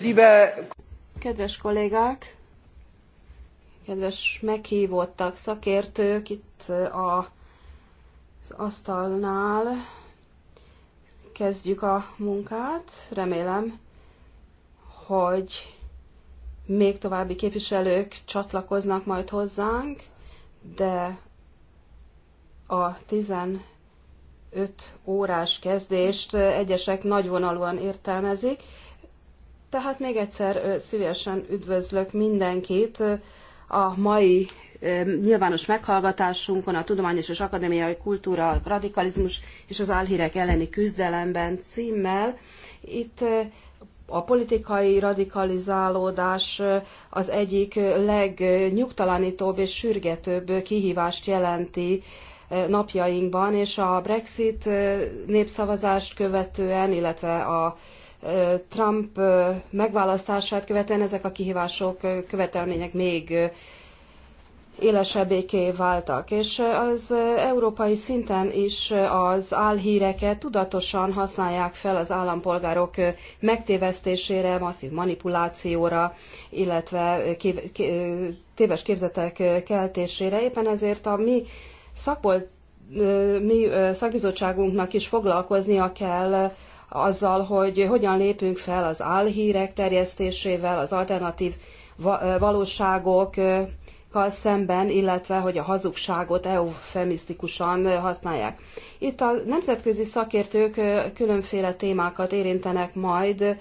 Liebe... Kedves kollégák, kedves meghívottak, szakértők itt a, az asztalnál. Kezdjük a munkát. Remélem, hogy még további képviselők csatlakoznak majd hozzánk, de a 15 órás kezdést egyesek nagyvonalúan értelmezik tehát még egyszer szívesen üdvözlök mindenkit a mai nyilvános meghallgatásunkon a Tudományos és Akadémiai Kultúra, a Radikalizmus és az Álhírek elleni küzdelemben címmel. Itt a politikai radikalizálódás az egyik legnyugtalanítóbb és sürgetőbb kihívást jelenti napjainkban, és a Brexit népszavazást követően, illetve a Trump megválasztását követően ezek a kihívások, követelmények még élesebbéké váltak. És az európai szinten is az álhíreket tudatosan használják fel az állampolgárok megtévesztésére, masszív manipulációra, illetve téves képzetek keltésére. Éppen ezért a mi szakból mi szakbizottságunknak is foglalkoznia kell azzal, hogy hogyan lépünk fel az álhírek terjesztésével, az alternatív valóságokkal szemben, illetve hogy a hazugságot eufemisztikusan használják. Itt a nemzetközi szakértők különféle témákat érintenek majd,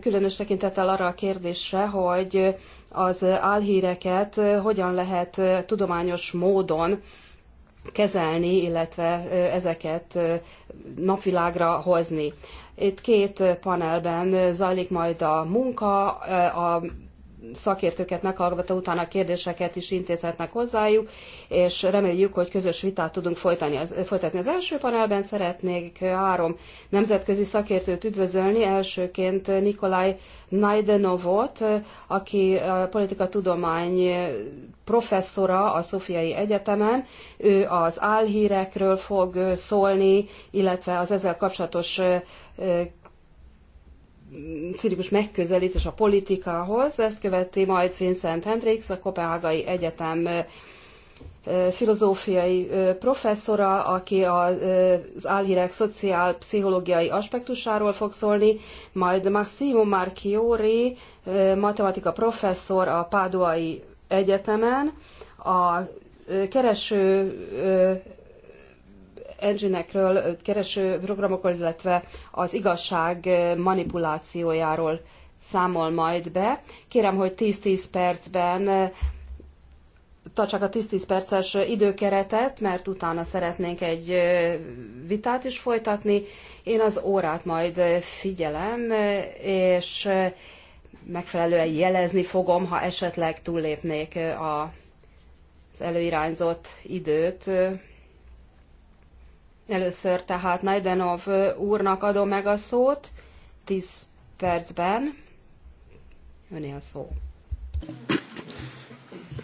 különös tekintettel arra a kérdésre, hogy az álhíreket hogyan lehet tudományos módon kezelni, illetve ezeket napvilágra hozni. Itt két panelben zajlik majd a munka, a szakértőket meghallgatva utána kérdéseket is intézhetnek hozzájuk, és reméljük, hogy közös vitát tudunk folytani. Az, folytatni. Az első panelben szeretnék három nemzetközi szakértőt üdvözölni, elsőként Nikolaj Najdenovot, aki a politikatudomány professzora a Szofiai Egyetemen, ő az álhírekről fog szólni, illetve az ezzel kapcsolatos szirikus megközelítés a politikához, ezt követi majd Vincent Hendricks, a Kopenhágai Egyetem filozófiai professzora, aki az álhírek szociálpszichológiai aspektusáról fog szólni, majd Massimo Marchiori, matematika professzor a Páduai Egyetemen, a kereső engine-ekről, kereső programokról, illetve az igazság manipulációjáról számol majd be. Kérem, hogy 10-10 percben tartsák a 10-10 perces időkeretet, mert utána szeretnénk egy vitát is folytatni. Én az órát majd figyelem, és megfelelően jelezni fogom, ha esetleg túllépnék a az előirányzott időt. Először tehát Najdenov úrnak adom meg a szót, 10 percben. Öné a szó.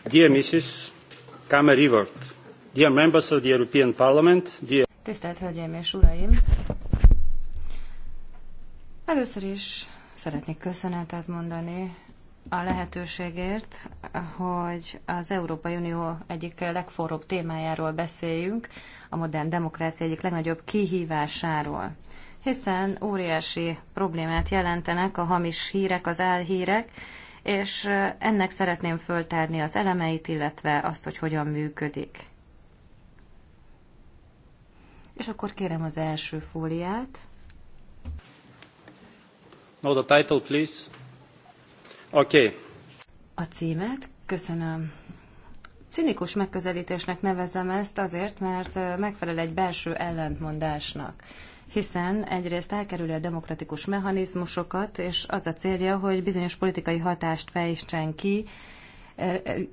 Dear Mrs. Kamer dear members of the European Parliament, dear... Tisztelt Hölgyeim és Uraim! Először is szeretnék köszönetet mondani a lehetőségért, hogy az Európai Unió egyik legforróbb témájáról beszéljünk, a modern demokrácia egyik legnagyobb kihívásáról. Hiszen óriási problémát jelentenek a hamis hírek, az álhírek, és ennek szeretném föltárni az elemeit, illetve azt, hogy hogyan működik. És akkor kérem az első fóliát. Now the title, please. Oké. Okay. A címet? Köszönöm. Cinikus megközelítésnek nevezem ezt azért, mert megfelel egy belső ellentmondásnak hiszen egyrészt elkerüli a demokratikus mechanizmusokat, és az a célja, hogy bizonyos politikai hatást fejtsen ki,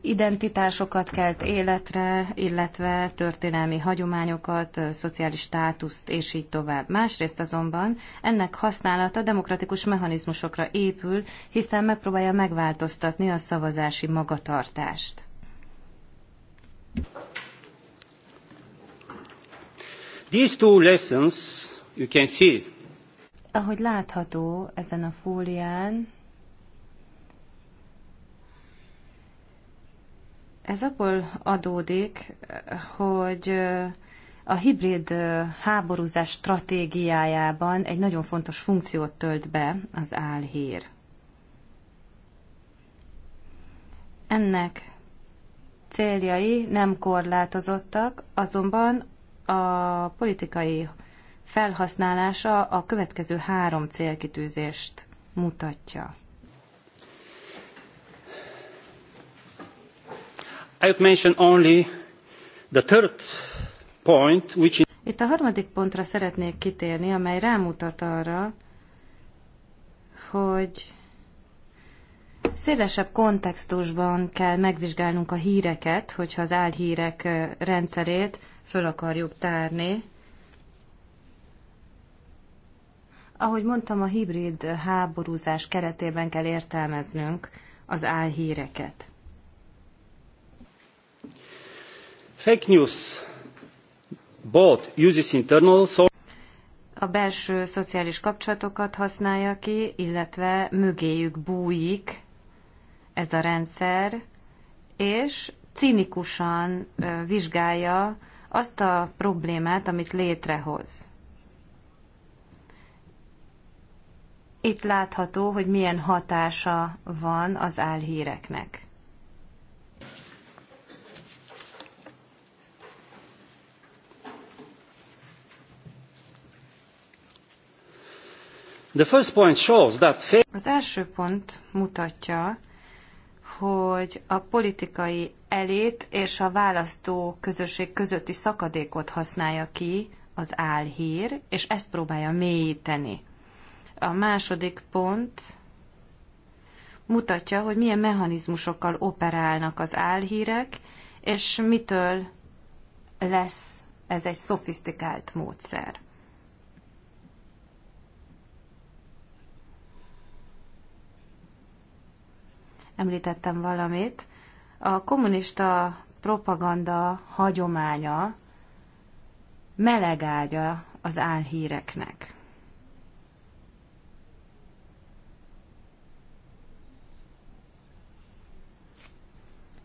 identitásokat kelt életre, illetve történelmi hagyományokat, szociális státuszt és így tovább. Másrészt azonban ennek használata demokratikus mechanizmusokra épül, hiszen megpróbálja megváltoztatni a szavazási magatartást. These two lessons you can see. Ahogy látható ezen a fólián, Ez abból adódik, hogy eh, a hibrid eh, háborúzás stratégiájában egy nagyon fontos funkciót tölt be az álhír. Ennek céljai nem korlátozottak, azonban a politikai felhasználása a következő három célkitűzést mutatja. I would mention only the third point, which itt a harmadik pontra szeretnék kitérni, amely rámutat arra, hogy szélesebb kontextusban kell megvizsgálnunk a híreket, hogyha az álhírek rendszerét föl akarjuk tárni. Ahogy mondtam, a hibrid háborúzás keretében kell értelmeznünk az álhíreket. Fake news uses internal a belső szociális kapcsolatokat használja ki, illetve mögéjük bújik ez a rendszer, és cinikusan vizsgálja azt a problémát, amit létrehoz. Itt látható, hogy milyen hatása van az álhíreknek. The first point shows that... Az első pont mutatja, hogy a politikai elit és a választó közösség közötti szakadékot használja ki az álhír, és ezt próbálja mélyíteni. A második pont mutatja, hogy milyen mechanizmusokkal operálnak az álhírek, és mitől lesz ez egy szofisztikált módszer. említettem valamit. A kommunista propaganda hagyománya melegágya az álhíreknek.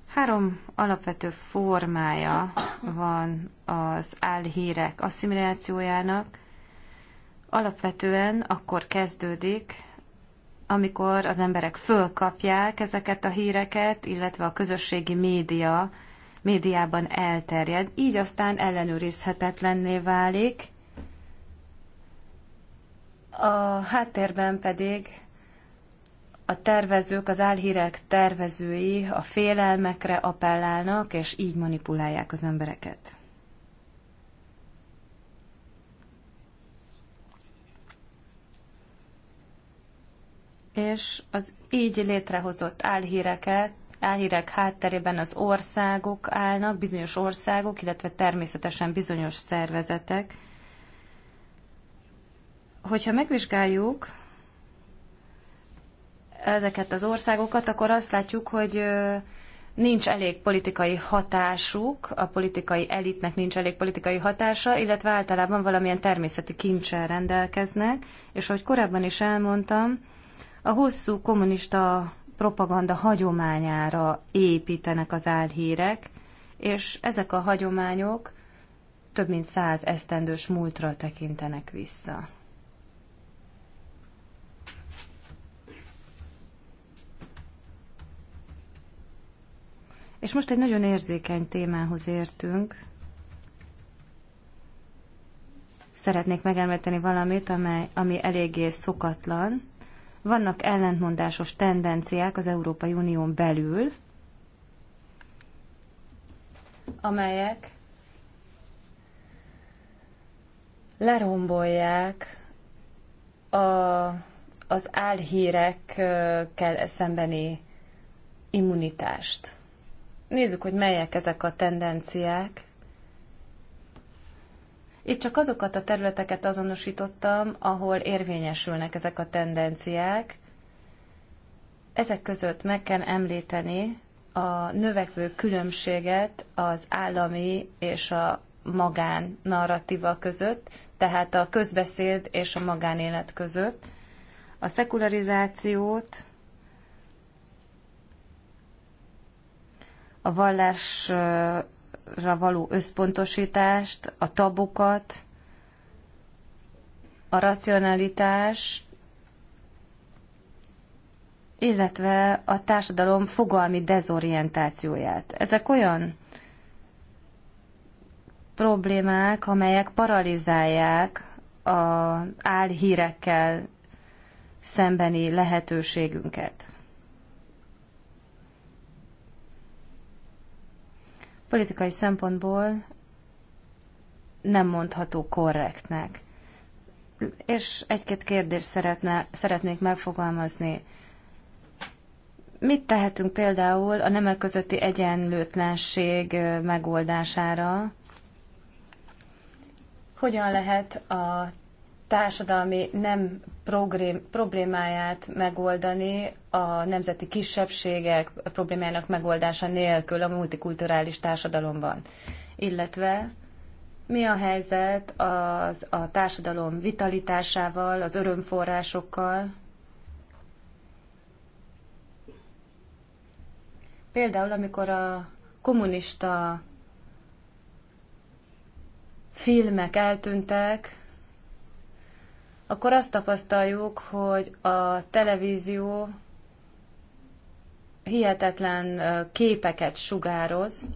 Három alapvető formája van az álhírek asszimilációjának. Alapvetően akkor kezdődik, amikor az emberek fölkapják ezeket a híreket, illetve a közösségi média médiában elterjed, így aztán ellenőrizhetetlenné válik. A háttérben pedig a tervezők, az álhírek tervezői a félelmekre appellálnak, és így manipulálják az embereket. és az így létrehozott álhíreket, álhírek hátterében az országok állnak, bizonyos országok, illetve természetesen bizonyos szervezetek. Hogyha megvizsgáljuk ezeket az országokat, akkor azt látjuk, hogy nincs elég politikai hatásuk, a politikai elitnek nincs elég politikai hatása, illetve általában valamilyen természeti kincsel rendelkeznek, és ahogy korábban is elmondtam, a hosszú kommunista propaganda hagyományára építenek az álhírek, és ezek a hagyományok több mint száz esztendős múltra tekintenek vissza. És most egy nagyon érzékeny témához értünk. Szeretnék megemlíteni valamit, amely, ami eléggé szokatlan, vannak ellentmondásos tendenciák az Európai Unión belül, amelyek lerombolják a, az álhírekkel szembeni immunitást. Nézzük, hogy melyek ezek a tendenciák. Itt csak azokat a területeket azonosítottam, ahol érvényesülnek ezek a tendenciák. Ezek között meg kell említeni a növekvő különbséget az állami és a magán narratíva között, tehát a közbeszéd és a magánélet között. A szekularizációt, a vallás való összpontosítást, a tabukat, a racionalitás, illetve a társadalom fogalmi dezorientációját. Ezek olyan problémák, amelyek paralizálják az álhírekkel szembeni lehetőségünket. politikai szempontból nem mondható korrektnek. És egy-két kérdést szeretne, szeretnék megfogalmazni. Mit tehetünk például a nemek közötti egyenlőtlenség megoldására? Hogyan lehet a társadalmi nem problémáját megoldani a nemzeti kisebbségek problémájának megoldása nélkül a multikulturális társadalomban. Illetve mi a helyzet az, a társadalom vitalitásával, az örömforrásokkal? Például, amikor a kommunista filmek eltűntek, akkor azt tapasztaljuk, hogy a televízió hihetetlen képeket sugároz.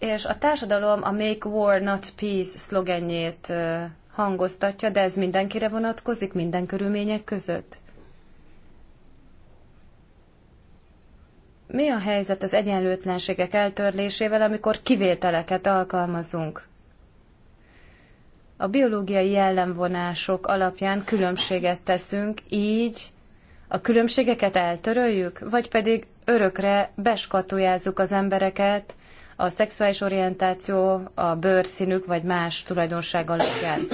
És a társadalom a Make War Not Peace szlogenjét hangoztatja, de ez mindenkire vonatkozik, minden körülmények között. Mi a helyzet az egyenlőtlenségek eltörlésével, amikor kivételeket alkalmazunk? A biológiai jellemvonások alapján különbséget teszünk, így a különbségeket eltöröljük, vagy pedig örökre beskatujázzuk az embereket a szexuális orientáció, a bőrszínük vagy más tulajdonság alapján.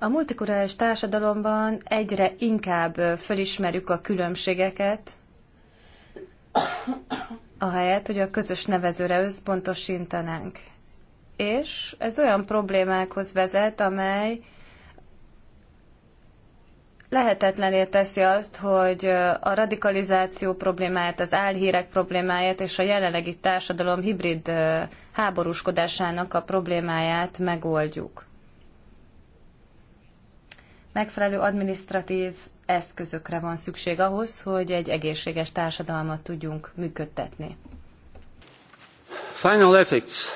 A multikulturális társadalomban egyre inkább fölismerjük a különbségeket, ahelyett, hogy a közös nevezőre összpontosítanánk. És ez olyan problémákhoz vezet, amely lehetetlené teszi azt, hogy a radikalizáció problémáját, az álhírek problémáját és a jelenlegi társadalom hibrid háborúskodásának a problémáját megoldjuk megfelelő administratív eszközökre van szükség ahhoz, hogy egy egészséges társadalmat tudjunk működtetni. Final effects.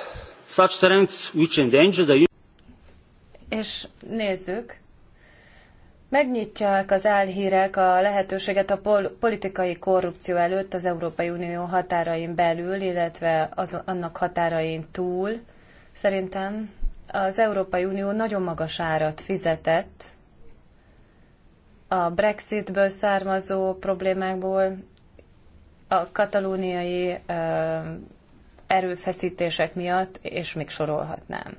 Such trends which endanger the... És nézzük, Megnyitják az álhírek a lehetőséget a pol politikai korrupció előtt az Európai Unió határain belül, illetve az, annak határain túl. Szerintem az Európai Unió nagyon magas árat fizetett a Brexitből származó problémákból, a katalóniai erőfeszítések miatt, és még sorolhatnám.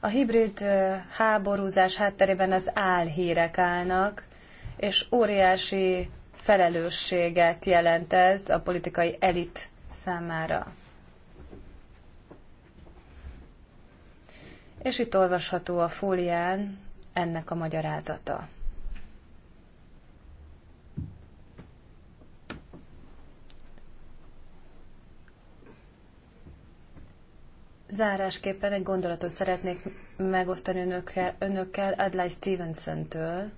A hibrid háborúzás hátterében az álhírek állnak, és óriási felelősséget jelent ez a politikai elit számára. és itt olvasható a fólián ennek a magyarázata. Zárásképpen egy gondolatot szeretnék megosztani önökkel, önökkel Adlai Stevenson-től.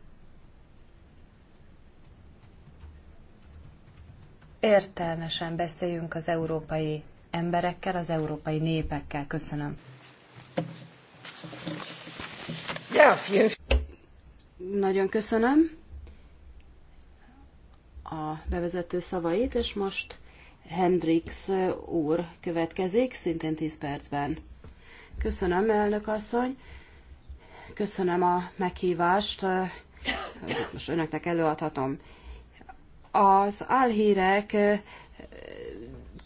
Értelmesen beszéljünk az európai emberekkel, az európai népekkel. Köszönöm. Ja, vielen Nagyon köszönöm a bevezető szavait, és most Hendrix úr következik, szintén 10 percben. Köszönöm, elnök asszony. Köszönöm a meghívást. Most önöknek előadhatom. Az álhírek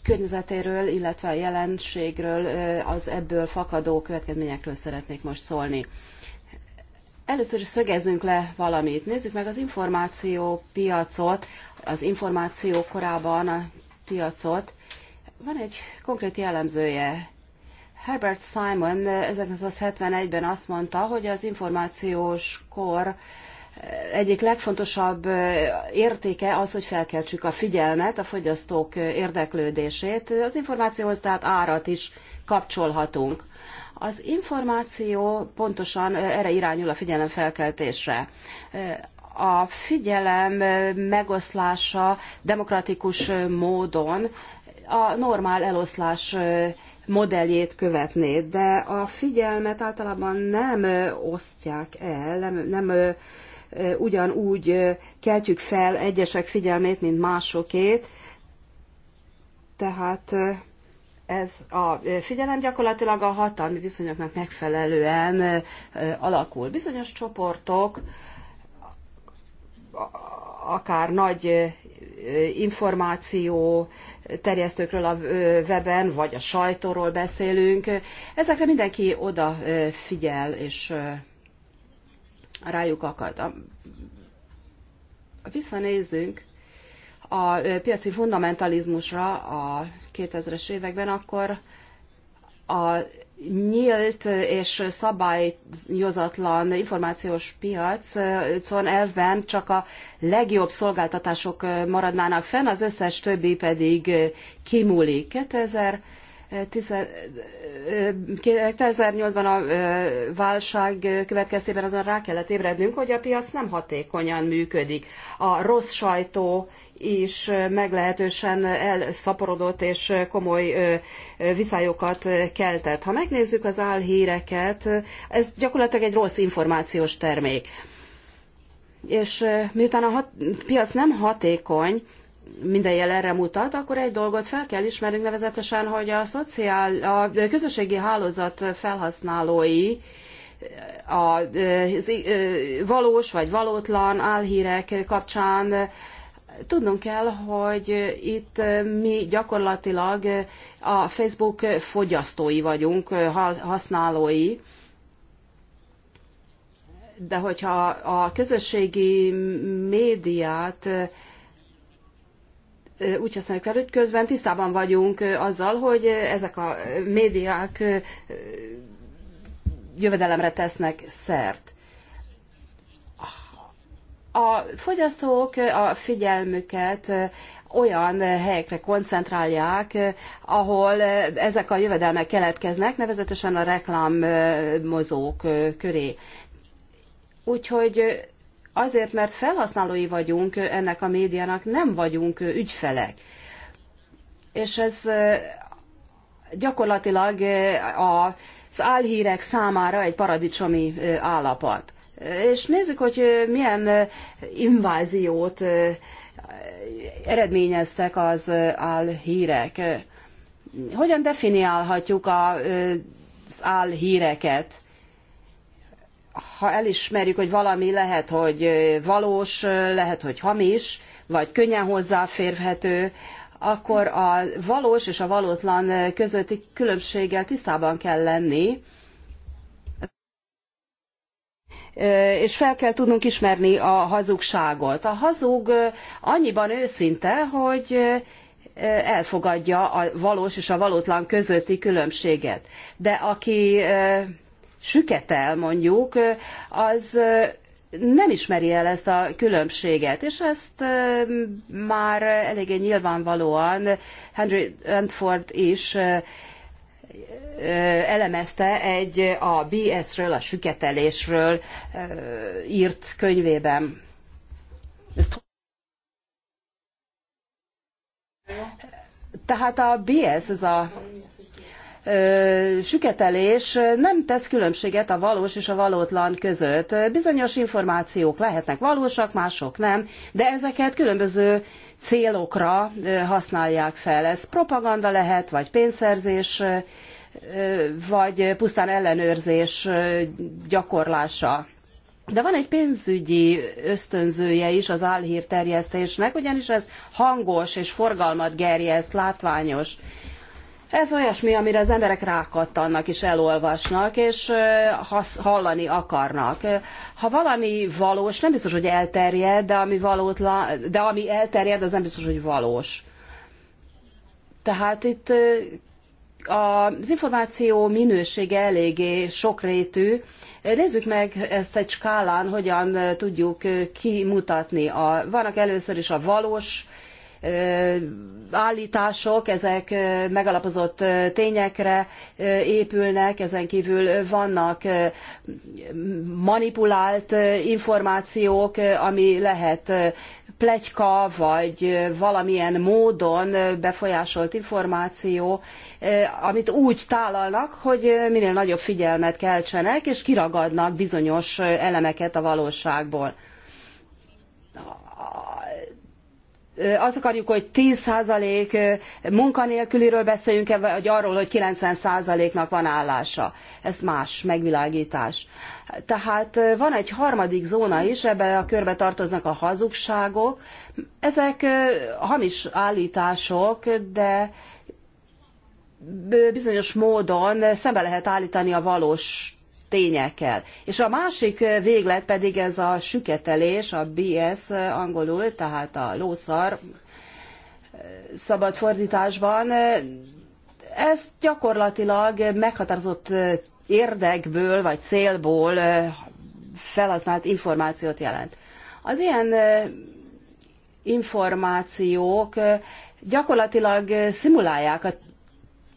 környezetéről, illetve a jelenségről, az ebből fakadó következményekről szeretnék most szólni. Először is szögezzünk le valamit. Nézzük meg az információ piacot, az információ korában a piacot. Van egy konkrét jellemzője. Herbert Simon 1971-ben azt mondta, hogy az információs kor egyik legfontosabb értéke az, hogy felkeltsük a figyelmet, a fogyasztók érdeklődését. Az információhoz tehát árat is kapcsolhatunk. Az információ pontosan erre irányul a figyelem felkeltésre. A figyelem megoszlása demokratikus módon a normál eloszlás modelljét követné, de a figyelmet általában nem osztják el, nem, nem ugyanúgy keltjük fel egyesek figyelmét, mint másokét. Tehát ez a figyelem gyakorlatilag a hatalmi viszonyoknak megfelelően alakul. Bizonyos csoportok, akár nagy információ terjesztőkről a weben, vagy a sajtóról beszélünk, ezekre mindenki odafigyel, és rájuk akad. A, visszanézzünk a piaci fundamentalizmusra a 2000-es években, akkor a nyílt és szabályozatlan információs piacon elvben csak a legjobb szolgáltatások maradnának fenn, az összes többi pedig kimúlik. 2000 2008-ban a válság következtében azon rá kellett ébrednünk, hogy a piac nem hatékonyan működik. A rossz sajtó is meglehetősen elszaporodott és komoly viszályokat keltett. Ha megnézzük az álhíreket, ez gyakorlatilag egy rossz információs termék. És miután a piac nem hatékony, minden jel erre mutat, akkor egy dolgot fel kell ismernünk nevezetesen, hogy a, szociál, a közösségi hálózat felhasználói az valós vagy valótlan álhírek kapcsán tudnunk kell, hogy itt mi gyakorlatilag a Facebook fogyasztói vagyunk, használói, de hogyha a közösségi médiát úgy használjuk fel, hogy közben tisztában vagyunk azzal, hogy ezek a médiák jövedelemre tesznek szert. A fogyasztók a figyelmüket olyan helyekre koncentrálják, ahol ezek a jövedelmek keletkeznek, nevezetesen a reklámmozók köré. Úgyhogy azért, mert felhasználói vagyunk ennek a médiának, nem vagyunk ügyfelek. És ez gyakorlatilag az álhírek számára egy paradicsomi állapot. És nézzük, hogy milyen inváziót eredményeztek az álhírek. Hogyan definiálhatjuk az álhíreket? ha elismerjük, hogy valami lehet, hogy valós, lehet, hogy hamis, vagy könnyen hozzáférhető, akkor a valós és a valótlan közötti különbséggel tisztában kell lenni, és fel kell tudnunk ismerni a hazugságot. A hazug annyiban őszinte, hogy elfogadja a valós és a valótlan közötti különbséget. De aki süketel mondjuk, az nem ismeri el ezt a különbséget, és ezt már eléggé nyilvánvalóan Henry Antford is elemezte egy a BS-ről, a süketelésről írt könyvében. Ezt... Tehát a BS, ez a süketelés nem tesz különbséget a valós és a valótlan között. Bizonyos információk lehetnek valósak, mások nem, de ezeket különböző célokra használják fel. Ez propaganda lehet, vagy pénzszerzés, vagy pusztán ellenőrzés gyakorlása. De van egy pénzügyi ösztönzője is az álhírterjesztésnek, ugyanis ez hangos és forgalmat gerjeszt, látványos ez olyasmi, amire az emberek rákattannak és elolvasnak, és hallani akarnak. Ha valami valós, nem biztos, hogy elterjed, de ami, valótlan, de ami elterjed, az nem biztos, hogy valós. Tehát itt az információ minősége eléggé sokrétű. Nézzük meg ezt egy skálán, hogyan tudjuk kimutatni. A, vannak először is a valós állítások, ezek megalapozott tényekre épülnek, ezen kívül vannak manipulált információk, ami lehet pletyka, vagy valamilyen módon befolyásolt információ, amit úgy tálalnak, hogy minél nagyobb figyelmet keltsenek, és kiragadnak bizonyos elemeket a valóságból azt akarjuk, hogy 10% munkanélküliről beszéljünk, -e, vagy arról, hogy 90%-nak van állása. Ez más megvilágítás. Tehát van egy harmadik zóna is, ebbe a körbe tartoznak a hazugságok. Ezek hamis állítások, de bizonyos módon szembe lehet állítani a valós tényekkel. És a másik véglet pedig ez a süketelés, a BS angolul, tehát a lószar szabad fordításban. Ezt gyakorlatilag meghatározott érdekből vagy célból felhasznált információt jelent. Az ilyen információk gyakorlatilag szimulálják a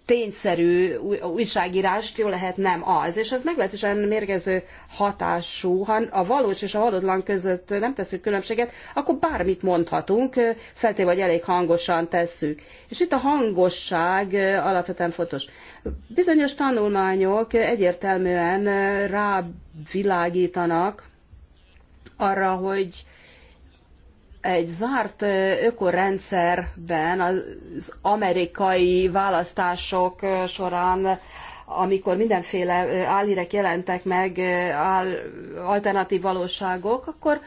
tényszerű újságírást, jó lehet nem az. És ez meglehetősen mérgező hatású, ha a valós és a valótlan között nem teszünk különbséget, akkor bármit mondhatunk, feltéve, hogy elég hangosan tesszük. És itt a hangosság alapvetően fontos. Bizonyos tanulmányok egyértelműen rávilágítanak arra, hogy egy zárt ökorendszerben az amerikai választások során amikor mindenféle álhírek jelentek meg, áll, alternatív valóságok, akkor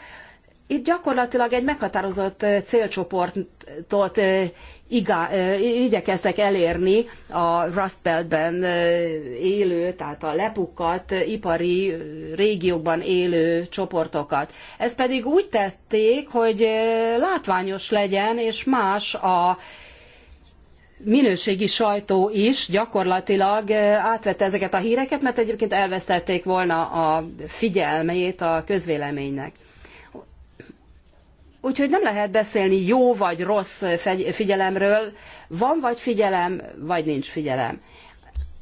itt gyakorlatilag egy meghatározott célcsoportot igá, igyekeztek elérni a Rust Beltben élő, tehát a lepukkat, ipari régiókban élő csoportokat. Ezt pedig úgy tették, hogy látványos legyen, és más a minőségi sajtó is gyakorlatilag átvette ezeket a híreket, mert egyébként elvesztették volna a figyelmét a közvéleménynek. Úgyhogy nem lehet beszélni jó vagy rossz figyelemről, van vagy figyelem, vagy nincs figyelem.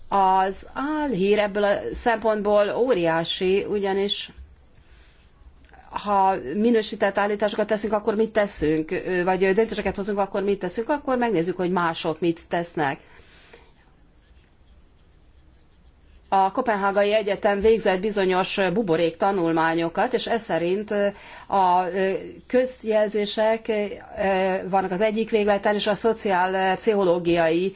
Az álhír ebből a szempontból óriási, ugyanis ha minősített állításokat teszünk, akkor mit teszünk, vagy döntéseket hozunk, akkor mit teszünk, akkor megnézzük, hogy mások mit tesznek. a Kopenhágai Egyetem végzett bizonyos buborék tanulmányokat, és ez szerint a közjelzések vannak az egyik végleten, és a szociálpszichológiai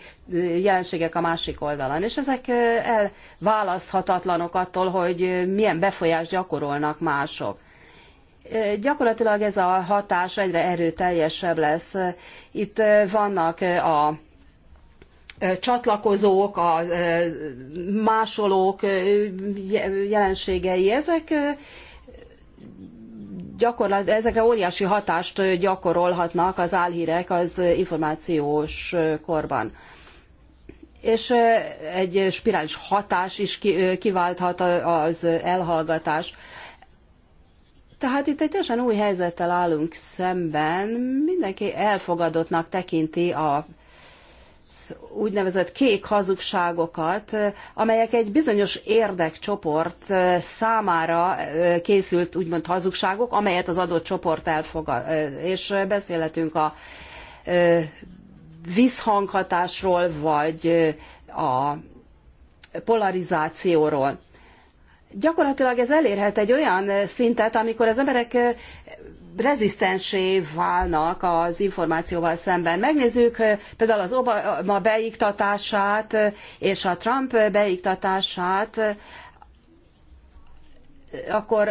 jelenségek a másik oldalon. És ezek elválaszthatatlanok attól, hogy milyen befolyást gyakorolnak mások. Gyakorlatilag ez a hatás egyre erőteljesebb lesz. Itt vannak a csatlakozók, a másolók jelenségei, ezek gyakorlat, ezekre óriási hatást gyakorolhatnak az álhírek az információs korban. És egy spirális hatás is kiválthat az elhallgatás. Tehát itt egy teljesen új helyzettel állunk szemben, mindenki elfogadottnak tekinti a úgynevezett kék hazugságokat, amelyek egy bizonyos érdekcsoport számára készült úgymond hazugságok, amelyet az adott csoport elfogad. És beszélhetünk a visszhanghatásról, vagy a polarizációról. Gyakorlatilag ez elérhet egy olyan szintet, amikor az emberek rezisztensé válnak az információval szemben. Megnézzük például az Obama beiktatását és a Trump beiktatását, akkor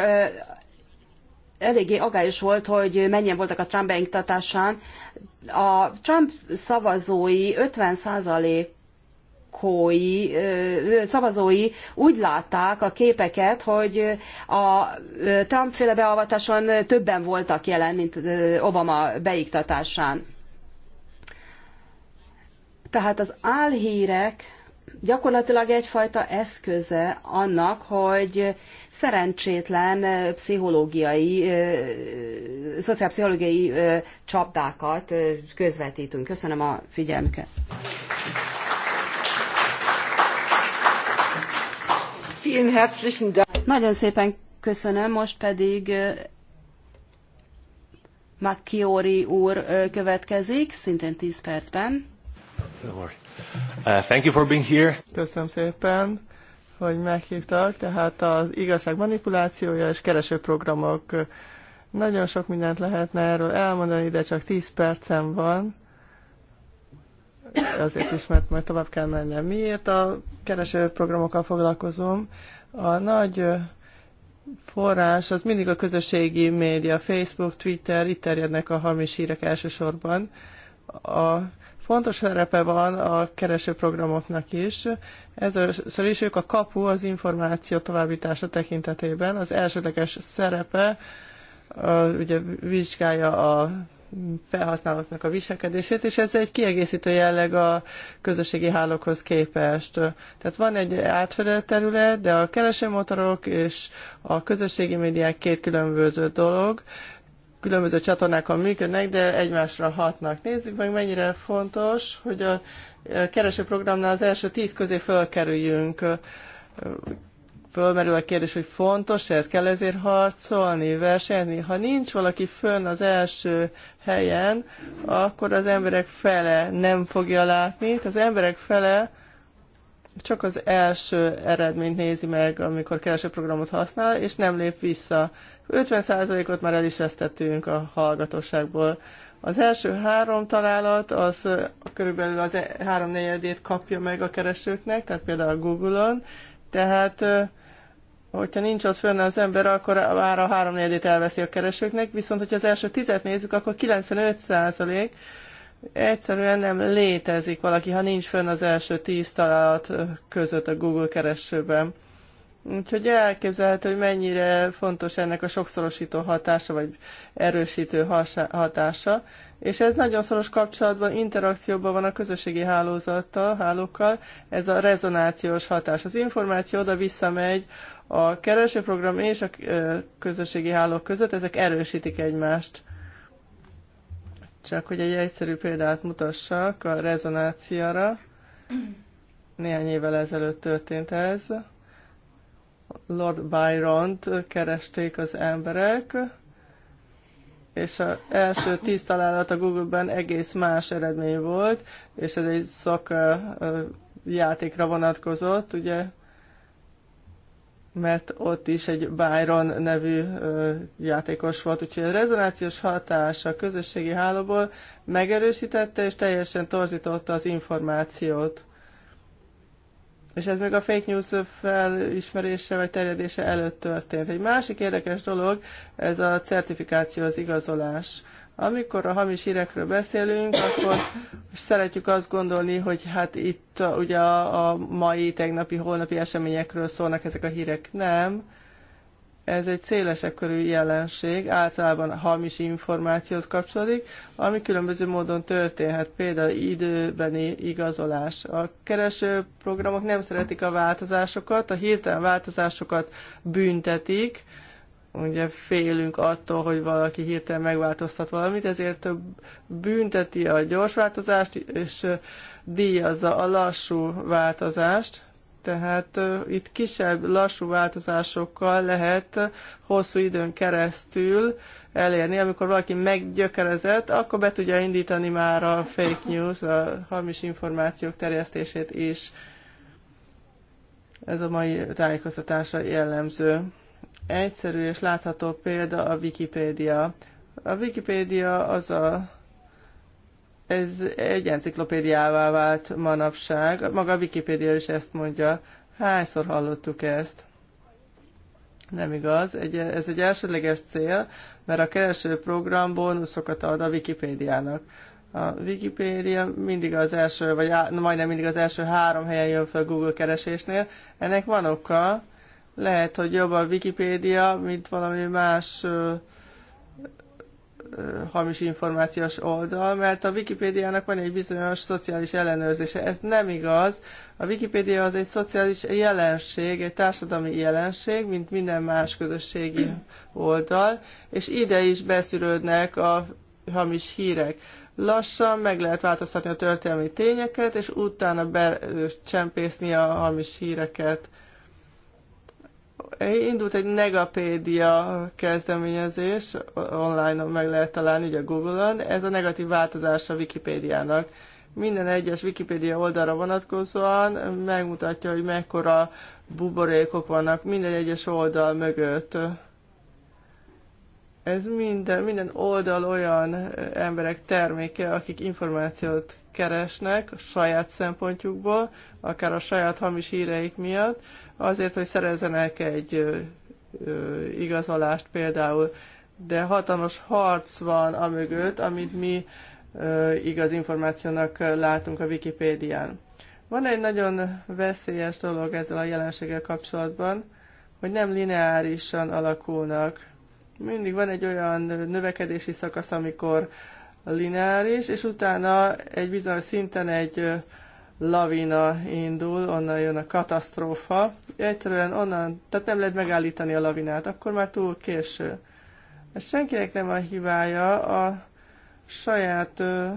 eléggé agályos volt, hogy mennyien voltak a Trump beiktatásán. A Trump szavazói 50 százalék lakói, szavazói úgy látták a képeket, hogy a Trump-féle beavatáson többen voltak jelen, mint Obama beiktatásán. Tehát az álhírek gyakorlatilag egyfajta eszköze annak, hogy szerencsétlen pszichológiai, szociálpszichológiai csapdákat közvetítünk. Köszönöm a figyelmüket. Nagyon szépen köszönöm, most pedig Macchiori úr következik, szintén 10 percben. Uh, thank you for being here. Köszönöm szépen, hogy meghívtak. Tehát az igazság manipulációja és keresőprogramok. Nagyon sok mindent lehetne erről elmondani, de csak 10 percem van azért is, mert majd tovább kell mennem. Miért a keresőprogramokkal foglalkozom? A nagy forrás az mindig a közösségi média, Facebook, Twitter, itt terjednek a hamis hírek elsősorban. A fontos szerepe van a keresőprogramoknak is. Ezzel is ők a kapu az információ továbbítása tekintetében. Az elsődleges szerepe ugye vizsgálja a felhasználóknak a viselkedését, és ez egy kiegészítő jelleg a közösségi hálókhoz képest. Tehát van egy átfedett terület, de a keresőmotorok és a közösségi médiák két különböző dolog, különböző csatornákon működnek, de egymásra hatnak. Nézzük meg, mennyire fontos, hogy a keresőprogramnál az első tíz közé fölkerüljünk fölmerül a kérdés, hogy fontos -e, ez, kell ezért harcolni, versenyezni. Ha nincs valaki fönn az első helyen, akkor az emberek fele nem fogja látni. tehát Az emberek fele csak az első eredményt nézi meg, amikor keresőprogramot használ, és nem lép vissza. 50%-ot már el is vesztettünk a hallgatóságból. Az első három találat az körülbelül az e- három negyedét kapja meg a keresőknek, tehát például a Google-on, tehát hogyha nincs ott fönn az ember, akkor már a háromnegyedét elveszi a keresőknek, viszont hogyha az első tizet nézzük, akkor 95 egyszerűen nem létezik valaki, ha nincs fönn az első tíz találat között a Google keresőben. Úgyhogy elképzelhető, hogy mennyire fontos ennek a sokszorosító hatása, vagy erősítő hatása, és ez nagyon szoros kapcsolatban, interakcióban van a közösségi hálózattal, hálókkal, ez a rezonációs hatás. Az információ oda visszamegy a keresőprogram és a közösségi hálók között ezek erősítik egymást. Csak hogy egy egyszerű példát mutassak a rezonáciára. Néhány évvel ezelőtt történt ez. Lord Byron-t keresték az emberek, és az első tíz találat a Google-ben egész más eredmény volt, és ez egy szak játékra vonatkozott, ugye mert ott is egy Byron nevű ö, játékos volt, úgyhogy a rezonációs hatás a közösségi hálóból megerősítette és teljesen torzította az információt. És ez még a fake news felismerése vagy terjedése előtt történt. Egy másik érdekes dolog, ez a certifikáció, az igazolás. Amikor a hamis hírekről beszélünk, akkor szeretjük azt gondolni, hogy hát itt ugye a, a mai, tegnapi, holnapi eseményekről szólnak ezek a hírek. Nem. Ez egy szélesek körű jelenség, általában hamis információhoz kapcsolódik, ami különböző módon történhet, például időbeni igazolás. A kereső programok nem szeretik a változásokat, a hirtelen változásokat büntetik, ugye félünk attól, hogy valaki hirtelen megváltoztat valamit, ezért több bünteti a gyors változást, és díjazza a lassú változást. Tehát itt kisebb, lassú változásokkal lehet hosszú időn keresztül elérni, amikor valaki meggyökerezett, akkor be tudja indítani már a fake news, a hamis információk terjesztését is. Ez a mai tájékoztatásra jellemző egyszerű és látható példa a Wikipédia. A Wikipédia az a ez egy enciklopédiává vált manapság. Maga a Wikipédia is ezt mondja. Hányszor hallottuk ezt? Nem igaz. Egy, ez egy elsődleges cél, mert a kereső program bónuszokat ad a Wikipédiának. A Wikipédia mindig az első, vagy á, majdnem mindig az első három helyen jön fel Google keresésnél. Ennek van oka, lehet, hogy jobb a Wikipédia, mint valami más ö, ö, hamis információs oldal, mert a Wikipédiának van egy bizonyos szociális ellenőrzése. Ez nem igaz. A Wikipédia az egy szociális jelenség, egy társadalmi jelenség, mint minden más közösségi oldal, és ide is beszűrődnek a hamis hírek lassan meg lehet változtatni a történelmi tényeket, és utána becsempészni a hamis híreket. Indult egy negapédia kezdeményezés, online meg lehet találni, ugye Google-on. Ez a negatív változása Wikipédiának. Minden egyes Wikipédia oldalra vonatkozóan megmutatja, hogy mekkora buborékok vannak minden egyes oldal mögött ez minden, minden oldal olyan emberek terméke, akik információt keresnek a saját szempontjukból, akár a saját hamis híreik miatt, azért, hogy szerezzenek egy igazolást például. De hatalmas harc van a mögött, amit mi igaz információnak látunk a Wikipédián. Van egy nagyon veszélyes dolog ezzel a jelenséggel kapcsolatban, hogy nem lineárisan alakulnak. Mindig van egy olyan növekedési szakasz, amikor lineáris, és utána egy bizonyos szinten egy lavina indul, onnan jön a katasztrófa. Egyszerűen onnan, tehát nem lehet megállítani a lavinát, akkor már túl késő. Ez senkinek nem a hibája, a saját ö,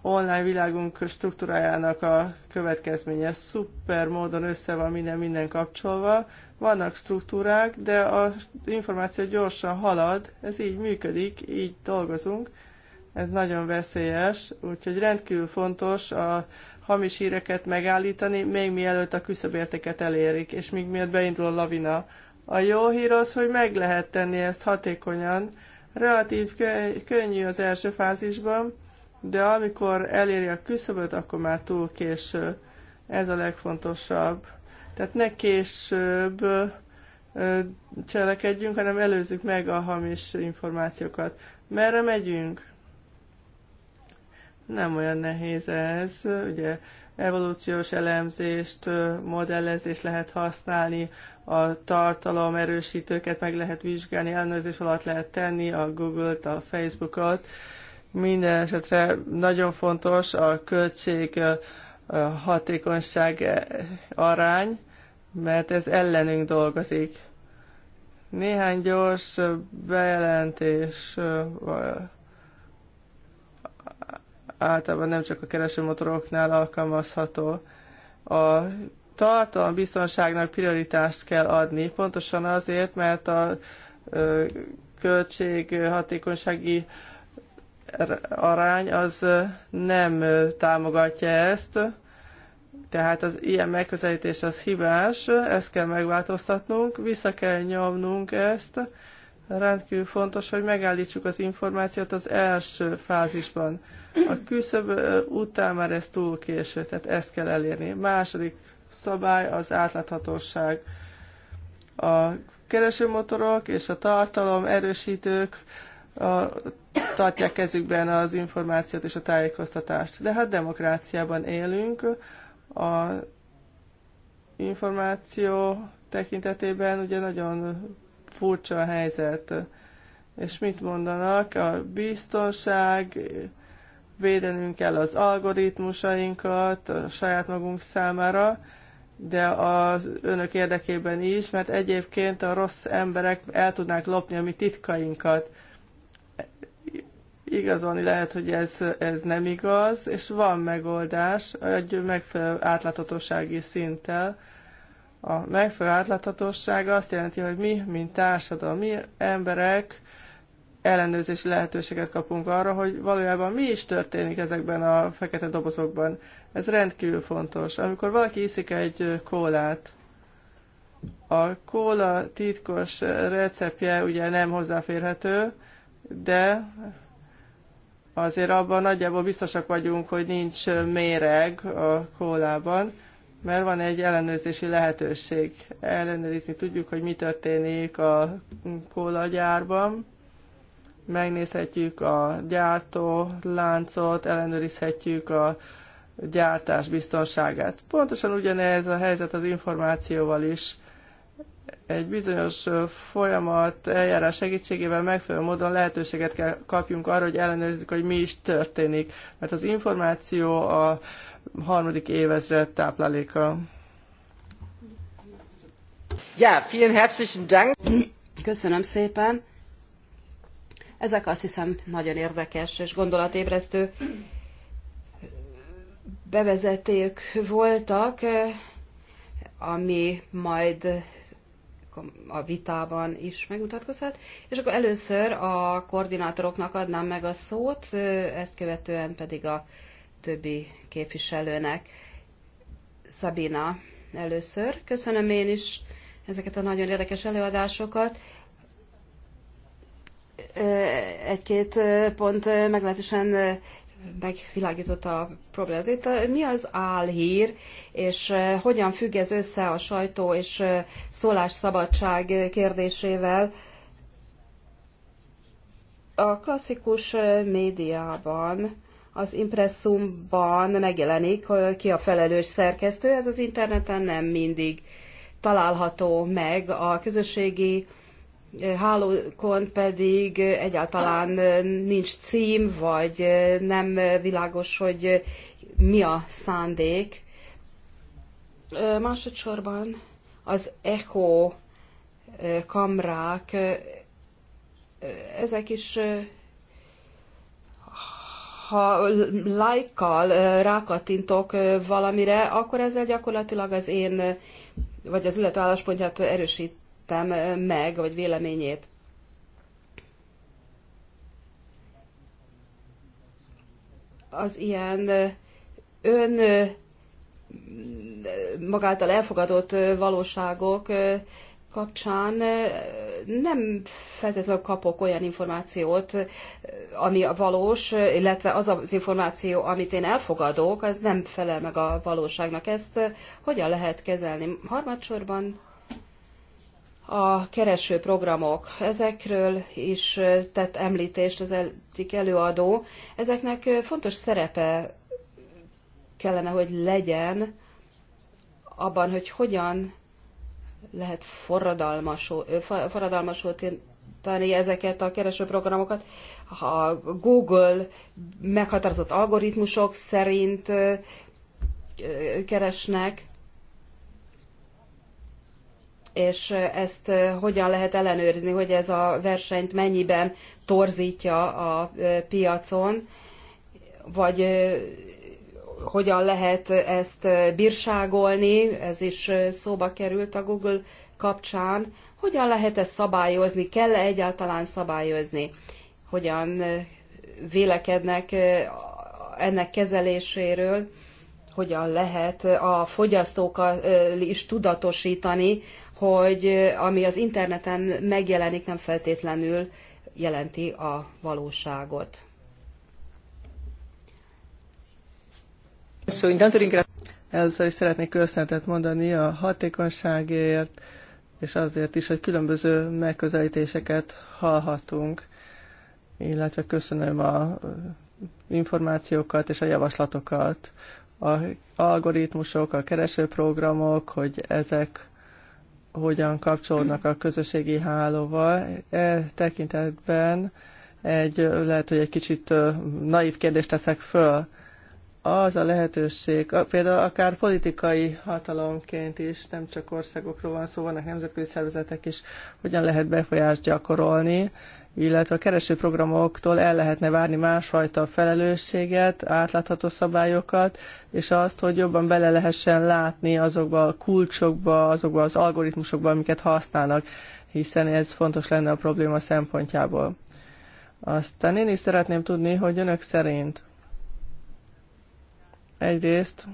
online világunk struktúrájának a következménye. Szuper módon össze van minden, minden kapcsolva. Vannak struktúrák, de az információ gyorsan halad, ez így működik, így dolgozunk. Ez nagyon veszélyes, úgyhogy rendkívül fontos a hamis híreket megállítani, még mielőtt a küszöbértéket elérik, és még mielőtt beindul a lavina. A jó hír az, hogy meg lehet tenni ezt hatékonyan, relatív könnyű az első fázisban, de amikor eléri a küszöböt, akkor már túl késő. Ez a legfontosabb. Tehát ne később cselekedjünk, hanem előzzük meg a hamis információkat. Merre megyünk? Nem olyan nehéz ez, ugye evolúciós elemzést, modellezést lehet használni, a tartalom erősítőket meg lehet vizsgálni, ellenőrzés alatt lehet tenni a Google-t, a facebook Facebook-ot. Minden esetre nagyon fontos a költség a hatékonyság arány, mert ez ellenünk dolgozik. Néhány gyors bejelentés általában nem csak a keresőmotoroknál alkalmazható. A tartalom biztonságnak prioritást kell adni, pontosan azért, mert a költség hatékonysági arány az nem támogatja ezt, tehát az ilyen megközelítés az hibás, ezt kell megváltoztatnunk, vissza kell nyomnunk ezt, rendkívül fontos, hogy megállítsuk az információt az első fázisban. A küszöb után már ez túl késő, tehát ezt kell elérni. Második szabály az átláthatóság. A keresőmotorok és a tartalom erősítők a, tartják kezükben az információt és a tájékoztatást. De hát demokráciában élünk, a információ tekintetében ugye nagyon furcsa a helyzet. És mit mondanak? A biztonság védenünk kell az algoritmusainkat a saját magunk számára, de az önök érdekében is, mert egyébként a rossz emberek el tudnák lopni a mi titkainkat. Igazolni lehet, hogy ez, ez nem igaz, és van megoldás egy megfelelő átláthatósági szinttel. A megfelelő átláthatóság azt jelenti, hogy mi, mint társadalom, mi emberek, ellenőrzési lehetőséget kapunk arra, hogy valójában mi is történik ezekben a fekete dobozokban. Ez rendkívül fontos. Amikor valaki iszik egy kólát, a kóla titkos receptje ugye nem hozzáférhető, de azért abban nagyjából biztosak vagyunk, hogy nincs méreg a kólában, mert van egy ellenőrzési lehetőség. Ellenőrizni tudjuk, hogy mi történik a kólagyárban, megnézhetjük a gyártó láncot, ellenőrizhetjük a gyártás biztonságát. Pontosan ugyanez a helyzet az információval is. Egy bizonyos folyamat eljárás segítségével megfelelő módon lehetőséget kell kapjunk arra, hogy ellenőrizzük, hogy mi is történik, mert az információ a harmadik évezre tápláléka. Ja, vielen herzlichen Dank. Köszönöm szépen. Ezek azt hiszem nagyon érdekes és gondolatébresztő bevezeték voltak, ami majd a vitában is megmutatkozhat. És akkor először a koordinátoroknak adnám meg a szót, ezt követően pedig a többi képviselőnek. Szabina először. Köszönöm én is ezeket a nagyon érdekes előadásokat egy-két pont meglehetősen megvilágította a problémát. Itt mi az álhír, és hogyan függ ez össze a sajtó és szólásszabadság kérdésével? A klasszikus médiában, az impresszumban megjelenik, ki a felelős szerkesztő, ez az interneten nem mindig található meg a közösségi hálókon pedig egyáltalán nincs cím, vagy nem világos, hogy mi a szándék. Másodszorban az echo kamrák, ezek is ha lájkkal rákattintok valamire, akkor ezzel gyakorlatilag az én, vagy az illető álláspontját erősít kértem meg, vagy véleményét. Az ilyen ön magáltal elfogadott valóságok kapcsán nem feltétlenül kapok olyan információt, ami a valós, illetve az az információ, amit én elfogadok, az nem felel meg a valóságnak. Ezt hogyan lehet kezelni? Harmadsorban a kereső programok. Ezekről is tett említést az egyik előadó. Ezeknek fontos szerepe kellene, hogy legyen abban, hogy hogyan lehet forradalmasítani ezeket a keresőprogramokat. A Google meghatározott algoritmusok szerint keresnek, és ezt eh, hogyan lehet ellenőrizni, hogy ez a versenyt mennyiben torzítja a eh, piacon, vagy eh, hogyan lehet ezt bírságolni, ez is szóba került a Google kapcsán, hogyan lehet ezt szabályozni, kell-e egyáltalán szabályozni, hogyan vélekednek ennek kezeléséről, hogyan lehet a fogyasztókkal is tudatosítani hogy eh, ami az interneten megjelenik, nem feltétlenül jelenti a valóságot. Először is szeretnék köszönetet mondani a hatékonyságért, és azért is, hogy különböző megközelítéseket hallhatunk, illetve köszönöm a eh, információkat és a javaslatokat, a algoritmusok, a keresőprogramok, hogy ezek hogyan kapcsolódnak a közösségi hálóval. E tekintetben egy, lehet, hogy egy kicsit naív kérdést teszek föl. Az a lehetőség, például akár politikai hatalomként is, nem csak országokról van szó, vannak nemzetközi szervezetek is, hogyan lehet befolyást gyakorolni illetve a keresőprogramoktól el lehetne várni másfajta felelősséget, átlátható szabályokat, és azt, hogy jobban bele lehessen látni azokba a kulcsokba, azokba az algoritmusokba, amiket használnak, hiszen ez fontos lenne a probléma szempontjából. Aztán én is szeretném tudni, hogy önök szerint egyrészt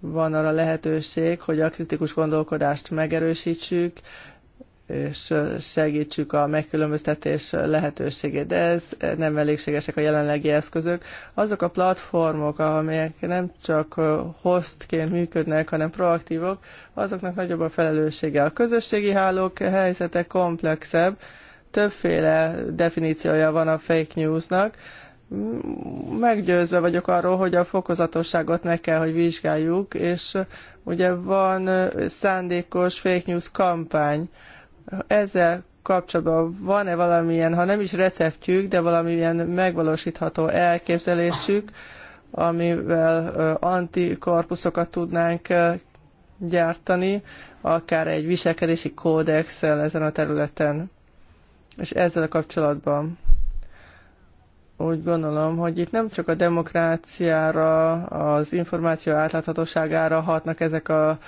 van arra lehetőség, hogy a kritikus gondolkodást megerősítsük, és segítsük a megkülönböztetés lehetőségét. De ez nem elégségesek a jelenlegi eszközök. Azok a platformok, amelyek nem csak hostként működnek, hanem proaktívok, azoknak nagyobb a felelőssége. A közösségi hálók helyzete komplexebb, többféle definíciója van a fake newsnak. Meggyőzve vagyok arról, hogy a fokozatosságot meg kell, hogy vizsgáljuk, és ugye van szándékos fake news kampány, ezzel kapcsolatban van-e valamilyen, ha nem is receptjük, de valamilyen megvalósítható elképzelésük, amivel antikorpuszokat tudnánk gyártani, akár egy viselkedési kódexel ezen a területen. És ezzel a kapcsolatban úgy gondolom, hogy itt nem csak a demokráciára, az információ átláthatóságára hatnak ezek a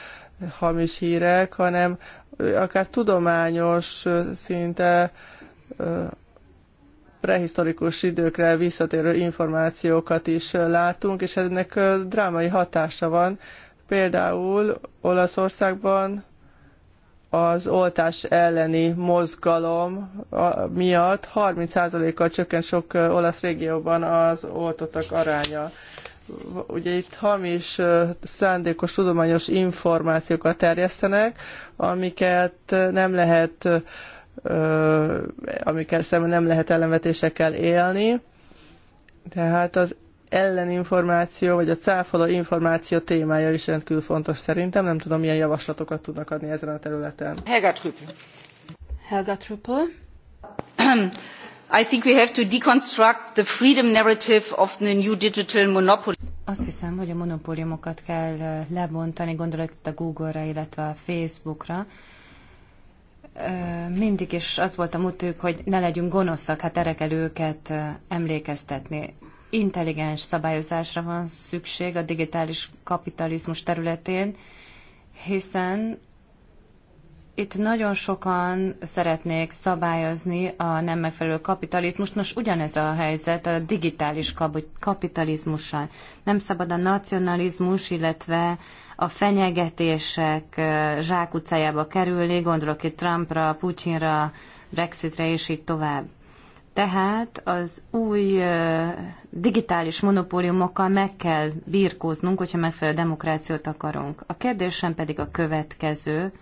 hamis hírek, hanem akár tudományos szinte prehisztorikus időkre visszatérő információkat is látunk, és ennek drámai hatása van. Például Olaszországban az oltás elleni mozgalom miatt 30%-kal csökkent sok olasz régióban az oltottak aránya ugye itt hamis, szándékos tudományos információkat terjesztenek, amiket nem lehet amikkel szemben nem lehet ellenvetésekkel élni. Tehát az elleninformáció, vagy a cáfoló információ témája is rendkívül fontos szerintem. Nem tudom, milyen javaslatokat tudnak adni ezen a területen. Helga Trüppel. Helga Trüppel. I think we have to deconstruct the freedom narrative of the new digital monopoly. Azt hiszem, hogy a monopóliumokat kell lebontani, gondolok itt a Google-ra, illetve a ra Mindig is az volt a mutők, hogy ne legyünk gonoszak, hát erre kell őket emlékeztetni. Intelligens szabályozásra van szükség a digitális kapitalizmus területén, hiszen itt nagyon sokan szeretnék szabályozni a nem megfelelő kapitalizmust. Nos, ugyanez a helyzet a digitális kapitalizmussal. Nem szabad a nacionalizmus, illetve a fenyegetések zsákutcájába kerülni, gondolok itt Trumpra, Putyinra, Brexitre és így tovább. Tehát az új digitális monopóliumokkal meg kell birkóznunk, hogyha megfelelő demokrációt akarunk. A kérdésem pedig a következő,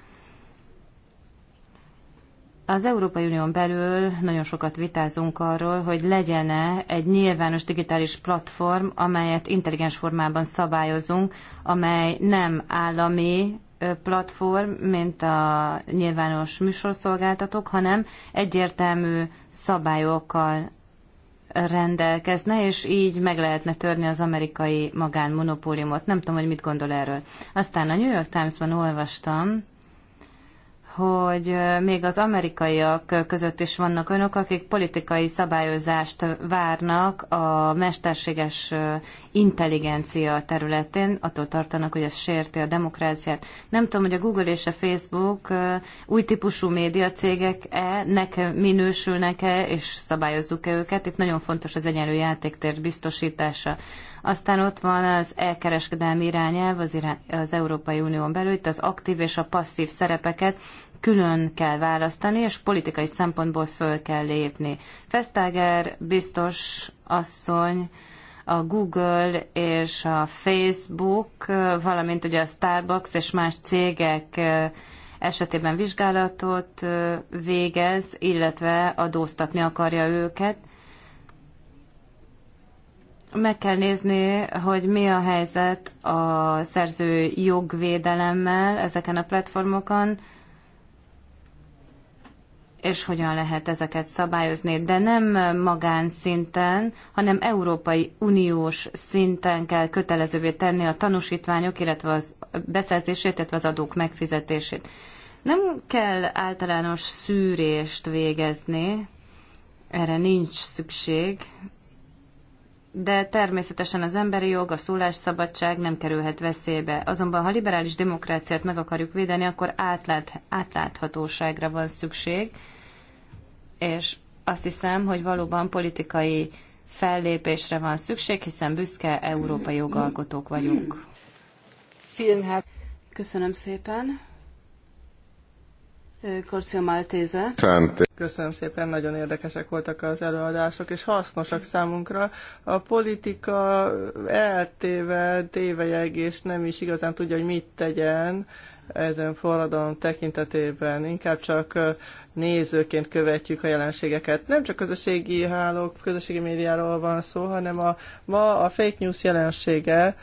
az Európai Unión belül nagyon sokat vitázunk arról, hogy legyen-e egy nyilvános digitális platform, amelyet intelligens formában szabályozunk, amely nem állami platform, mint a nyilvános műsorszolgáltatók, hanem egyértelmű szabályokkal rendelkezne, és így meg lehetne törni az amerikai magánmonopóliumot. Nem tudom, hogy mit gondol erről. Aztán a New York Times-ban olvastam, hogy még az amerikaiak között is vannak önök, akik politikai szabályozást várnak a mesterséges intelligencia területén, attól tartanak, hogy ez sérti a demokráciát. Nem tudom, hogy a Google és a Facebook új típusú médiacégek-e, nekem minősülnek-e, és szabályozzuk-e őket. Itt nagyon fontos az egyenlő játéktér biztosítása. Aztán ott van az elkereskedelmi irányelv az, irány, az Európai Unión belül, itt az aktív és a passzív szerepeket külön kell választani, és politikai szempontból föl kell lépni. Vestager biztos asszony a Google és a Facebook, valamint ugye a Starbucks és más cégek esetében vizsgálatot végez, illetve adóztatni akarja őket. Meg kell nézni, hogy mi a helyzet a szerző jogvédelemmel ezeken a platformokon, és hogyan lehet ezeket szabályozni, de nem magánszinten, hanem Európai Uniós szinten kell kötelezővé tenni a tanúsítványok, illetve az beszerzését, illetve az adók megfizetését. Nem kell általános szűrést végezni, erre nincs szükség, de természetesen az emberi jog, a szólásszabadság nem kerülhet veszélybe. Azonban, ha liberális demokráciát meg akarjuk védeni, akkor átlát, átláthatóságra van szükség, és azt hiszem, hogy valóban politikai fellépésre van szükség, hiszen büszke európai jogalkotók vagyunk. Köszönöm szépen. Korcia Maltéze. Köszönöm szépen, nagyon érdekesek voltak az előadások, és hasznosak számunkra. A politika eltéved, tévelyeg, és nem is igazán tudja, hogy mit tegyen ezen forradalom tekintetében. Inkább csak nézőként követjük a jelenségeket. Nem csak közösségi hálók, közösségi médiáról van szó, hanem a, ma a fake news jelensége,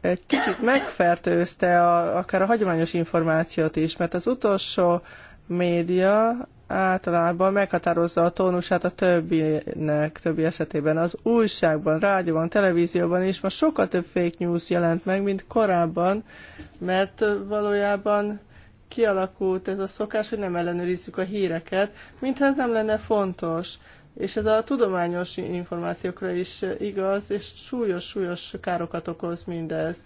egy kicsit megfertőzte a, akár a hagyományos információt is, mert az utolsó média általában meghatározza a tónusát a többinek, többi esetében. Az újságban, rádióban, televízióban is ma sokkal több fake news jelent meg, mint korábban, mert valójában kialakult ez a szokás, hogy nem ellenőrizzük a híreket, mintha ez nem lenne fontos. És ez a tudományos információkra is igaz, és súlyos-súlyos károkat okoz mindez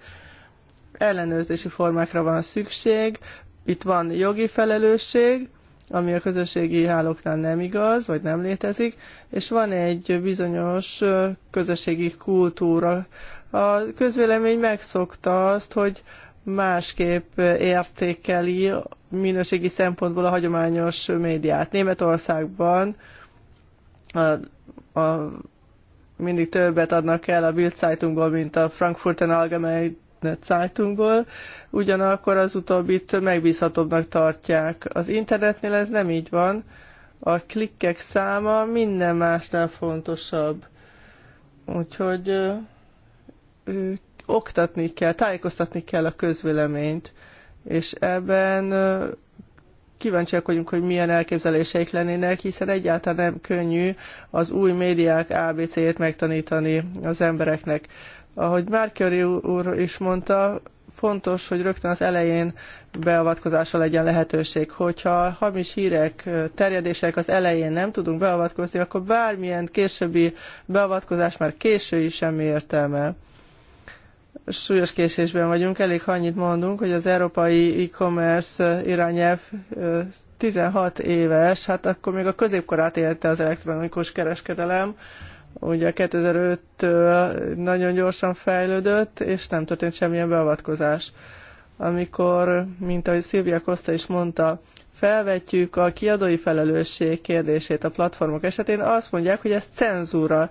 ellenőrzési formákra van szükség, itt van jogi felelősség, ami a közösségi hálóknál nem igaz, vagy nem létezik, és van egy bizonyos közösségi kultúra. A közvélemény megszokta azt, hogy másképp értékeli minőségi szempontból a hagyományos médiát. Németországban a, a, mindig többet adnak el a Bild Zeitungból, mint a Frankfurten Allgemeine Zeitungból, ugyanakkor az utóbbit megbízhatóbbnak tartják. Az internetnél ez nem így van. A klikkek száma minden másnál fontosabb. Úgyhogy ö, ö, oktatni kell, tájékoztatni kell a közvéleményt, és ebben ö, kíváncsiak vagyunk, hogy milyen elképzeléseik lennének, hiszen egyáltalán nem könnyű az új médiák ABC-jét megtanítani az embereknek. Ahogy Márkőri úr is mondta, fontos, hogy rögtön az elején beavatkozása legyen lehetőség. Hogyha hamis hírek, terjedések az elején nem tudunk beavatkozni, akkor bármilyen későbbi beavatkozás már késői semmi értelme. Súlyos késésben vagyunk, elég annyit mondunk, hogy az európai e-commerce irányelv 16 éves, hát akkor még a középkorát élte az elektronikus kereskedelem, ugye 2005-től nagyon gyorsan fejlődött, és nem történt semmilyen beavatkozás. Amikor, mint ahogy Szilvia Costa is mondta, felvetjük a kiadói felelősség kérdését a platformok esetén, azt mondják, hogy ez cenzúra.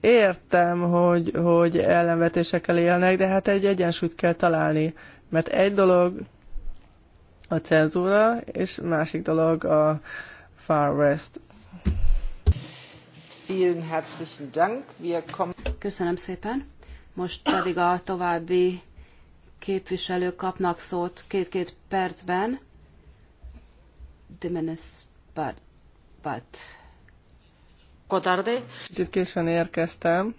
Értem, hogy, hogy ellenvetésekkel élnek, de hát egy egyensúlyt kell találni, mert egy dolog a cenzúra, és másik dolog a Far West. Vielen herzlichen Dank. Wir kommen... Köszönöm szépen. Most pedig a további képviselők kapnak szót két-két percben. Dimenes Bat. Kotardi. Kicsit későn érkeztem,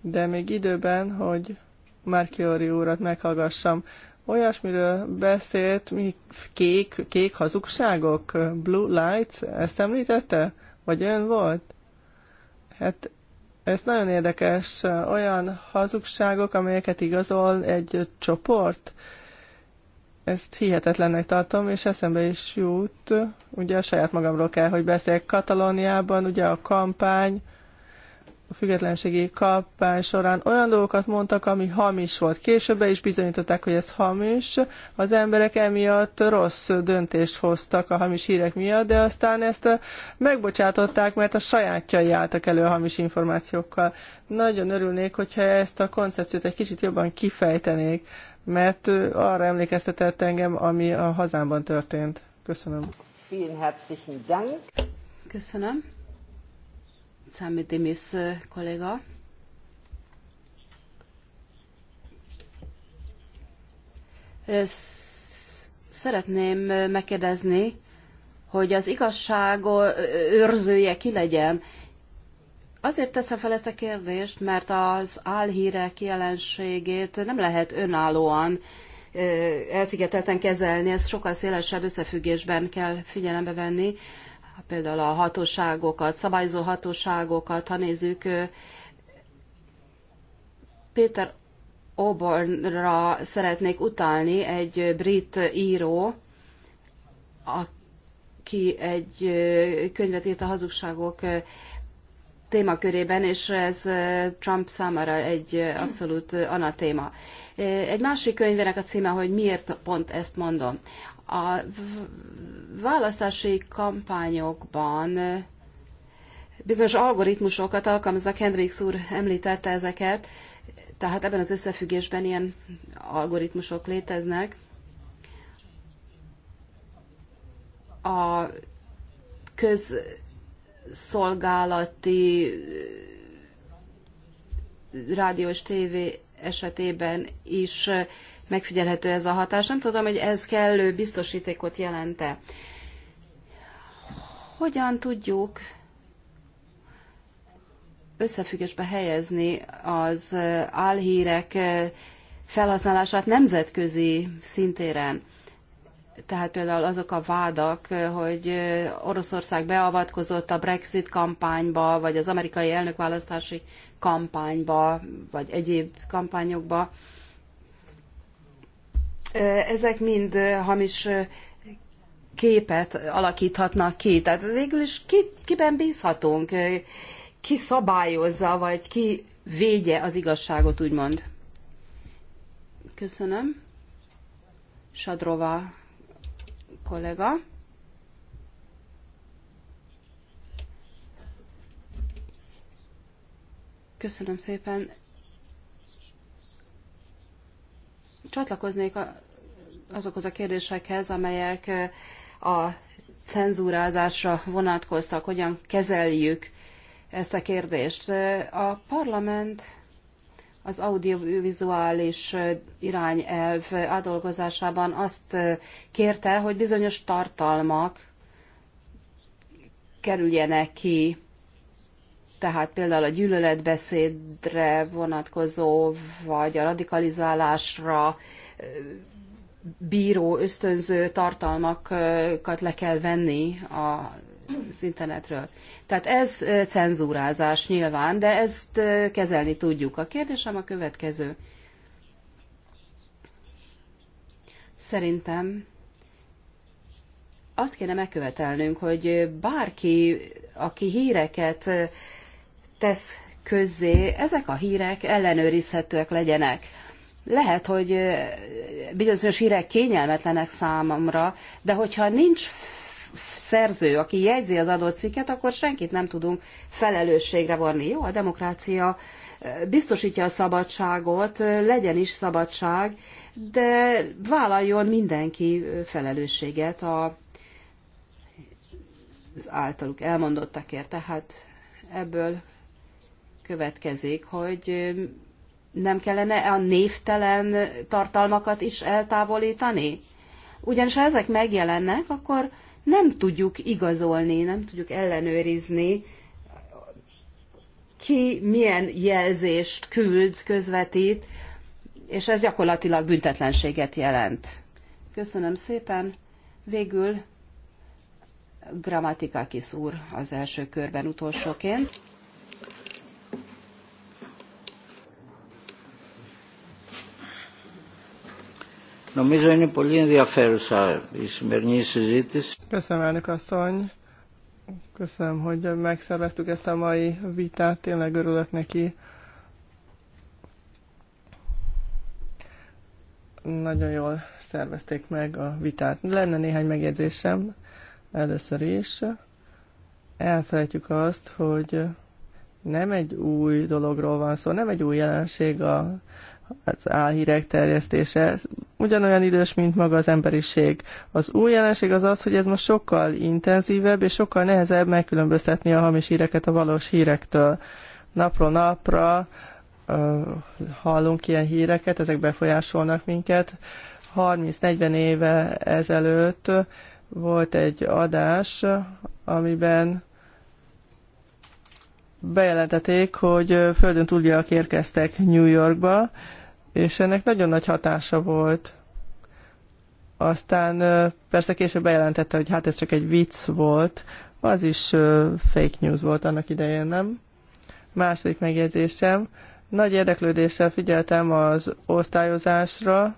de még időben, hogy Márkiori úrat meghallgassam. Olyasmiről beszélt, mi kék, kék hazugságok, blue lights, ezt említette? Vagy ön volt? Hát ez nagyon érdekes. Olyan hazugságok, amelyeket igazol egy csoport, ezt hihetetlennek tartom, és eszembe is jut, ugye a saját magamról kell, hogy beszéljek. Katalóniában ugye a kampány a függetlenségi kampány során olyan dolgokat mondtak, ami hamis volt. Később be is bizonyították, hogy ez hamis. Az emberek emiatt rossz döntést hoztak a hamis hírek miatt, de aztán ezt megbocsátották, mert a sajátjai álltak elő a hamis információkkal. Nagyon örülnék, hogyha ezt a koncepciót egy kicsit jobban kifejtenék, mert arra emlékeztetett engem, ami a hazámban történt. Köszönöm. Vielen herzlichen Dank. Köszönöm. Számi Dimis kolléga. Szeretném megkérdezni, hogy az igazság őrzője ki legyen. Azért teszem fel ezt a kérdést, mert az álhírek jelenségét nem lehet önállóan elszigetelten kezelni, ezt sokkal szélesebb összefüggésben kell figyelembe venni például a hatóságokat, szabályzó hatóságokat, ha nézzük, Péter Obornra szeretnék utalni, egy brit író, aki egy könyvet írt a hazugságok témakörében, és ez Trump számára egy abszolút anatéma. Egy másik könyvének a címe, hogy miért pont ezt mondom. A választási kampányokban bizonyos algoritmusokat alkalmaznak, Hendrix úr említette ezeket, tehát ebben az összefüggésben ilyen algoritmusok léteznek. A közszolgálati rádiós tévé esetében is megfigyelhető ez a hatás. Nem tudom, hogy ez kellő biztosítékot jelente. Hogyan tudjuk összefüggésbe helyezni az álhírek felhasználását nemzetközi szintéren? Tehát például azok a vádak, hogy Oroszország beavatkozott a Brexit kampányba, vagy az amerikai elnökválasztási kampányba, vagy egyéb kampányokba ezek mind hamis képet alakíthatnak ki. Tehát végül is ki, kiben bízhatunk? Ki szabályozza, vagy ki védje az igazságot, úgymond? Köszönöm. Sadrova kollega. Köszönöm szépen. Csatlakoznék azokhoz a kérdésekhez, amelyek a cenzúrázásra vonatkoztak, hogyan kezeljük ezt a kérdést. A parlament az audiovizuális irányelv átdolgozásában azt kérte, hogy bizonyos tartalmak kerüljenek ki tehát például a gyűlöletbeszédre vonatkozó, vagy a radikalizálásra bíró, ösztönző tartalmakat le kell venni a az internetről. Tehát ez cenzúrázás nyilván, de ezt kezelni tudjuk. A kérdésem a következő. Szerintem azt kéne megkövetelnünk, hogy bárki, aki híreket tesz közzé, ezek a hírek ellenőrizhetőek legyenek. Lehet, hogy bizonyos hírek kényelmetlenek számomra, de hogyha nincs szerző, aki jegyzi az adott cikket, akkor senkit nem tudunk felelősségre vonni. Jó, a demokrácia biztosítja a szabadságot, legyen is szabadság, de vállaljon mindenki felelősséget a, az általuk elmondottakért. Tehát ebből következik, hogy nem kellene a névtelen tartalmakat is eltávolítani? Ugyanis ha ezek megjelennek, akkor nem tudjuk igazolni, nem tudjuk ellenőrizni, ki milyen jelzést küld, közvetít, és ez gyakorlatilag büntetlenséget jelent. Köszönöm szépen. Végül Grammatikakis úr az első körben utolsóként. Νομίζω είναι πολύ ενδιαφέρουσα η σημερινή συζήτηση. Köszönöm, elnök asszony. Köszönöm, hogy megszerveztük ezt a mai vitát. Tényleg örülök neki. Nagyon jól szervezték meg a vitát. Lenne néhány megjegyzésem először is. Elfelejtjük azt, hogy nem egy új dologról van szó, nem egy új jelenség a az álhírek terjesztése ugyanolyan idős, mint maga az emberiség. Az új jelenség az az, hogy ez most sokkal intenzívebb és sokkal nehezebb megkülönböztetni a hamis híreket a valós hírektől. Napról napra uh, hallunk ilyen híreket, ezek befolyásolnak minket. 30-40 éve ezelőtt volt egy adás, amiben bejelentették, hogy földön túljak érkeztek New Yorkba, és ennek nagyon nagy hatása volt. Aztán persze később bejelentette, hogy hát ez csak egy vicc volt, az is fake news volt annak idején, nem? Második megjegyzésem, nagy érdeklődéssel figyeltem az osztályozásra,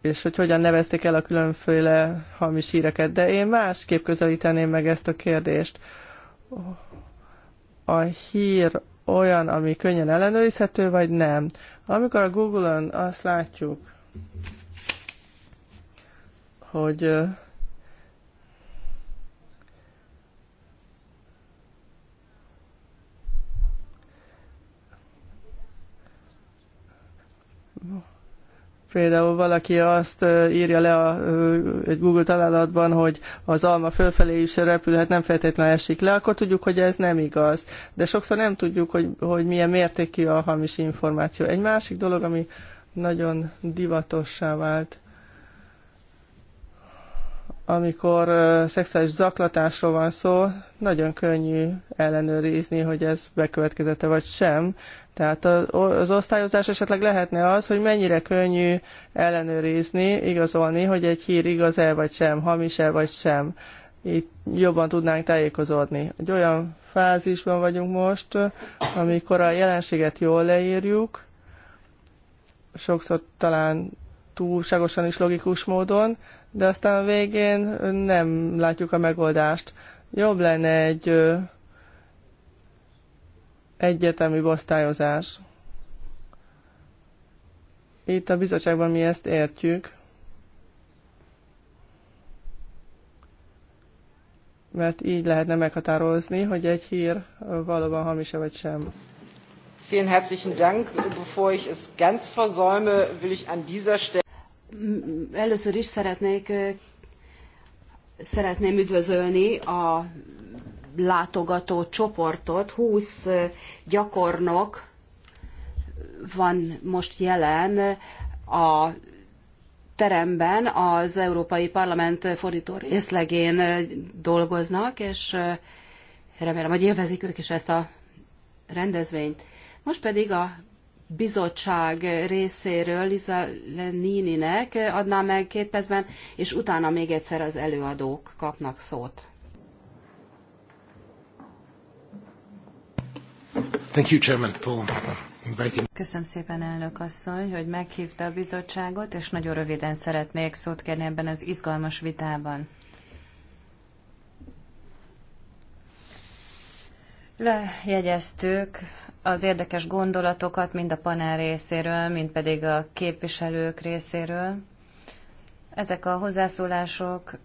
és hogy hogyan nevezték el a különféle hamis híreket, de én másképp közelíteném meg ezt a kérdést. A hír olyan, ami könnyen ellenőrizhető, vagy nem? Amikor a Google-on azt látjuk, hogy Például valaki azt írja le a, egy Google találatban, hogy az alma fölfelé is repülhet, nem feltétlenül esik le, akkor tudjuk, hogy ez nem igaz. De sokszor nem tudjuk, hogy, hogy milyen mértékű a hamis információ. Egy másik dolog, ami nagyon divatossá vált, amikor uh, szexuális zaklatásról van szó, nagyon könnyű ellenőrizni, hogy ez bekövetkezette vagy sem. Tehát az osztályozás esetleg lehetne az, hogy mennyire könnyű ellenőrizni, igazolni, hogy egy hír igaz-e vagy sem, hamis-e vagy sem. Itt jobban tudnánk tájékozódni. Egy olyan fázisban vagyunk most, amikor a jelenséget jól leírjuk, sokszor talán túlságosan is logikus módon, de aztán a végén nem látjuk a megoldást. Jobb lenne egy egyetemű osztályozás. Itt a bizottságban mi ezt értjük, mert így lehetne meghatározni, hogy egy hír valóban hamis-e vagy sem. Vielen herzlichen Dank. Bevor ich es ganz versäume, will ich an dieser Stelle Először is szeretnék szeretném üdvözölni a látogató csoportot, 20 gyakornok van most jelen a teremben, az Európai Parlament fordító részlegén dolgoznak, és remélem, hogy élvezik ők is ezt a rendezvényt. Most pedig a bizottság részéről Liza Lenininek adná meg két percben, és utána még egyszer az előadók kapnak szót. Thank you, Chairman, for inviting. Köszönöm szépen, elnök asszony, hogy meghívta a bizottságot, és nagyon röviden szeretnék szót kérni ebben az izgalmas vitában. Lejegyeztük az érdekes gondolatokat mind a panel részéről, mind pedig a képviselők részéről. Ezek a hozzászólások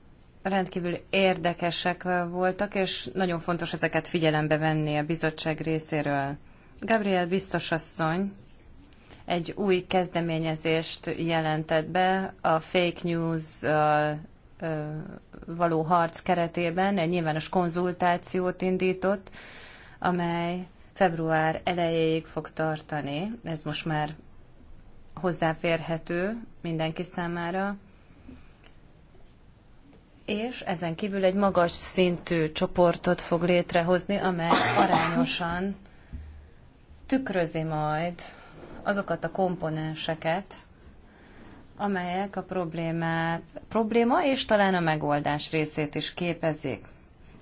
rendkívül érdekesek voltak, és nagyon fontos ezeket figyelembe venni a bizottság részéről. Gabriel biztosasszony egy új kezdeményezést jelentett be a fake news való harc keretében, egy nyilvános konzultációt indított, amely február elejéig fog tartani. Ez most már hozzáférhető mindenki számára és ezen kívül egy magas szintű csoportot fog létrehozni, amely arányosan tükrözi majd azokat a komponenseket, amelyek a problémát, probléma és talán a megoldás részét is képezik.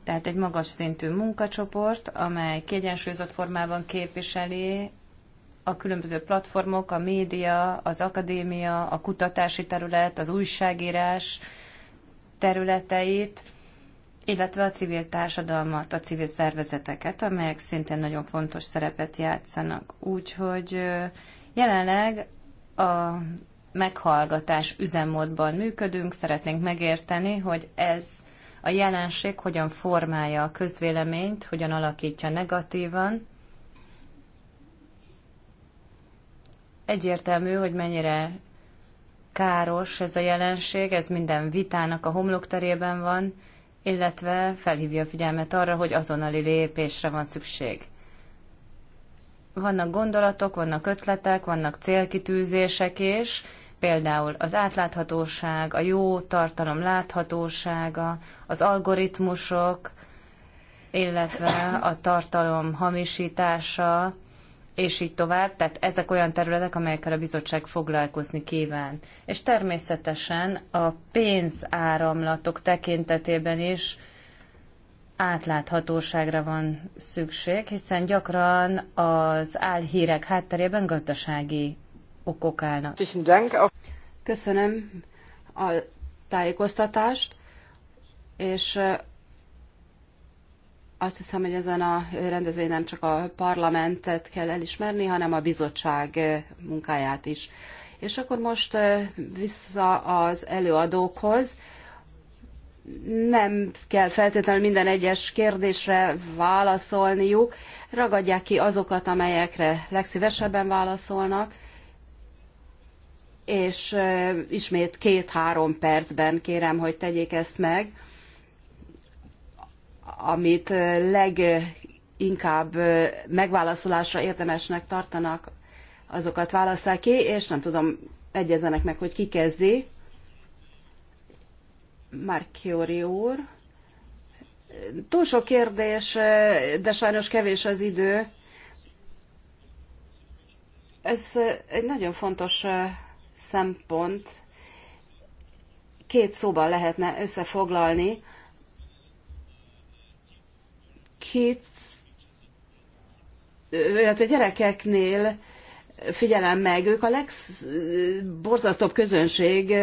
Tehát egy magas szintű munkacsoport, amely kiegyensúlyozott formában képviseli a különböző platformok, a média, az akadémia, a kutatási terület, az újságírás, területeit, illetve a civil társadalmat, a civil szervezeteket, amelyek szintén nagyon fontos szerepet játszanak. Úgyhogy jelenleg a meghallgatás üzemmódban működünk, szeretnénk megérteni, hogy ez a jelenség hogyan formálja a közvéleményt, hogyan alakítja negatívan. Egyértelmű, hogy mennyire káros ez a jelenség, ez minden vitának a homlokterében van, illetve felhívja a figyelmet arra, hogy azonnali lépésre van szükség. Vannak gondolatok, vannak ötletek, vannak célkitűzések is, például az átláthatóság, a jó tartalom láthatósága, az algoritmusok, illetve a tartalom hamisítása, és így tovább. Tehát ezek olyan területek, amelyekkel a bizottság foglalkozni kíván. És természetesen a pénzáramlatok tekintetében is átláthatóságra van szükség, hiszen gyakran az álhírek hátterében gazdasági okok állnak. Köszönöm a tájékoztatást, és azt hiszem, hogy ezen a rendezvény nem csak a parlamentet kell elismerni, hanem a bizottság munkáját is. És akkor most vissza az előadókhoz. Nem kell feltétlenül minden egyes kérdésre válaszolniuk. Ragadják ki azokat, amelyekre legszívesebben válaszolnak, és ismét két-három percben kérem, hogy tegyék ezt meg amit eh, leginkább eh, megválaszolásra érdemesnek tartanak, azokat válasszák ki, és nem tudom, egyezenek meg, hogy ki kezdi. Márkiori úr. Túl sok kérdés, eh, de sajnos kevés az idő. Ez egy nagyon fontos szempont. Két szóban lehetne összefoglalni, kit, illetve gyerekeknél figyelem meg, ők a legborzasztóbb közönség,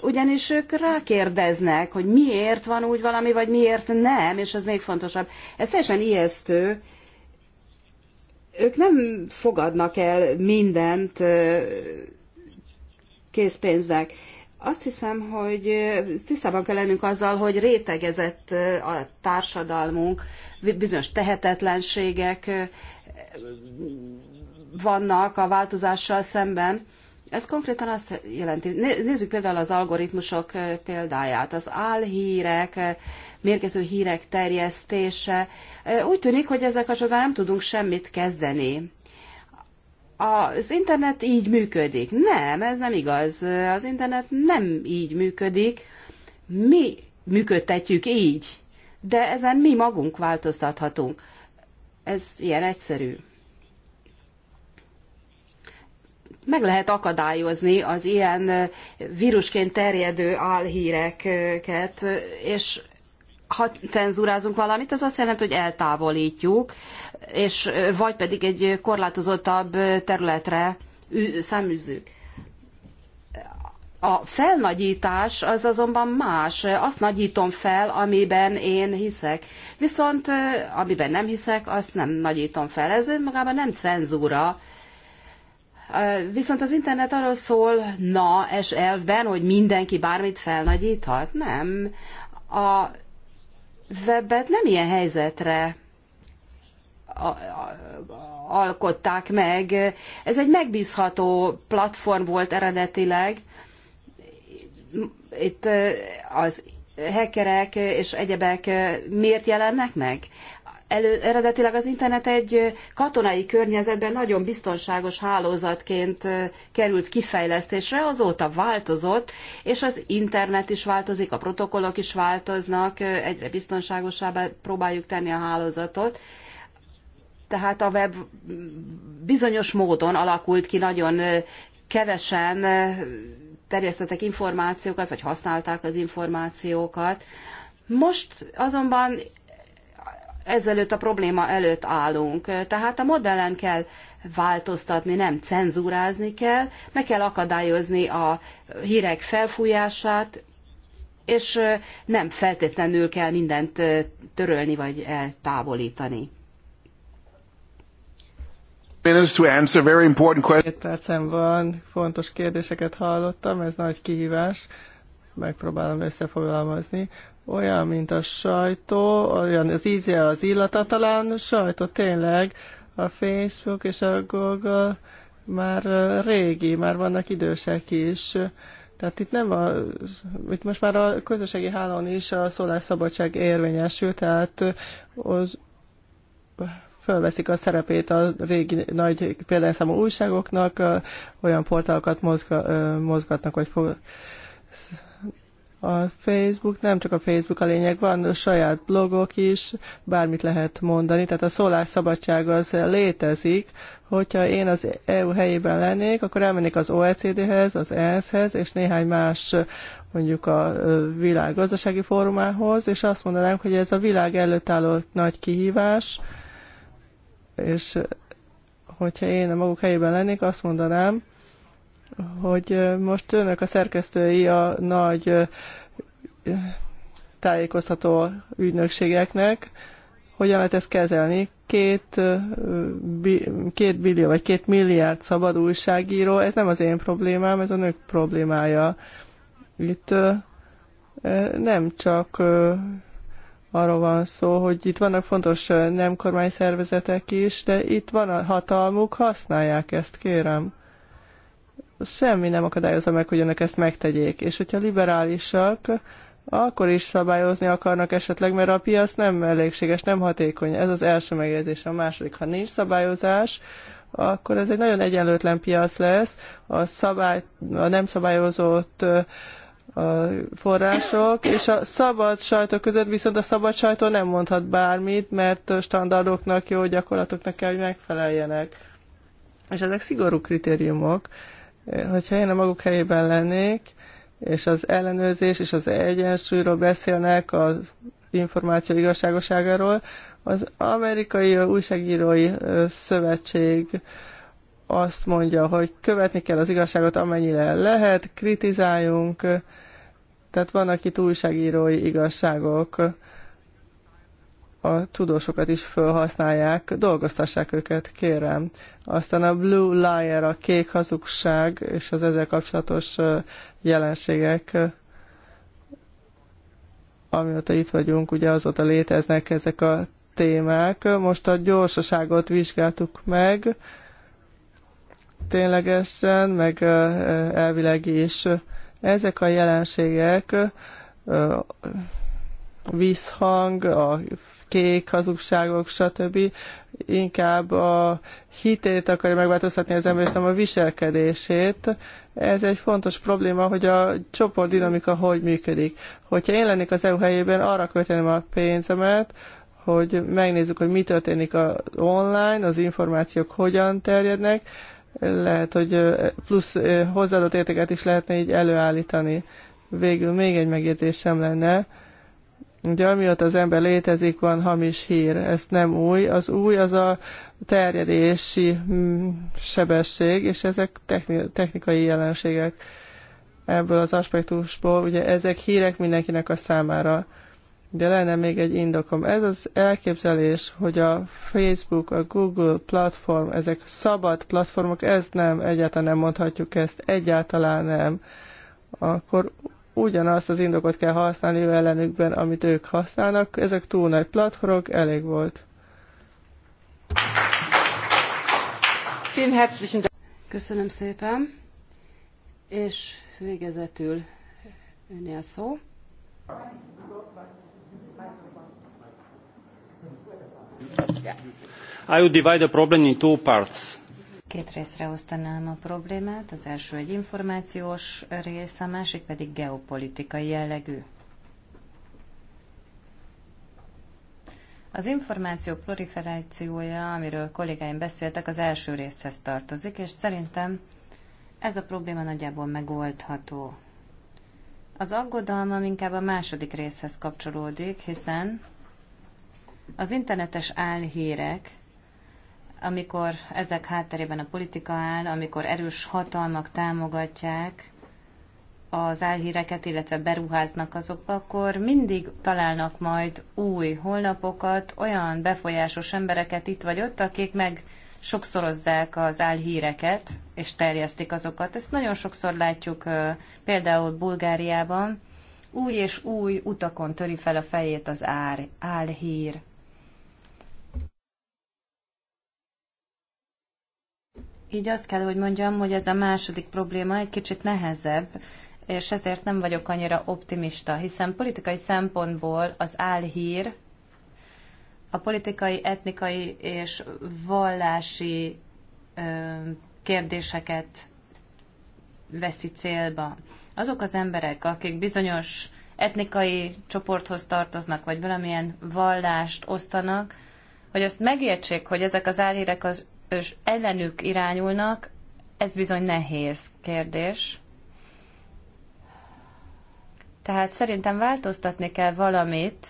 ugyanis ők rákérdeznek, hogy miért van úgy valami, vagy miért nem, és ez még fontosabb. Ez teljesen ijesztő. Ők nem fogadnak el mindent készpénznek. Azt hiszem, hogy tisztában kell lennünk azzal, hogy rétegezett a társadalmunk, bizonyos tehetetlenségek vannak a változással szemben. Ez konkrétan azt jelenti, nézzük például az algoritmusok példáját, az álhírek, mérgező hírek terjesztése. Úgy tűnik, hogy ezek a csodán nem tudunk semmit kezdeni az internet így működik. Nem, ez nem igaz. Az internet nem így működik. Mi működtetjük így, de ezen mi magunk változtathatunk. Ez ilyen egyszerű. Meg lehet akadályozni az ilyen eh, vírusként terjedő álhíreket, eh, és ha cenzúrázunk valamit, az azt jelenti, hogy eltávolítjuk, és vagy pedig egy korlátozottabb területre száműzzük. A felnagyítás az azonban más. Azt nagyítom fel, amiben én hiszek. Viszont amiben nem hiszek, azt nem nagyítom fel. Ez önmagában nem cenzúra. Viszont az internet arról szól, na, es elvben, hogy mindenki bármit felnagyíthat. Nem. A webet nem ilyen helyzetre alkották meg. Ez egy megbízható platform volt eredetileg. Itt eh, az hackerek és egyebek eh, miért jelennek meg? elő, eredetileg az internet egy katonai környezetben nagyon biztonságos hálózatként került kifejlesztésre, azóta változott, és az internet is változik, a protokollok is változnak, egyre biztonságosabbá próbáljuk tenni a hálózatot. Tehát a web bizonyos módon alakult ki nagyon kevesen terjesztettek információkat, vagy használták az információkat. Most azonban ezelőtt a probléma előtt állunk. Tehát a modellen kell változtatni, nem cenzúrázni kell, meg kell akadályozni a hírek felfújását, és nem feltétlenül kell mindent törölni vagy eltávolítani. Két percem van, fontos kérdéseket hallottam, ez nagy kihívás, megpróbálom összefoglalmazni olyan, mint a sajtó, olyan az íze, az illata, talán sajtó tényleg, a Facebook és a Google már régi, már vannak idősek is. Tehát itt nem a, itt most már a közösségi hálón is a szólásszabadság érvényesül, tehát az fölveszik a szerepét a régi nagy példányszámú újságoknak, olyan portálokat mozga, mozgatnak, vagy fog, a Facebook, nem csak a Facebook a lényeg, van a saját blogok is, bármit lehet mondani, tehát a szólásszabadság az létezik, hogyha én az EU helyében lennék, akkor elmennék az OECD-hez, az ENSZ-hez, és néhány más mondjuk a világgazdasági fórumához, és azt mondanám, hogy ez a világ előtt álló nagy kihívás, és hogyha én a maguk helyében lennék, azt mondanám, hogy most önök a szerkesztői a nagy tájékoztató ügynökségeknek, hogyan lehet ezt kezelni. Két, két billió vagy két milliárd szabad újságíró, ez nem az én problémám, ez a nők problémája. Itt nem csak arról van szó, hogy itt vannak fontos nem kormány szervezetek is, de itt van a hatalmuk, használják ezt, kérem semmi nem akadályozza meg, hogy önök ezt megtegyék. És hogyha liberálisak, akkor is szabályozni akarnak esetleg, mert a piac nem elégséges, nem hatékony. Ez az első megjegyzés. A második, ha nincs szabályozás, akkor ez egy nagyon egyenlőtlen piac lesz. A, szabály, a nem szabályozott a források, és a szabad sajtó között viszont a szabad sajtó nem mondhat bármit, mert standardoknak, jó gyakorlatoknak kell, hogy megfeleljenek. És ezek szigorú kritériumok, Hogyha én a maguk helyében lennék, és az ellenőrzés és az egyensúlyról beszélnek az információ igazságoságáról, az amerikai újságírói szövetség azt mondja, hogy követni kell az igazságot amennyire lehet, kritizáljunk, tehát vannak itt újságírói igazságok a tudósokat is felhasználják, dolgoztassák őket, kérem. Aztán a Blue Liar, a kék hazugság és az ezzel kapcsolatos jelenségek, amióta itt vagyunk, ugye azóta léteznek ezek a témák. Most a gyorsaságot vizsgáltuk meg, ténylegesen, meg elvileg is. Ezek a jelenségek visszhang, a kék hazugságok, stb. Inkább a hitét akarja megváltoztatni az ember, és nem a viselkedését. Ez egy fontos probléma, hogy a csoport dinamika hogy működik. Hogyha én lennék az EU helyében, arra költeném a pénzemet, hogy megnézzük, hogy mi történik a online, az információk hogyan terjednek, lehet, hogy plusz hozzáadott értéket is lehetne így előállítani. Végül még egy megjegyzésem lenne, Ugye amióta az ember létezik, van hamis hír, ez nem új. Az új az a terjedési mm, sebesség, és ezek techni- technikai jelenségek ebből az aspektusból. Ugye ezek hírek mindenkinek a számára. De lenne még egy indokom. Ez az elképzelés, hogy a Facebook, a Google platform, ezek szabad platformok, ez nem, egyáltalán nem mondhatjuk ezt, egyáltalán nem. Akkor ugyanazt az indokot kell használni ő ellenükben, amit ők használnak. Ezek túl nagy platformok, elég volt. Köszönöm szépen, és végezetül önél szó. I would divide the problem in two parts. Két részre osztanám a problémát, az első egy információs rész, a másik pedig geopolitikai jellegű. Az információ proliferációja, amiről kollégáim beszéltek, az első részhez tartozik, és szerintem ez a probléma nagyjából megoldható. Az aggodalmam inkább a második részhez kapcsolódik, hiszen az internetes álhírek amikor ezek hátterében a politika áll, amikor erős hatalmak támogatják az álhíreket, illetve beruháznak azokba, akkor mindig találnak majd új holnapokat, olyan befolyásos embereket itt vagy ott, akik meg sokszorozzák az álhíreket, és terjesztik azokat. Ezt nagyon sokszor látjuk például Bulgáriában. Új és új utakon töri fel a fejét az ár, álhír. Így azt kell, hogy mondjam, hogy ez a második probléma egy kicsit nehezebb, és ezért nem vagyok annyira optimista, hiszen politikai szempontból az álhír a politikai, etnikai és vallási ö, kérdéseket veszi célba. Azok az emberek, akik bizonyos etnikai csoporthoz tartoznak, vagy valamilyen vallást osztanak, hogy azt megértsék, hogy ezek az álhírek az és ellenük irányulnak, ez bizony nehéz kérdés. Tehát szerintem változtatni kell valamit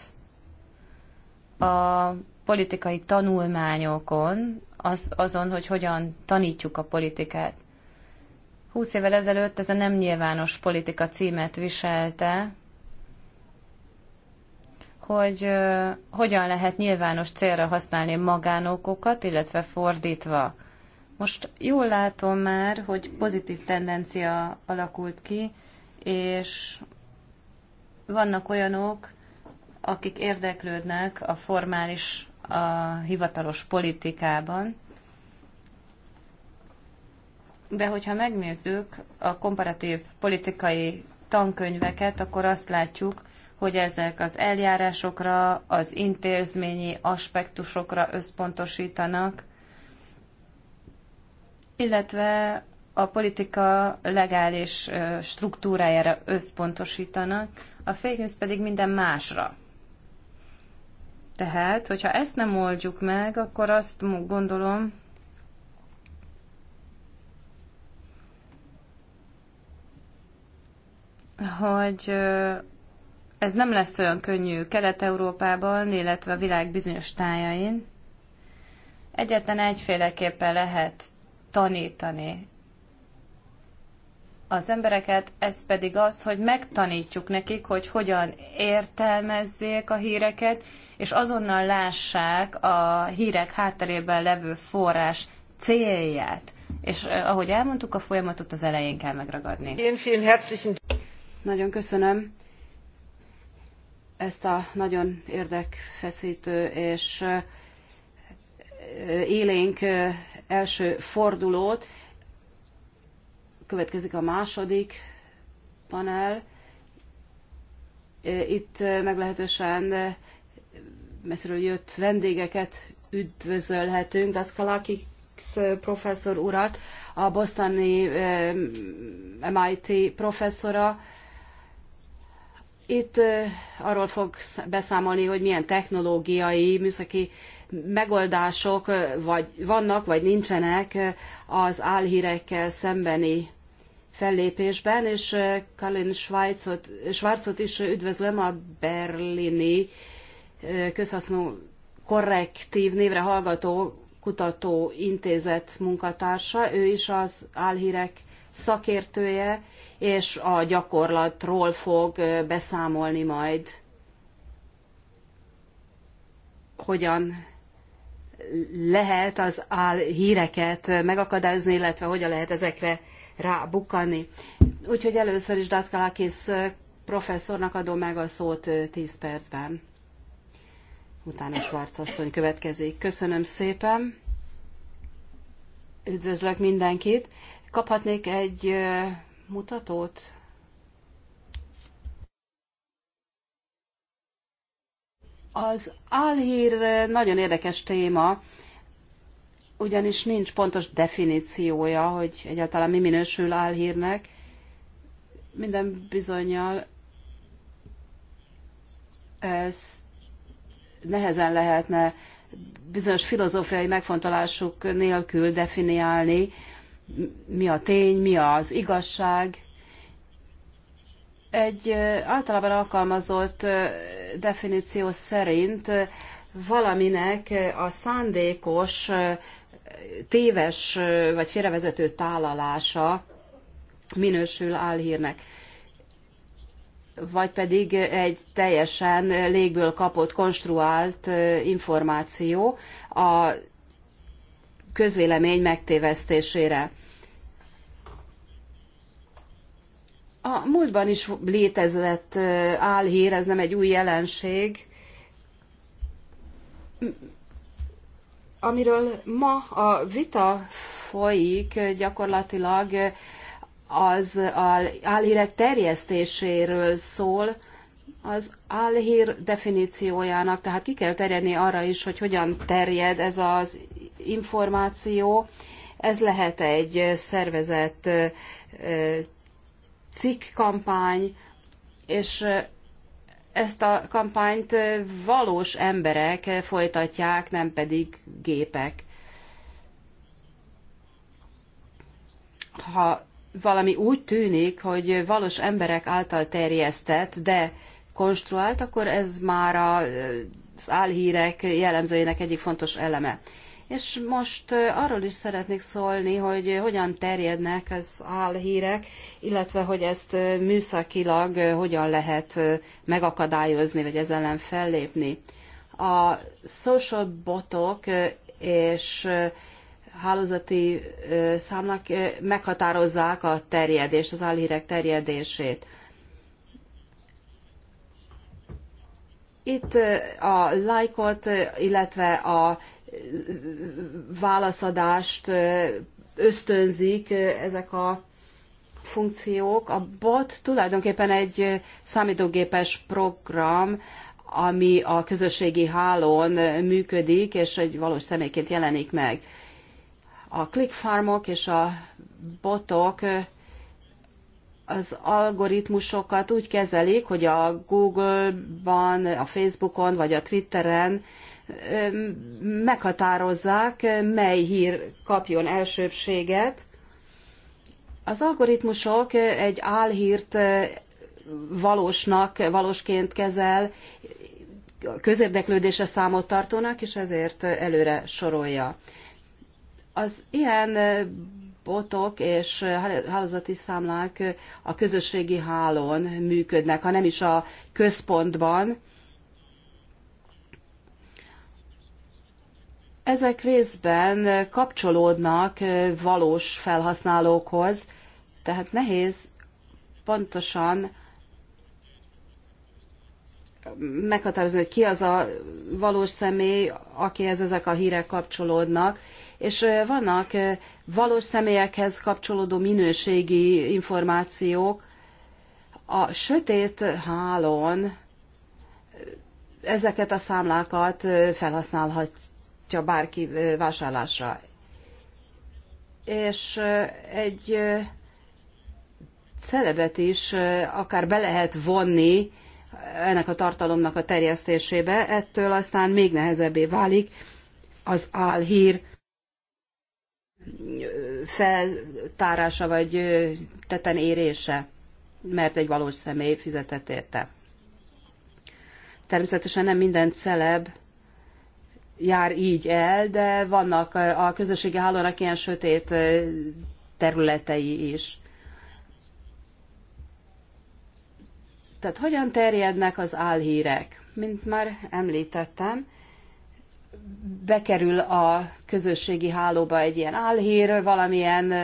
a politikai tanulmányokon, az, azon, hogy hogyan tanítjuk a politikát. Húsz évvel ezelőtt ez a nem nyilvános politika címet viselte, hogy hogyan lehet nyilvános célra használni magánokokat, illetve fordítva. Most jól látom már, hogy pozitív tendencia alakult ki, és vannak olyanok, akik érdeklődnek a formális, a hivatalos politikában, de hogyha megnézzük a komparatív politikai tankönyveket, akkor azt látjuk, hogy ezek az eljárásokra, az intézményi aspektusokra összpontosítanak, illetve a politika legális struktúrájára összpontosítanak, a fake news pedig minden másra. Tehát, hogyha ezt nem oldjuk meg, akkor azt gondolom, hogy ez nem lesz olyan könnyű Kelet-Európában, illetve a világ bizonyos tájain. Egyetlen egyféleképpen lehet tanítani az embereket, ez pedig az, hogy megtanítjuk nekik, hogy hogyan értelmezzék a híreket, és azonnal lássák a hírek hátterében levő forrás célját. És eh, ahogy elmondtuk, a folyamatot az elején kell megragadni. Nagyon köszönöm ezt a nagyon érdekfeszítő és élénk első fordulót. Következik a második panel. Itt meglehetősen messziről jött vendégeket üdvözölhetünk, Az Daskalakik professzor urat, a bosztani MIT professzora, itt arról fog beszámolni, hogy milyen technológiai, műszaki megoldások vagy vannak, vagy nincsenek az álhírekkel szembeni fellépésben, és Kalin Schweizot, Schwarzot is üdvözlöm a berlini közhasznú korrektív névre hallgató kutató intézet munkatársa, ő is az álhírek szakértője, és a gyakorlatról fog beszámolni majd, hogyan lehet az áll híreket megakadályozni, illetve hogyan lehet ezekre rábukkanni. Úgyhogy először is Daszkalakis professzornak adom meg a szót 10 percben. Utána Schwarz asszony következik. Köszönöm szépen. Üdvözlök mindenkit. Kaphatnék egy mutatót? Az álhír nagyon érdekes téma, ugyanis nincs pontos definíciója, hogy egyáltalán mi minősül álhírnek. Minden bizonyal ez nehezen lehetne bizonyos filozófiai megfontolásuk nélkül definiálni, mi a tény, mi az igazság. Egy általában alkalmazott definíció szerint valaminek a szándékos, téves vagy félrevezető tálalása minősül álhírnek vagy pedig egy teljesen légből kapott, konstruált információ. A közvélemény megtévesztésére. A múltban is létezett álhír, ez nem egy új jelenség, amiről ma a vita folyik gyakorlatilag az álhírek terjesztéséről szól, az álhír definíciójának, tehát ki kell terjedni arra is, hogy hogyan terjed ez az információ, ez lehet egy szervezett cikkkampány, és ezt a kampányt valós emberek folytatják, nem pedig gépek. Ha valami úgy tűnik, hogy valós emberek által terjesztett, de konstruált, akkor ez már az álhírek jellemzőjének egyik fontos eleme. És most arról is szeretnék szólni, hogy hogyan terjednek az álhírek, illetve hogy ezt műszakilag hogyan lehet megakadályozni, vagy ezzel ellen fellépni. A social botok és hálózati számlák meghatározzák a terjedést, az álhírek terjedését. Itt a lájkot, illetve a válaszadást ösztönzik ezek a funkciók. A bot tulajdonképpen egy számítógépes program, ami a közösségi hálón működik, és egy valós személyként jelenik meg. A clickfarmok és a botok az algoritmusokat úgy kezelik, hogy a Google-ban, a Facebookon vagy a Twitteren meghatározzák, mely hír kapjon elsőbséget. Az algoritmusok egy álhírt valósnak, valósként kezel, közérdeklődése számot tartónak, és ezért előre sorolja. Az ilyen botok és hálózati számlák a közösségi hálón működnek, ha nem is a központban, Ezek részben kapcsolódnak valós felhasználókhoz, tehát nehéz pontosan meghatározni, hogy ki az a valós személy, akihez ezek a hírek kapcsolódnak, és vannak valós személyekhez kapcsolódó minőségi információk. A sötét hálón ezeket a számlákat felhasználhatják állítja bárki vásárlásra. És egy celebet is akár be lehet vonni ennek a tartalomnak a terjesztésébe, ettől aztán még nehezebbé válik az álhír feltárása vagy teten érése, mert egy valós személy fizetett érte. Természetesen nem minden celeb jár így el, de vannak a közösségi hálónak ilyen sötét területei is. Tehát hogyan terjednek az álhírek? Mint már említettem, bekerül a közösségi hálóba egy ilyen álhír valamilyen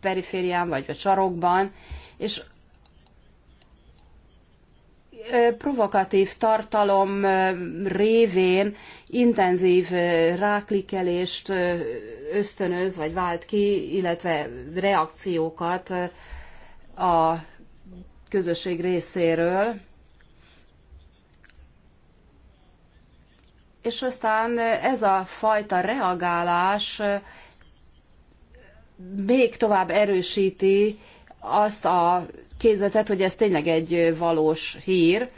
periférián vagy a sarokban, és provokatív tartalom révén intenzív ráklikelést ösztönöz, vagy vált ki, illetve reakciókat a közösség részéről. És aztán ez a fajta reagálás még tovább erősíti azt a képzetet, hogy ez tényleg egy valós hír.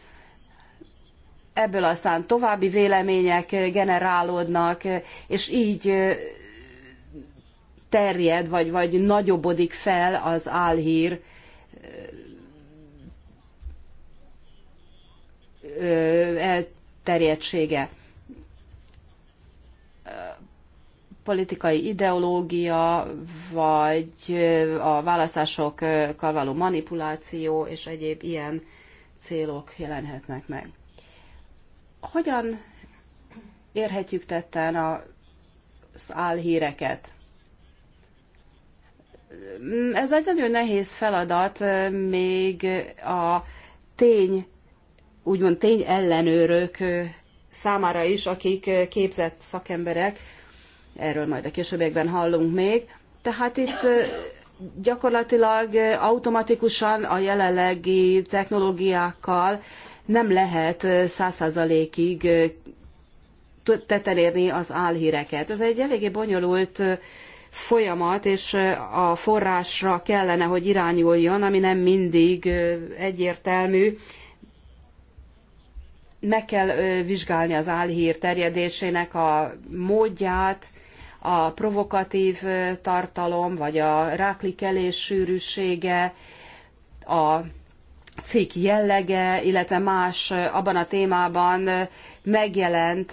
Ebből aztán további vélemények generálódnak, és így terjed, vagy, vagy nagyobbodik fel az álhír elterjedtsége. politikai ideológia, vagy a választásokkal való manipuláció és egyéb ilyen célok jelenhetnek meg. Hogyan érhetjük tetten az álhíreket? Ez egy nagyon nehéz feladat, még a tény, úgymond tény ellenőrök számára is, akik képzett szakemberek, erről majd a későbbiekben hallunk még. Tehát itt gyakorlatilag automatikusan a jelenlegi technológiákkal nem lehet százszázalékig tetelérni az álhíreket. Ez egy eléggé bonyolult folyamat, és a forrásra kellene, hogy irányuljon, ami nem mindig egyértelmű. Meg kell vizsgálni az álhír terjedésének a módját, a provokatív tartalom, vagy a ráklikelés sűrűsége, a cikk jellege, illetve más abban a témában megjelent,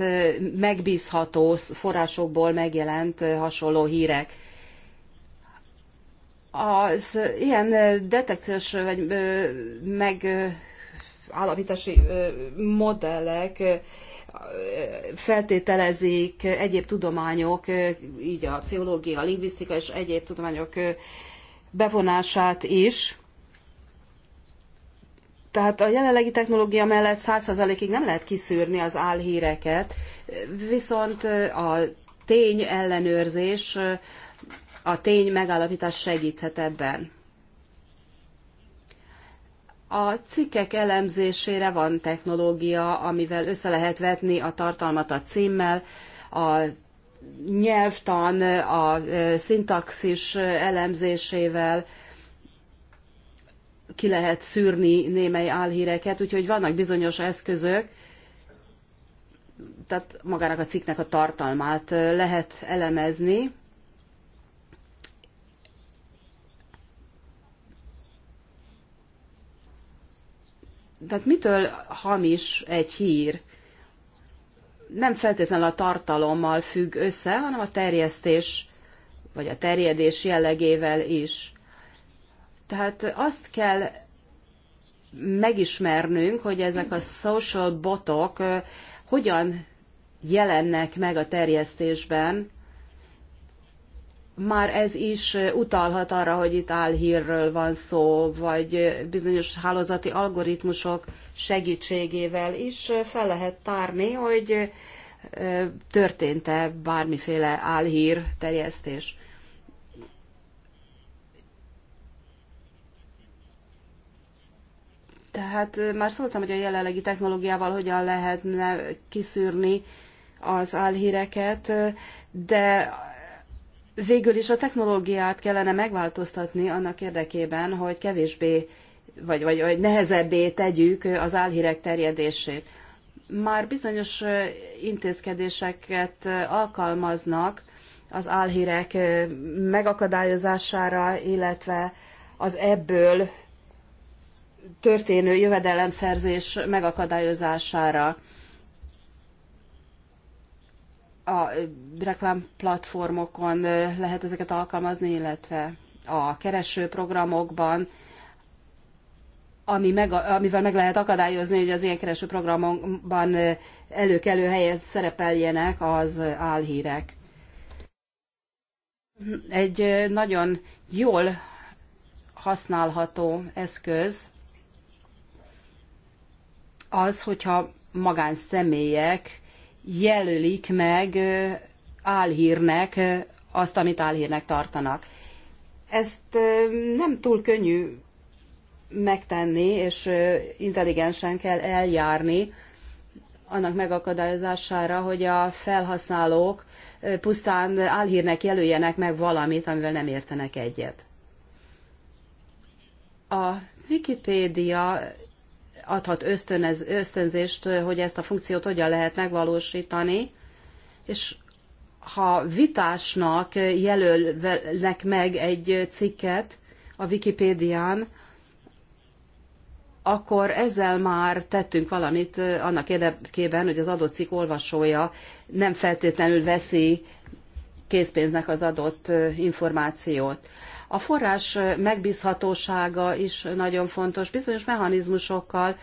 megbízható forrásokból megjelent hasonló hírek. Az ilyen detekciós vagy megállapítási modellek feltételezik egyéb tudományok, így a pszichológia, a lingvisztika és egyéb tudományok bevonását is. Tehát a jelenlegi technológia mellett 100%-ig nem lehet kiszűrni az álhíreket, viszont a tény ellenőrzés, a tény megállapítás segíthet ebben. A cikkek elemzésére van technológia, amivel össze lehet vetni a tartalmat a címmel, a nyelvtan, a szintaxis elemzésével, ki lehet szűrni némely álhíreket, úgyhogy vannak bizonyos eszközök, tehát magának a cikknek a tartalmát lehet elemezni. tehát mitől hamis egy hír? Nem feltétlenül a tartalommal függ össze, hanem a terjesztés vagy a terjedés jellegével is. Tehát azt kell megismernünk, hogy ezek a social botok hogyan jelennek meg a terjesztésben, már ez is utalhat arra, hogy itt álhírről van szó, vagy bizonyos hálózati algoritmusok segítségével is fel lehet tárni, hogy történt-e bármiféle álhír terjesztés. Tehát már szóltam, hogy a jelenlegi technológiával hogyan lehetne kiszűrni az álhíreket, de végül is a technológiát kellene megváltoztatni annak érdekében, hogy kevésbé vagy, vagy, vagy nehezebbé tegyük az álhírek terjedését. Már bizonyos intézkedéseket alkalmaznak az álhírek megakadályozására, illetve az ebből történő jövedelemszerzés megakadályozására a reklámplatformokon lehet ezeket alkalmazni, illetve a kereső programokban, ami meg, amivel meg lehet akadályozni, hogy az ilyen kereső programokban előkelő helyen szerepeljenek az álhírek. Egy nagyon jól használható eszköz az, hogyha magánszemélyek jelölik meg álhírnek azt, amit álhírnek tartanak. Ezt nem túl könnyű megtenni, és intelligensen kell eljárni annak megakadályozására, hogy a felhasználók pusztán álhírnek jelöljenek meg valamit, amivel nem értenek egyet. A Wikipédia adhat ösztönez, ösztönzést, hogy ezt a funkciót hogyan lehet megvalósítani, és ha vitásnak jelölnek meg egy cikket a Wikipédián, akkor ezzel már tettünk valamit eh, annak érdekében, hogy az adott cikk olvasója nem feltétlenül veszi készpénznek az adott eh, információt. A forrás megbízhatósága is nagyon fontos. Bizonyos mechanizmusokkal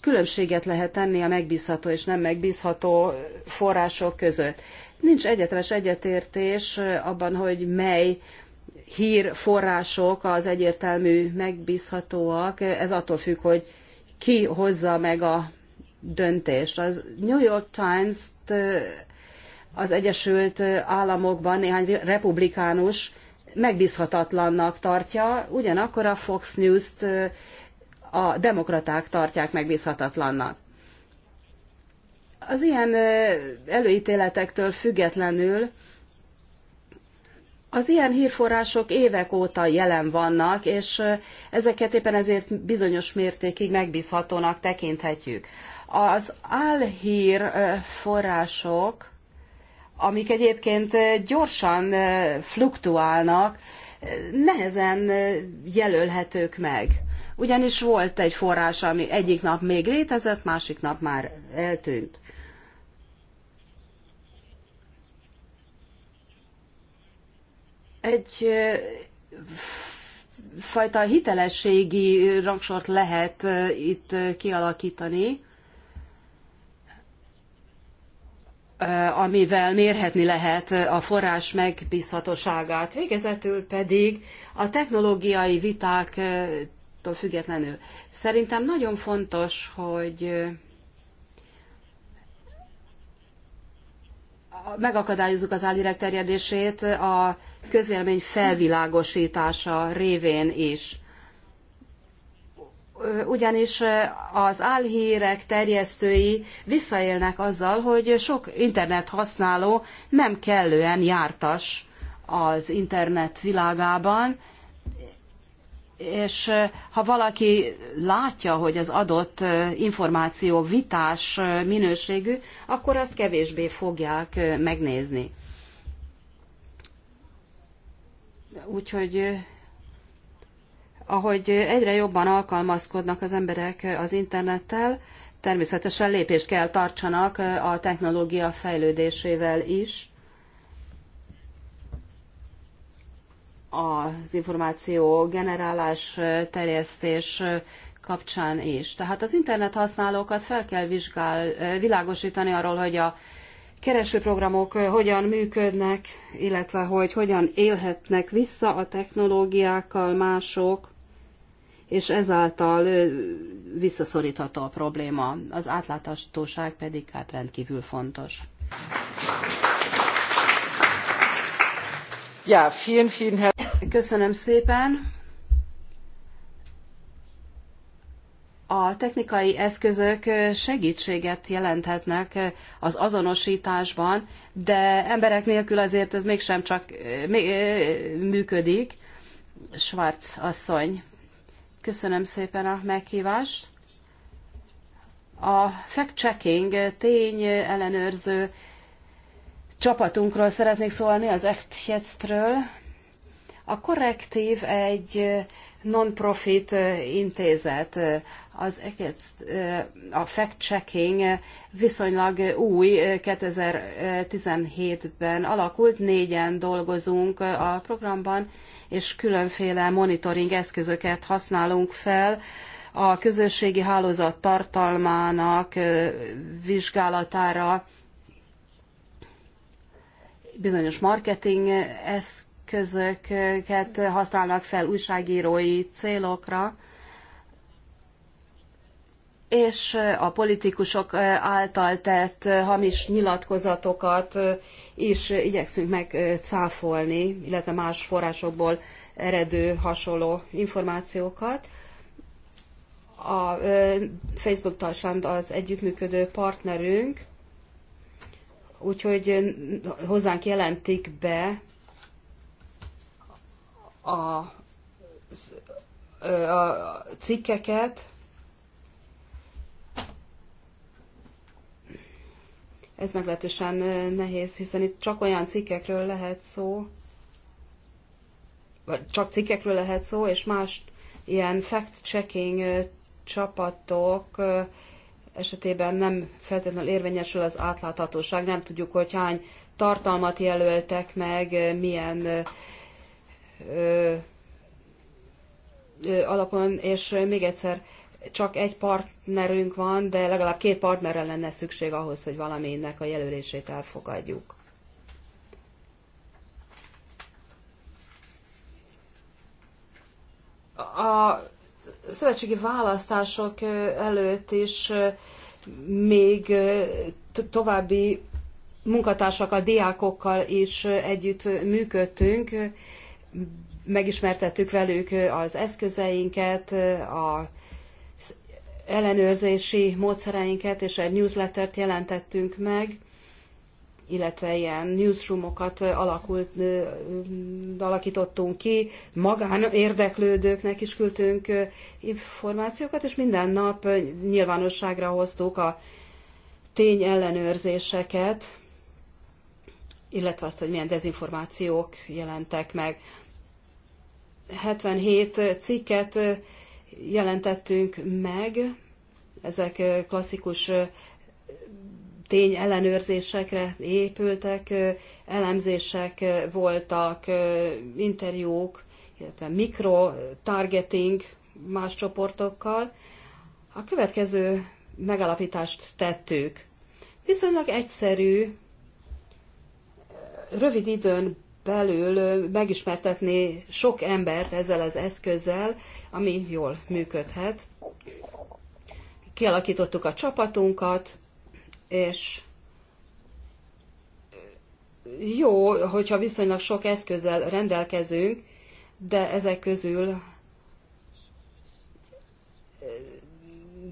különbséget lehet tenni a megbízható és nem megbízható források között. Nincs egyetemes egyetértés abban, hogy mely források az egyértelmű megbízhatóak. Ez attól függ, hogy ki hozza meg a döntést. Az New York Times-t az Egyesült Államokban néhány republikánus megbízhatatlannak tartja, ugyanakkor a Fox News-t a demokraták tartják megbízhatatlannak. Az ilyen előítéletektől függetlenül az ilyen hírforrások évek óta jelen vannak, és ezeket éppen ezért bizonyos mértékig megbízhatónak tekinthetjük. Az álhír források amik egyébként eh, gyorsan eh, fluktuálnak, eh, nehezen jelölhetők meg. Ugyanis volt egy forrás, ami egyik nap még létezett, másik nap már eltűnt. Egy fajta hitelességi rangsort lehet itt kialakítani, Eh, amivel mérhetni lehet eh, a forrás megbízhatóságát. Végezetül pedig a technológiai vitáktól eh, függetlenül. Szerintem nagyon fontos, hogy megakadályozzuk az álhírek terjedését a közvélemény felvilágosítása révén is ugyanis az álhírek terjesztői visszaélnek azzal, hogy sok internet használó nem kellően jártas az internet világában, és ha valaki látja, hogy az adott információ vitás minőségű, akkor azt kevésbé fogják megnézni. Úgyhogy ahogy egyre jobban alkalmazkodnak az emberek az internettel, természetesen lépést kell tartsanak a technológia fejlődésével is. az információ generálás, terjesztés kapcsán is. Tehát az internet használókat fel kell vizsgál, világosítani arról, hogy a keresőprogramok hogyan működnek, illetve hogy hogyan élhetnek vissza a technológiákkal mások, és ezáltal visszaszorítható a probléma. Az átláthatóság pedig hát rendkívül fontos. Ja, vielen, vielen Köszönöm szépen. A technikai eszközök segítséget jelenthetnek az azonosításban, de emberek nélkül azért ez mégsem csak működik. Schwarz asszony. Köszönöm szépen a meghívást. A fact-checking tény ellenőrző csapatunkról szeretnék szólni, az Echtjetztről. A korrektív egy non-profit intézet, az a fact-checking viszonylag új, 2017-ben alakult, négyen dolgozunk a programban, és különféle monitoring eszközöket használunk fel a közösségi hálózat tartalmának vizsgálatára, bizonyos marketing eszközöket használnak fel újságírói célokra, és eh, a politikusok eh, által tett eh, hamis nyilatkozatokat is igyekszünk megcáfolni, illetve más forrásokból eredő hasonló információkat. A Facebook Tarsland az együttműködő partnerünk, úgyhogy hozzánk jelentik be a, a, a cikkeket, ez meglehetősen nehéz, hiszen itt csak olyan cikkekről lehet szó, vagy csak cikkekről lehet szó, és más ilyen fact-checking csapatok esetében nem feltétlenül érvényesül az átláthatóság, nem tudjuk, hogy hány tartalmat jelöltek meg, milyen ö, ö, alapon, és még egyszer csak egy partnerünk van, de legalább két partnerre lenne szükség ahhoz, hogy valaminek a jelölését elfogadjuk. A szövetségi választások előtt is még további munkatársakkal, diákokkal is együtt működtünk, megismertettük velük az eszközeinket, a ellenőrzési módszereinket, és egy newslettert jelentettünk meg, illetve ilyen newsroomokat alakult, alakítottunk ki, magán érdeklődőknek is küldtünk információkat, és minden nap nyilvánosságra hoztuk a tényellenőrzéseket, illetve azt, hogy milyen dezinformációk jelentek meg. 77 cikket jelentettünk meg, ezek klasszikus tényellenőrzésekre épültek, elemzések voltak, interjúk, illetve mikro-targeting más csoportokkal. A következő megalapítást tettük. Viszonylag egyszerű, rövid időn belül megismertetni sok embert ezzel az eszközzel, ami jól működhet, kialakítottuk a csapatunkat, és jó, hogyha viszonylag sok eszközzel rendelkezünk, de ezek közül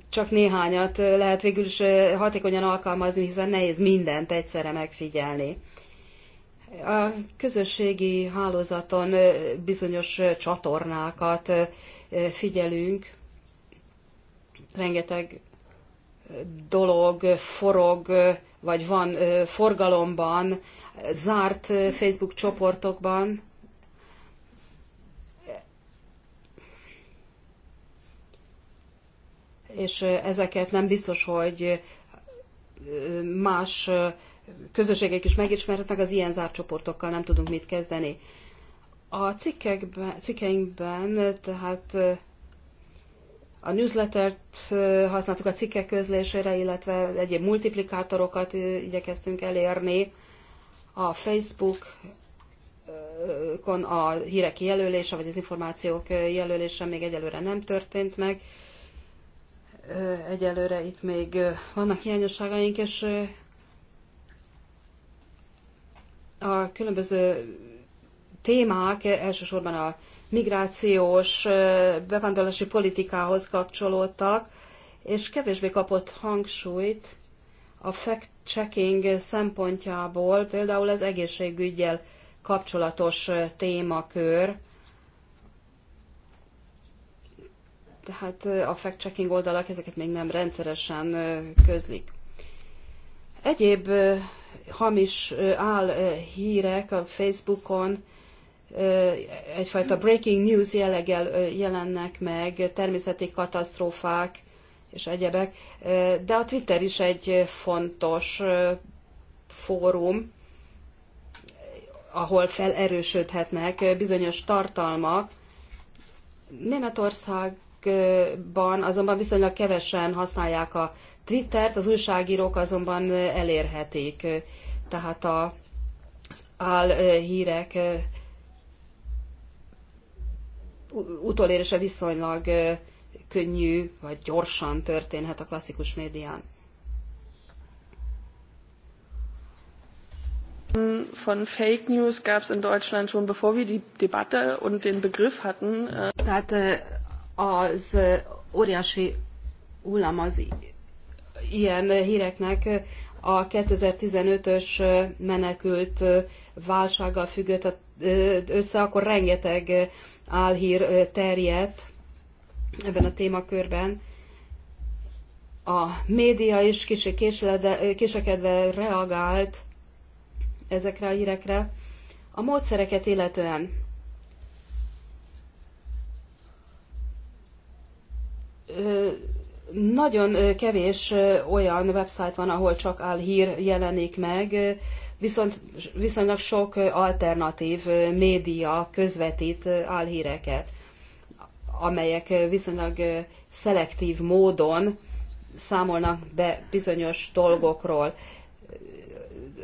csak néhányat lehet végül is hatékonyan alkalmazni, hiszen nehéz mindent egyszerre megfigyelni. A közösségi hálózaton bizonyos csatornákat figyelünk, rengeteg dolog forog, vagy van forgalomban, zárt Facebook csoportokban. És ezeket nem biztos, hogy más közösségek is megismerhetnek, az ilyen zárt csoportokkal nem tudunk mit kezdeni. A cikkekben, cikkeinkben tehát a newslettert használtuk a cikkek közlésére, illetve egyéb multiplikátorokat igyekeztünk elérni. A Facebookon a hírek jelölése, vagy az információk jelölése még egyelőre nem történt meg. Egyelőre itt még vannak hiányosságaink, és a különböző témák, elsősorban a migrációs bevándorlási politikához kapcsolódtak, és kevésbé kapott hangsúlyt a fact-checking szempontjából, például az egészségügyel kapcsolatos témakör, tehát a fact-checking oldalak ezeket még nem rendszeresen közlik. Egyéb hamis áll hírek a Facebookon egyfajta breaking news jelleggel jelennek meg, természeti katasztrófák és egyebek, de a Twitter is egy fontos fórum, ahol felerősödhetnek bizonyos tartalmak. Németországban azonban viszonylag kevesen használják a Twittert, az újságírók azonban elérhetik. Tehát a, az álhírek utolérése viszonylag könnyű vagy gyorsan történhet a klasszikus médián. Von Fake News gab es in Deutschland schon bevor wir die Debatte und den Begriff hatten. Äh, Tehát az óriási hullám az ilyen híreknek a 2015-ös menekült válsággal függött össze, akkor rengeteg álhír terjedt ebben a témakörben. A média is kicsit késekedve reagált ezekre a hírekre. A módszereket illetően nagyon kevés olyan website van, ahol csak álhír jelenik meg, viszont viszonylag sok alternatív média közvetít álhíreket, amelyek viszonylag szelektív módon számolnak be bizonyos dolgokról.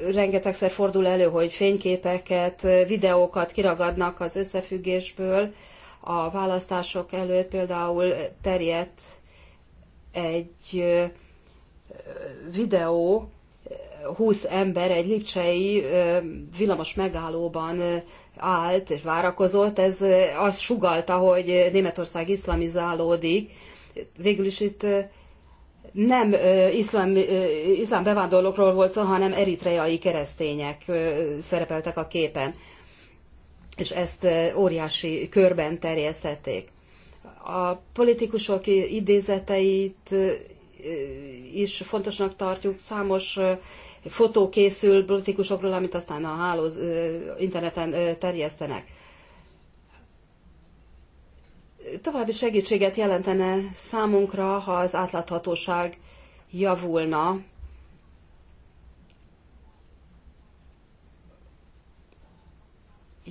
Rengetegszer fordul elő, hogy fényképeket, videókat kiragadnak az összefüggésből. A választások előtt például terjedt egy videó, húsz ember egy lipcsei villamos megállóban állt és várakozott, ez azt sugalta, hogy Németország iszlamizálódik. Végül is itt nem iszlám, iszlám bevándorlókról volt szó, hanem eritreai keresztények szerepeltek a képen. És ezt óriási körben terjesztették. A politikusok idézeteit is fontosnak tartjuk, számos fotó készül politikusokról, amit aztán a hálóz interneten terjesztenek. További segítséget jelentene számunkra, ha az átláthatóság javulna,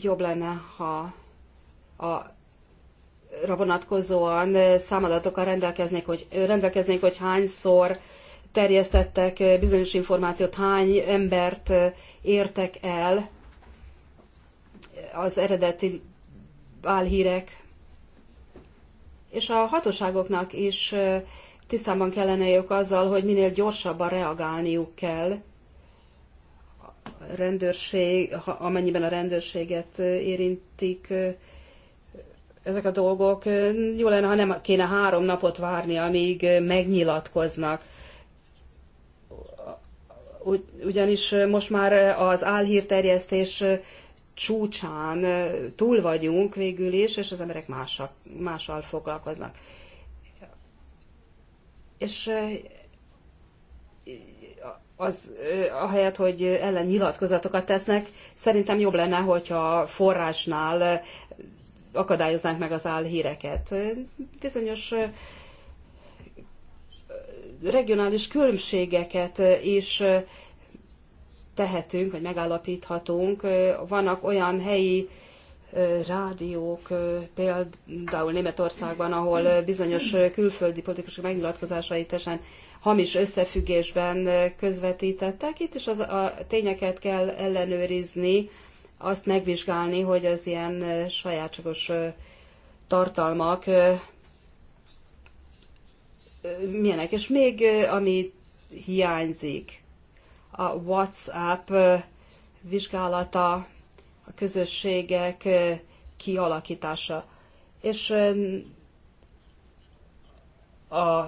jobb lenne, ha a ra vonatkozóan számadatokkal rendelkeznék, hogy, rendelkeznénk, hogy hányszor terjesztettek eh, bizonyos információt, hány embert eh, értek el eh, az eredeti álhírek. És a hatóságoknak is tisztában kellene ők azzal, hogy minél gyorsabban reagálniuk kell a rendőrség, amennyiben a rendőrséget érintik ezek a dolgok. Jó lenne, ha nem kéne három napot várni, amíg megnyilatkoznak ugyanis most már az álhírterjesztés csúcsán túl vagyunk végül is, és az emberek mással, mással foglalkoznak. És eh, az, eh, ahelyett, hogy ellen nyilatkozatokat tesznek, szerintem jobb lenne, hogyha forrásnál eh, akadályoznánk meg az álhíreket. Bizonyos regionális különbségeket is tehetünk, vagy megállapíthatunk. Vannak olyan helyi rádiók, például Németországban, ahol bizonyos külföldi politikusok megnyilatkozásait esen hamis összefüggésben közvetítettek. Itt is az, a tényeket kell ellenőrizni, azt megvizsgálni, hogy az ilyen sajátságos tartalmak milyenek. És még ami hiányzik, a WhatsApp vizsgálata, a közösségek kialakítása. És a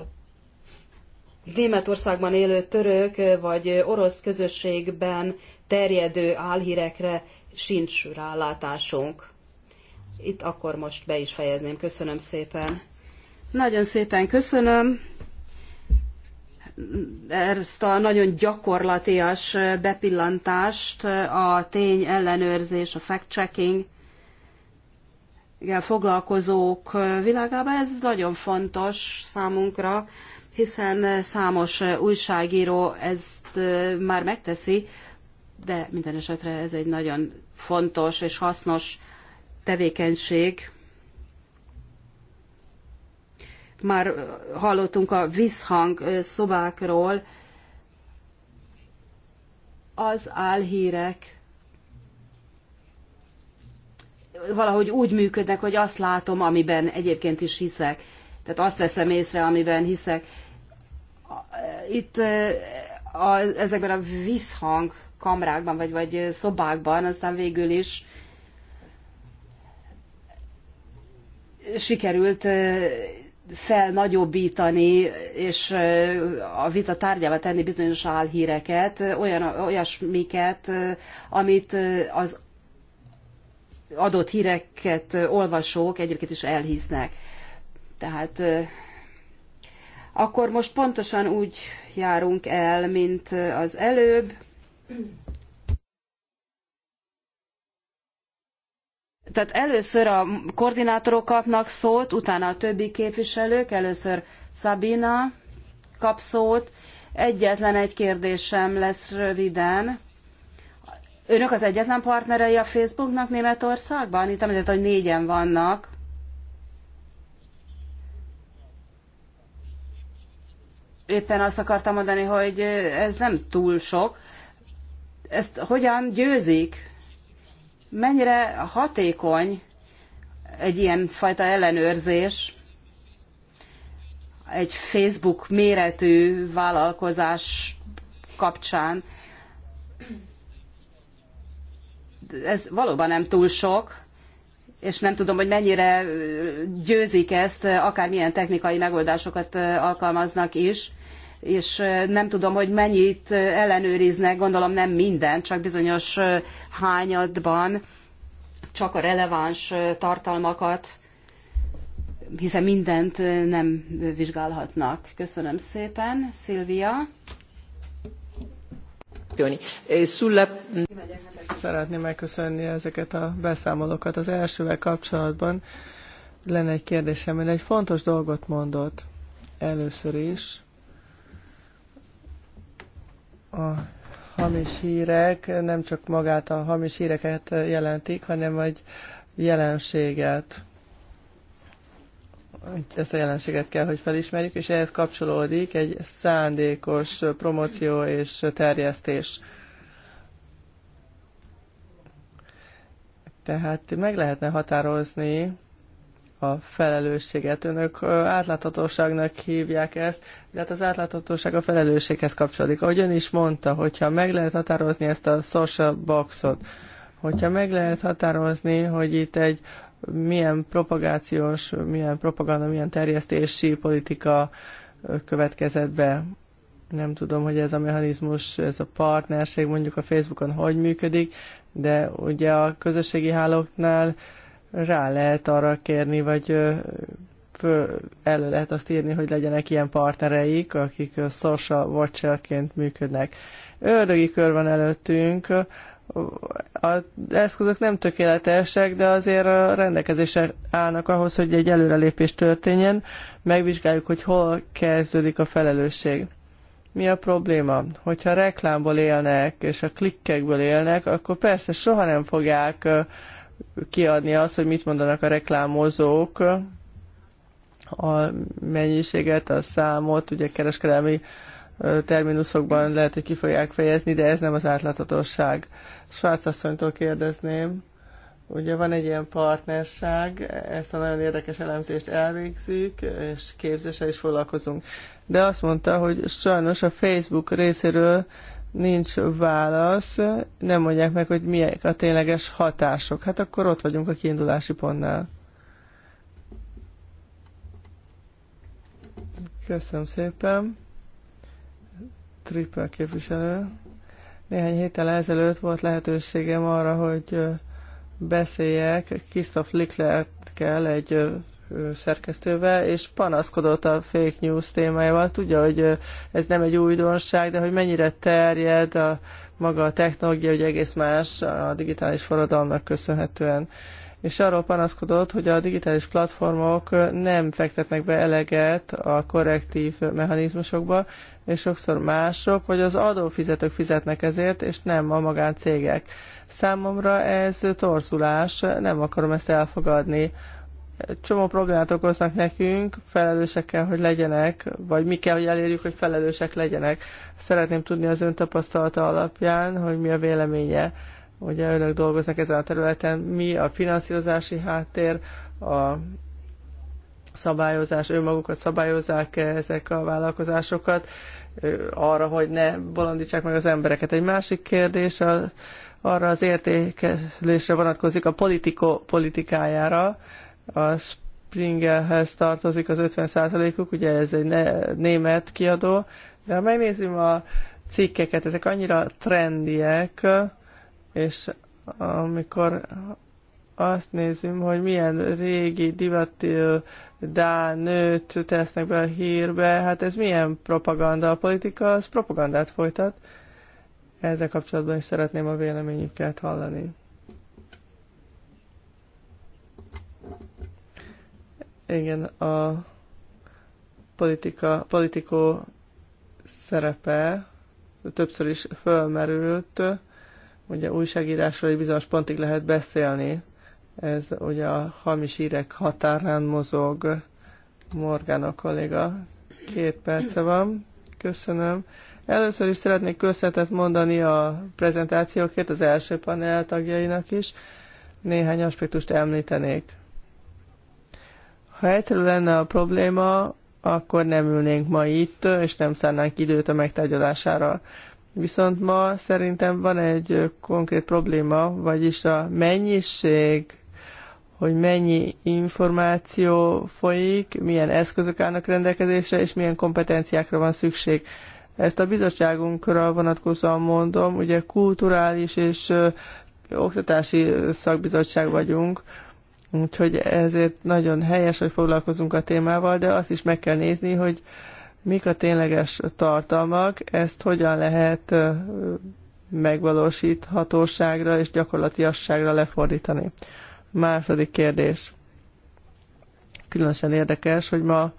Németországban élő török vagy orosz közösségben terjedő álhírekre sincs rálátásunk. Itt akkor most be is fejezném. Köszönöm szépen. Nagyon szépen köszönöm ezt a nagyon gyakorlatias bepillantást, a tény ellenőrzés, a fact-checking foglalkozók világába. Ez nagyon fontos számunkra, hiszen számos újságíró ezt már megteszi, de minden esetre ez egy nagyon fontos és hasznos tevékenység már hallottunk a visszhang szobákról, az álhírek valahogy úgy működnek, hogy azt látom, amiben egyébként is hiszek. Tehát azt veszem észre, amiben hiszek. Itt a, ezekben a visszhang kamrákban, vagy, vagy szobákban, aztán végül is sikerült felnagyobbítani és a vita tárgyává tenni bizonyos álhíreket, olyan, olyasmiket, amit az adott híreket olvasók egyébként is elhisznek. Tehát akkor most pontosan úgy járunk el, mint az előbb, tehát először a koordinátorok kapnak szót, utána a többi képviselők, először Szabina kap szót. Egyetlen egy kérdésem lesz röviden. Önök az egyetlen partnerei a Facebooknak Németországban? Itt említett, hogy négyen vannak. Éppen azt akartam mondani, hogy ez nem túl sok. Ezt hogyan győzik? mennyire hatékony egy ilyen fajta ellenőrzés egy Facebook méretű vállalkozás kapcsán. Ez valóban nem túl sok, és nem tudom, hogy mennyire győzik ezt, akármilyen technikai megoldásokat alkalmaznak is és nem tudom, hogy mennyit ellenőriznek, gondolom nem minden, csak bizonyos hányadban, csak a releváns tartalmakat, hiszen mindent nem vizsgálhatnak. Köszönöm szépen, Szilvia. Szeretném megköszönni ezeket a beszámolókat. Az elsővel kapcsolatban lenne egy kérdésem, mert egy fontos dolgot mondott először is a hamis hírek nem csak magát a hamis híreket jelentik, hanem egy jelenséget. Ezt a jelenséget kell, hogy felismerjük, és ehhez kapcsolódik egy szándékos promóció és terjesztés. Tehát meg lehetne határozni a felelősséget. Önök átláthatóságnak hívják ezt, de hát az átláthatóság a felelősséghez kapcsolódik. Ahogy ön is mondta, hogyha meg lehet határozni ezt a social boxot, hogyha meg lehet határozni, hogy itt egy milyen propagációs, milyen propaganda, milyen terjesztési politika következett be. Nem tudom, hogy ez a mechanizmus, ez a partnerség mondjuk a Facebookon hogy működik, de ugye a közösségi hálóknál rá lehet arra kérni, vagy elő lehet azt írni, hogy legyenek ilyen partnereik, akik social watcherként működnek. Ördögi kör van előttünk, az eszközök nem tökéletesek, de azért a rendelkezésre állnak ahhoz, hogy egy előrelépés történjen. Megvizsgáljuk, hogy hol kezdődik a felelősség. Mi a probléma? Hogyha reklámból élnek, és a klikkekből élnek, akkor persze soha nem fogják kiadni azt, hogy mit mondanak a reklámozók, a mennyiséget, a számot, ugye kereskedelmi terminuszokban lehet, hogy ki fogják fejezni, de ez nem az átláthatóság. Svárcasszonytól kérdezném, ugye van egy ilyen partnerság, ezt a nagyon érdekes elemzést elvégzük, és képzéssel is foglalkozunk. De azt mondta, hogy sajnos a Facebook részéről nincs válasz, nem mondják meg, hogy milyen a tényleges hatások. Hát akkor ott vagyunk a kiindulási pontnál. Köszönöm szépen. Triple képviselő. Néhány héttel ezelőtt volt lehetőségem arra, hogy beszéljek Krisztof Licklerkel egy szerkesztővel, és panaszkodott a fake news témájával. Tudja, hogy ez nem egy újdonság, de hogy mennyire terjed a maga a technológia, hogy egész más a digitális forradalmak köszönhetően. És arról panaszkodott, hogy a digitális platformok nem fektetnek be eleget a korrektív mechanizmusokba, és sokszor mások, vagy az adófizetők fizetnek ezért, és nem a magáncégek. Számomra ez torzulás, nem akarom ezt elfogadni csomó problémát okoznak nekünk, felelősek kell, hogy legyenek, vagy mi kell, hogy elérjük, hogy felelősek legyenek. Szeretném tudni az ön tapasztalata alapján, hogy mi a véleménye. Ugye önök dolgoznak ezen a területen, mi a finanszírozási háttér, a szabályozás, önmagukat szabályozzák -e ezek a vállalkozásokat arra, hogy ne bolondítsák meg az embereket. Egy másik kérdés a, arra az értékelésre vonatkozik a politiko politikájára, a Springerhez tartozik az 50%-uk, ugye ez egy német kiadó, de ha megnézem a cikkeket, ezek annyira trendiek, és amikor azt nézünk, hogy milyen régi divat dán nőt tesznek be a hírbe, hát ez milyen propaganda, a politika az propagandát folytat. Ezzel kapcsolatban is szeretném a véleményüket hallani. Igen, a politika, politikó szerepe többször is fölmerült, ugye újságírásról egy bizonyos pontig lehet beszélni. Ez ugye a hamis írek határán mozog. Morgán a kolléga két perce van. Köszönöm. Először is szeretnék köszönetet mondani a prezentációkért, az első panel tagjainak is. Néhány aspektust említenék. Ha egyszerű lenne a probléma, akkor nem ülnénk ma itt, és nem szánnánk időt a megtárgyalására. Viszont ma szerintem van egy konkrét probléma, vagyis a mennyiség, hogy mennyi információ folyik, milyen eszközök állnak rendelkezésre, és milyen kompetenciákra van szükség. Ezt a bizottságunkra vonatkozóan mondom, ugye kulturális és oktatási szakbizottság vagyunk, Úgyhogy ezért nagyon helyes, hogy foglalkozunk a témával, de azt is meg kell nézni, hogy mik a tényleges tartalmak, ezt hogyan lehet megvalósíthatóságra és gyakorlatiasságra lefordítani. Második kérdés. Különösen érdekes, hogy ma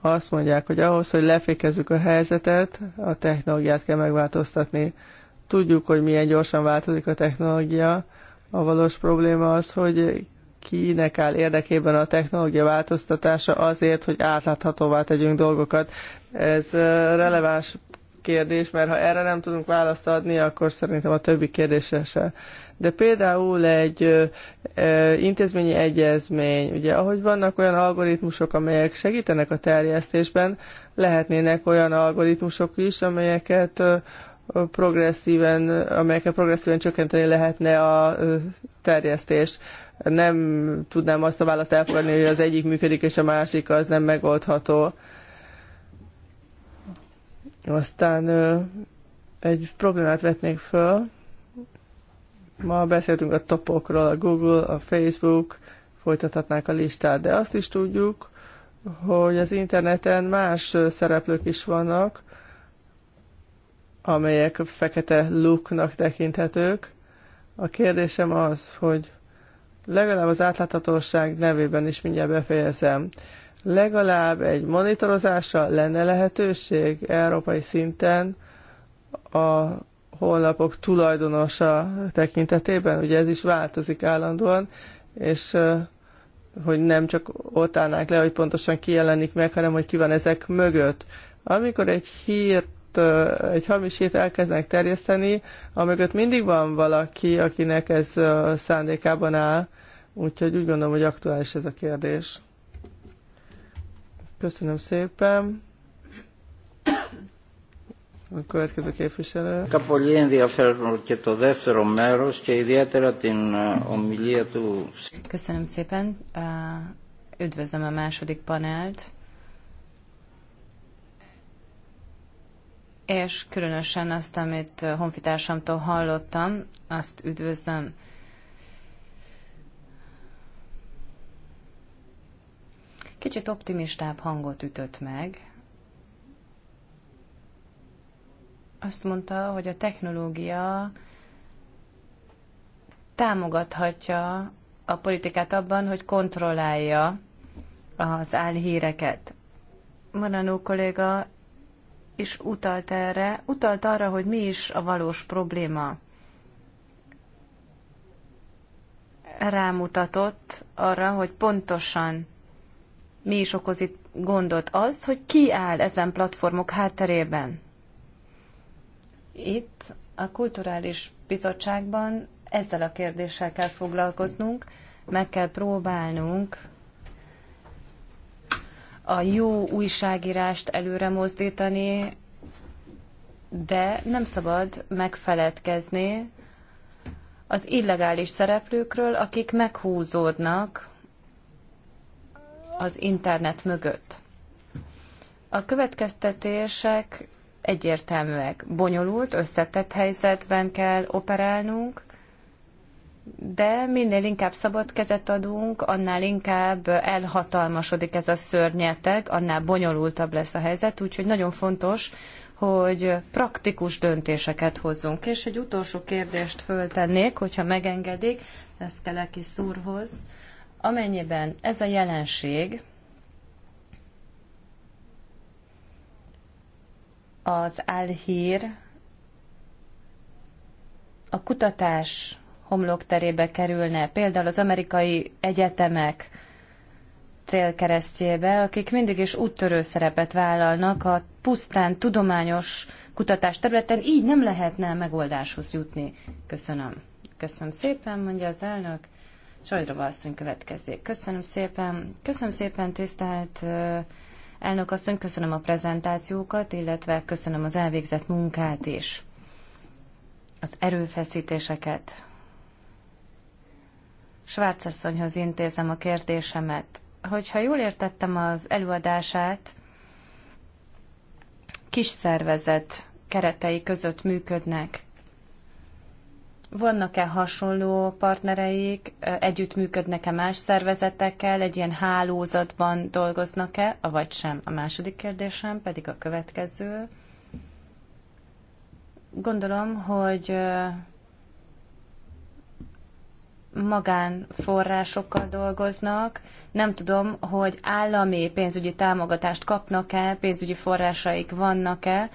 azt mondják, hogy ahhoz, hogy lefékezzük a helyzetet, a technológiát kell megváltoztatni. Tudjuk, hogy milyen gyorsan változik a technológia. A valós probléma az, hogy kinek áll érdekében a technológia változtatása azért, hogy átláthatóvá tegyünk dolgokat. Ez releváns kérdés, mert ha erre nem tudunk választ adni, akkor szerintem a többi kérdésre se. De például egy ö, intézményi egyezmény, ugye ahogy vannak olyan algoritmusok, amelyek segítenek a terjesztésben, lehetnének olyan algoritmusok is, amelyeket ö, progresszíven, amelyeket progresszíven csökkenteni lehetne a terjesztést nem tudnám azt a választ elfogadni, hogy az egyik működik, és a másik az nem megoldható. Aztán egy problémát vetnék föl. Ma beszéltünk a topokról, a Google, a Facebook, folytathatnák a listát, de azt is tudjuk, hogy az interneten más szereplők is vannak, amelyek fekete luknak tekinthetők. A kérdésem az, hogy legalább az átláthatóság nevében is mindjárt befejezem, legalább egy monitorozásra lenne lehetőség európai szinten a honlapok tulajdonosa tekintetében, ugye ez is változik állandóan, és hogy nem csak ott állnánk le, hogy pontosan ki jelenik meg, hanem hogy ki van ezek mögött. Amikor egy hírt egy hamis hírt elkezdenek terjeszteni, amögött mindig van valaki, akinek ez szándékában áll, úgyhogy úgy gondolom, hogy aktuális ez a kérdés. Köszönöm szépen. A következő képviselő. Πολύ ενδιαφέρον και το δεύτερο μέρος και ιδιαίτερα την Köszönöm szépen. Üdvözlöm a második panelt. és különösen azt, amit honfitársamtól hallottam, azt üdvözlöm. Kicsit optimistább hangot ütött meg. Azt mondta, hogy a technológia támogathatja a politikát abban, hogy kontrollálja az álhíreket. Mananó kolléga is utalt erre, utalt arra, hogy mi is a valós probléma. Rámutatott arra, hogy pontosan mi is okoz itt gondot az, hogy ki áll ezen platformok hátterében. Itt a Kulturális Bizottságban ezzel a kérdéssel kell foglalkoznunk, meg kell próbálnunk a jó újságírást előre mozdítani, de nem szabad megfeledkezni az illegális szereplőkről, akik meghúzódnak az internet mögött. A következtetések egyértelműek. Bonyolult, összetett helyzetben kell operálnunk, de minél inkább szabad kezet adunk, annál inkább elhatalmasodik ez a szörnyeteg, annál bonyolultabb lesz a helyzet, úgyhogy nagyon fontos, hogy praktikus döntéseket hozzunk. És egy utolsó kérdést föltennék, hogyha megengedik, ez kell Leszkeleki szúrhoz. Amennyiben ez a jelenség az álhír, a kutatás homlokterébe kerülne. Például az amerikai egyetemek célkeresztjébe, akik mindig is úttörő szerepet vállalnak a pusztán tudományos kutatás területen, így nem lehetne megoldáshoz jutni. Köszönöm. Köszönöm szépen, mondja az elnök. Sajdrova asszony következik. Köszönöm szépen. Köszönöm szépen, tisztelt elnök asszony, köszönöm a prezentációkat, illetve köszönöm az elvégzett munkát is. Az erőfeszítéseket, Svárcasszonyhoz intézem a kérdésemet. Hogyha jól értettem az előadását, kis szervezet keretei között működnek. Vannak-e hasonló partnereik, együttműködnek-e más szervezetekkel, egy ilyen hálózatban dolgoznak-e, vagy sem? A második kérdésem pedig a következő. Gondolom, hogy magánforrásokkal dolgoznak. Nem tudom, hogy állami pénzügyi támogatást kapnak-e, pénzügyi forrásaik vannak-e,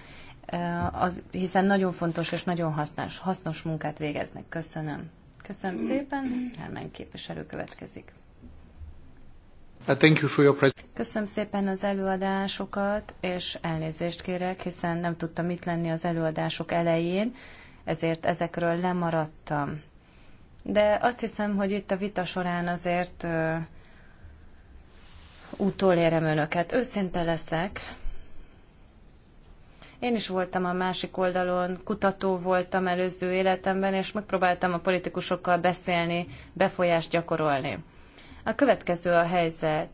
eh, az, hiszen nagyon fontos és nagyon hasznos, hasznos munkát végeznek. Köszönöm. Köszönöm szépen. Hermen képviselő következik. Uh, Köszönöm szépen az előadásokat, és elnézést kérek, hiszen nem tudtam mit lenni az előadások elején, ezért ezekről lemaradtam de azt hiszem, hogy itt a vita során azért utolérem önöket. Őszinte leszek. Én is voltam a másik oldalon, kutató voltam előző életemben, és megpróbáltam a politikusokkal beszélni, befolyást gyakorolni. A következő a helyzet.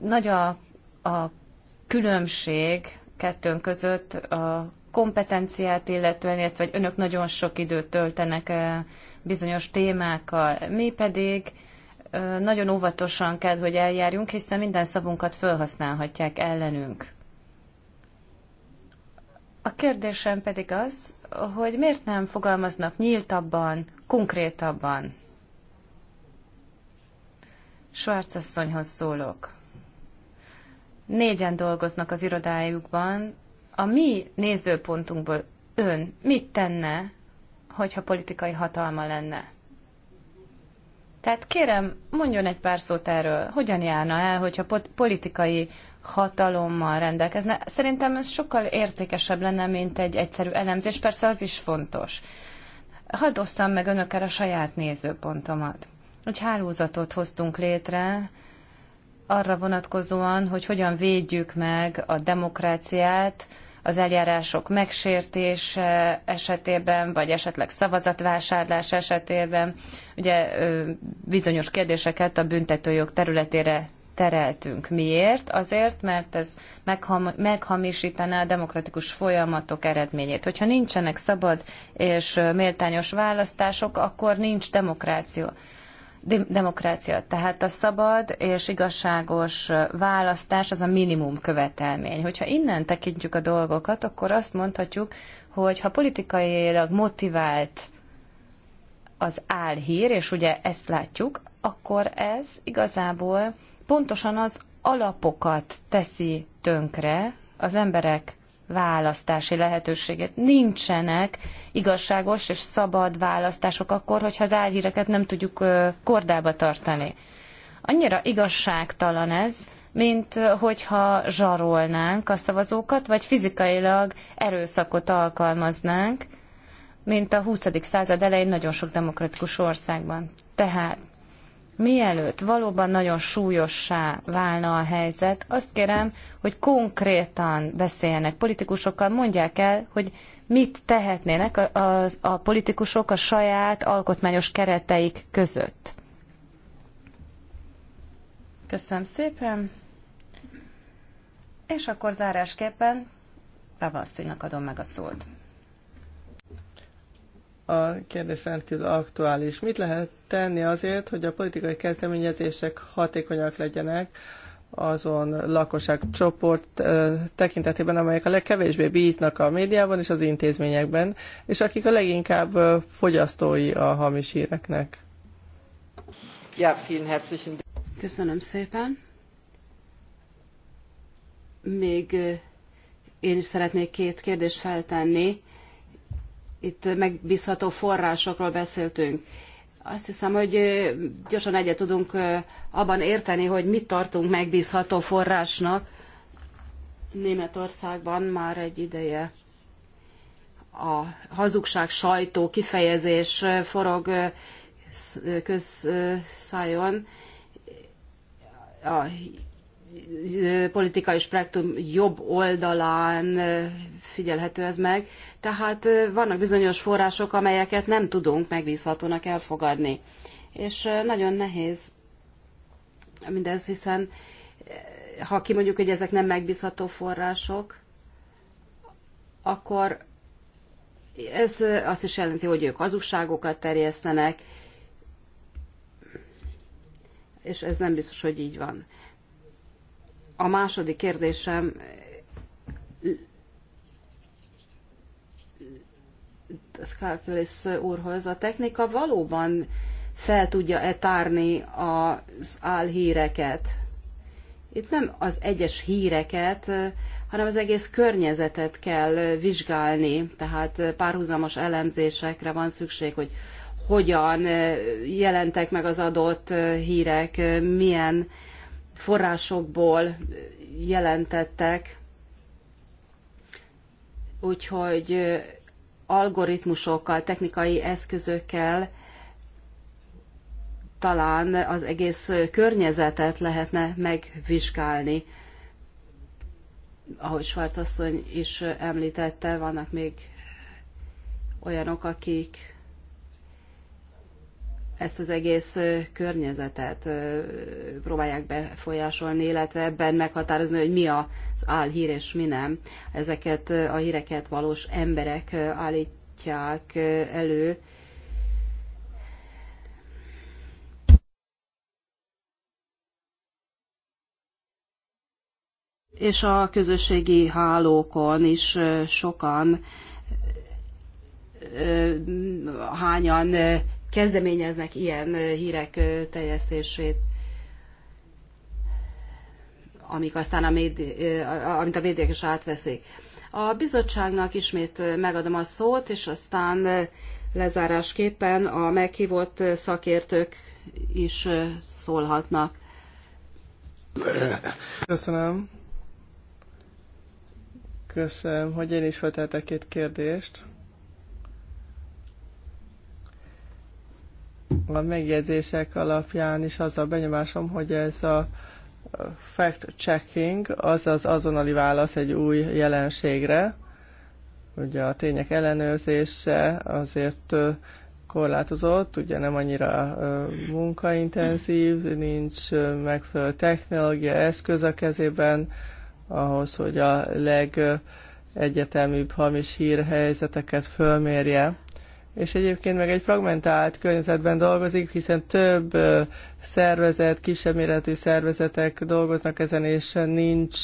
Nagy a, a különbség kettőnk között a kompetenciát illetően, illetve hogy önök nagyon sok időt töltenek bizonyos témákkal. Mi pedig nagyon óvatosan kell, hogy eljárjunk, hiszen minden szavunkat felhasználhatják ellenünk. A kérdésem pedig az, hogy miért nem fogalmaznak nyíltabban, konkrétabban? Schwarzasszonyhoz szólok. Négyen dolgoznak az irodájukban. A mi nézőpontunkból ön mit tenne, hogyha politikai hatalma lenne. Tehát kérem, mondjon egy pár szót erről, hogyan járna el, hogyha politikai hatalommal rendelkezne. Szerintem ez sokkal értékesebb lenne, mint egy egyszerű elemzés, persze az is fontos. Hadd osztam meg önökkel a saját nézőpontomat. hogy hálózatot hoztunk létre, arra vonatkozóan, hogy hogyan védjük meg a demokráciát, az eljárások megsértése esetében, vagy esetleg szavazatvásárlás esetében. Ugye bizonyos kérdéseket a büntetőjog területére tereltünk. Miért? Azért, mert ez megham- meghamisítaná a demokratikus folyamatok eredményét. Hogyha nincsenek szabad és méltányos választások, akkor nincs demokrácia demokrácia. Tehát a szabad és igazságos választás az a minimum követelmény. Hogyha innen tekintjük a dolgokat, akkor azt mondhatjuk, hogy ha politikailag motivált az álhír, és ugye ezt látjuk, akkor ez igazából pontosan az alapokat teszi tönkre, az emberek választási lehetőséget. Nincsenek igazságos és szabad választások akkor, hogyha az álhíreket nem tudjuk kordába tartani. Annyira igazságtalan ez, mint hogyha zsarolnánk a szavazókat, vagy fizikailag erőszakot alkalmaznánk, mint a 20. század elején nagyon sok demokratikus országban. Tehát mielőtt valóban nagyon súlyossá válna a helyzet, azt kérem, hogy konkrétan beszéljenek politikusokkal, mondják el, hogy mit tehetnének a, a, a politikusok a saját alkotmányos kereteik között. Köszönöm szépen. És akkor zárásképpen Pavasszonynak adom meg a szót. A kérdés rendkívül aktuális. Mit lehet tenni azért, hogy a politikai kezdeményezések hatékonyak legyenek azon lakosság csoport tekintetében, amelyek a legkevésbé bíznak a médiában és az intézményekben, és akik a leginkább fogyasztói a hamis híreknek. Ja, vielen herzlichen Köszönöm szépen. Még én is szeretnék két kérdést feltenni. Itt megbízható forrásokról beszéltünk azt hiszem, hogy gyorsan egyet tudunk abban érteni, hogy mit tartunk megbízható forrásnak. Németországban már egy ideje a hazugság sajtó kifejezés forog közszájon. A politikai spektrum jobb oldalán figyelhető ez meg. Tehát vannak bizonyos források, amelyeket nem tudunk megbízhatónak elfogadni. És nagyon nehéz mindez, hiszen ha kimondjuk, hogy ezek nem megbízható források, akkor ez azt is jelenti, hogy ők hazugságokat terjesztenek, és ez nem biztos, hogy így van. A második kérdésem Skalpelis úrhoz. A technika valóban fel tudja-e tárni az álhíreket? Itt nem az egyes híreket, hanem az egész környezetet kell vizsgálni, tehát párhuzamos elemzésekre van szükség, hogy hogyan jelentek meg az adott hírek, milyen forrásokból jelentettek, úgyhogy algoritmusokkal, technikai eszközökkel talán az egész környezetet lehetne megvizsgálni. Ahogy Svárt is említette, vannak még olyanok, akik ezt az egész környezetet próbálják befolyásolni, illetve ebben meghatározni, hogy mi az álhír és mi nem. Ezeket a híreket valós emberek állítják elő, és a közösségi hálókon is sokan hányan kezdeményeznek ilyen hírek teljesztését, amik aztán a médi, amit a médiák is átveszik. A bizottságnak ismét megadom a szót, és aztán lezárásképpen a meghívott szakértők is szólhatnak. Köszönöm. Köszönöm, hogy én is feltettek két kérdést. a megjegyzések alapján is az a benyomásom, hogy ez a fact-checking, az az azonnali válasz egy új jelenségre. Ugye a tények ellenőrzése azért korlátozott, ugye nem annyira munkaintenzív, nincs megfelelő technológia, eszköz a kezében, ahhoz, hogy a legegyeteműbb hamis hírhelyzeteket fölmérje és egyébként meg egy fragmentált környezetben dolgozik, hiszen több szervezet, kisebb méretű szervezetek dolgoznak ezen, és nincs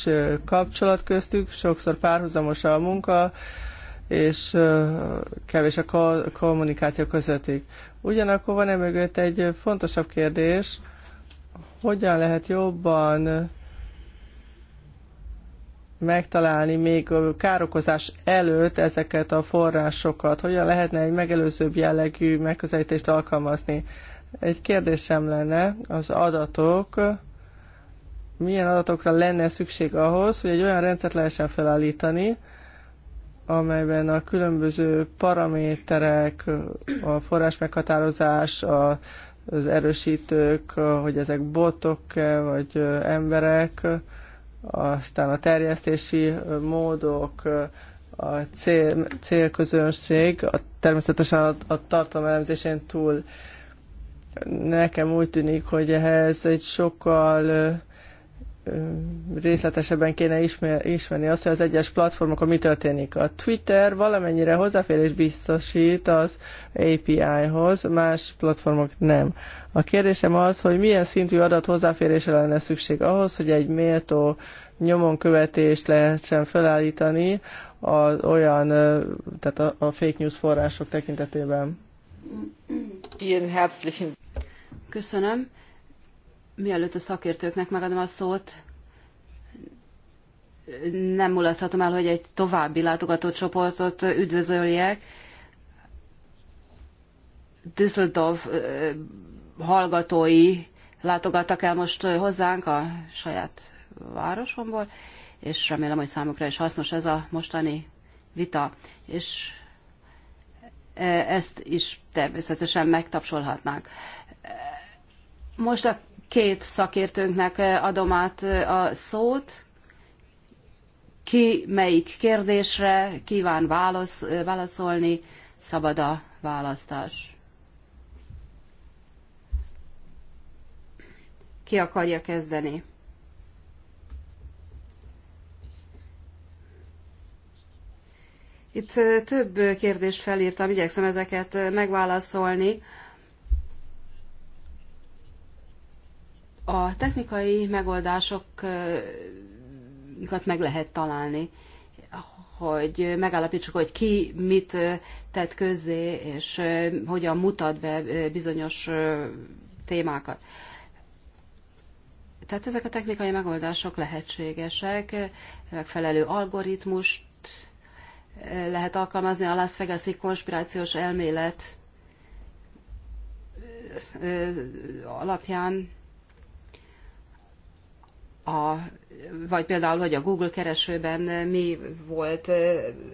kapcsolat köztük, sokszor párhuzamos a munka, és kevés a kommunikáció közöttük. Ugyanakkor van-e mögött egy fontosabb kérdés, hogyan lehet jobban megtalálni még a károkozás előtt ezeket a forrásokat? Hogyan lehetne egy megelőzőbb jellegű megközelítést alkalmazni? Egy kérdésem lenne, az adatok, milyen adatokra lenne szükség ahhoz, hogy egy olyan rendszert lehessen felállítani, amelyben a különböző paraméterek, a forrás meghatározás, a, az erősítők, hogy ezek botok vagy emberek, aztán a terjesztési módok, a cél, célközönség, a, természetesen a, a tartalmelemzésén túl nekem úgy tűnik, hogy ehhez egy sokkal részletesebben kéne ismerni azt, hogy az egyes platformokon mi történik. A Twitter valamennyire hozzáférés biztosít az API-hoz, más platformok nem. A kérdésem az, hogy milyen szintű adat hozzáférésre lenne szükség ahhoz, hogy egy méltó nyomon követést lehessen felállítani az olyan, tehát a, a fake news források tekintetében. Köszönöm. Mielőtt a szakértőknek megadom a szót, nem mulaszthatom el, hogy egy további látogatócsoportot üdvözöljek. Düsseldorf hallgatói látogattak el most hozzánk a saját városomból, és remélem, hogy számukra is hasznos ez a mostani vita. És ezt is természetesen megtapsolhatnánk. Most a Két szakértőnknek eh, adom át eh, a szót. Ki melyik kérdésre kíván válasz, eh, válaszolni, szabad a választás. Ki akarja kezdeni? Itt több kérdést felírtam, igyekszem ezeket megválaszolni. A technikai megoldásokat meg lehet találni, hogy megállapítsuk, hogy ki mit tett közzé, és hogyan mutat be bizonyos témákat. Tehát ezek a technikai megoldások lehetségesek, megfelelő algoritmust lehet alkalmazni a Las vegas konspirációs elmélet alapján a, vagy például, hogy a Google keresőben mi volt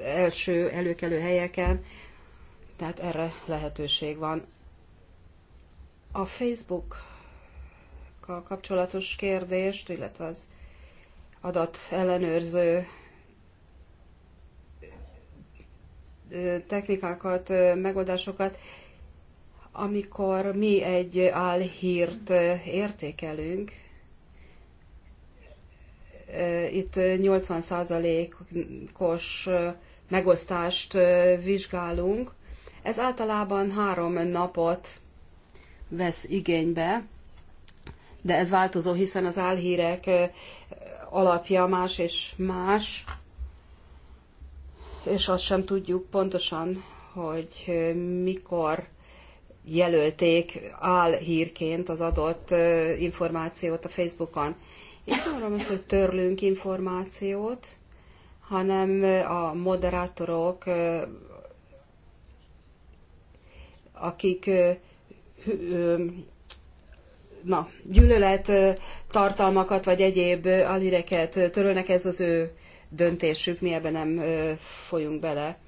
első előkelő helyeken, tehát erre lehetőség van. A Facebook kapcsolatos kérdést, illetve az adat ellenőrző technikákat, megoldásokat, amikor mi egy álhírt értékelünk, Eh, itt 80%-os eh, megosztást eh, vizsgálunk. Ez általában három napot vesz igénybe, de ez változó, hiszen az álhírek alapja más és más, és azt sem tudjuk pontosan, hogy mikor jelölték álhírként az adott információt a Facebookon. Itt arra van hogy törlünk információt, hanem a moderátorok, akik na, gyűlölet tartalmakat vagy egyéb alireket törölnek, ez az ő döntésük, mi ebben nem folyunk bele.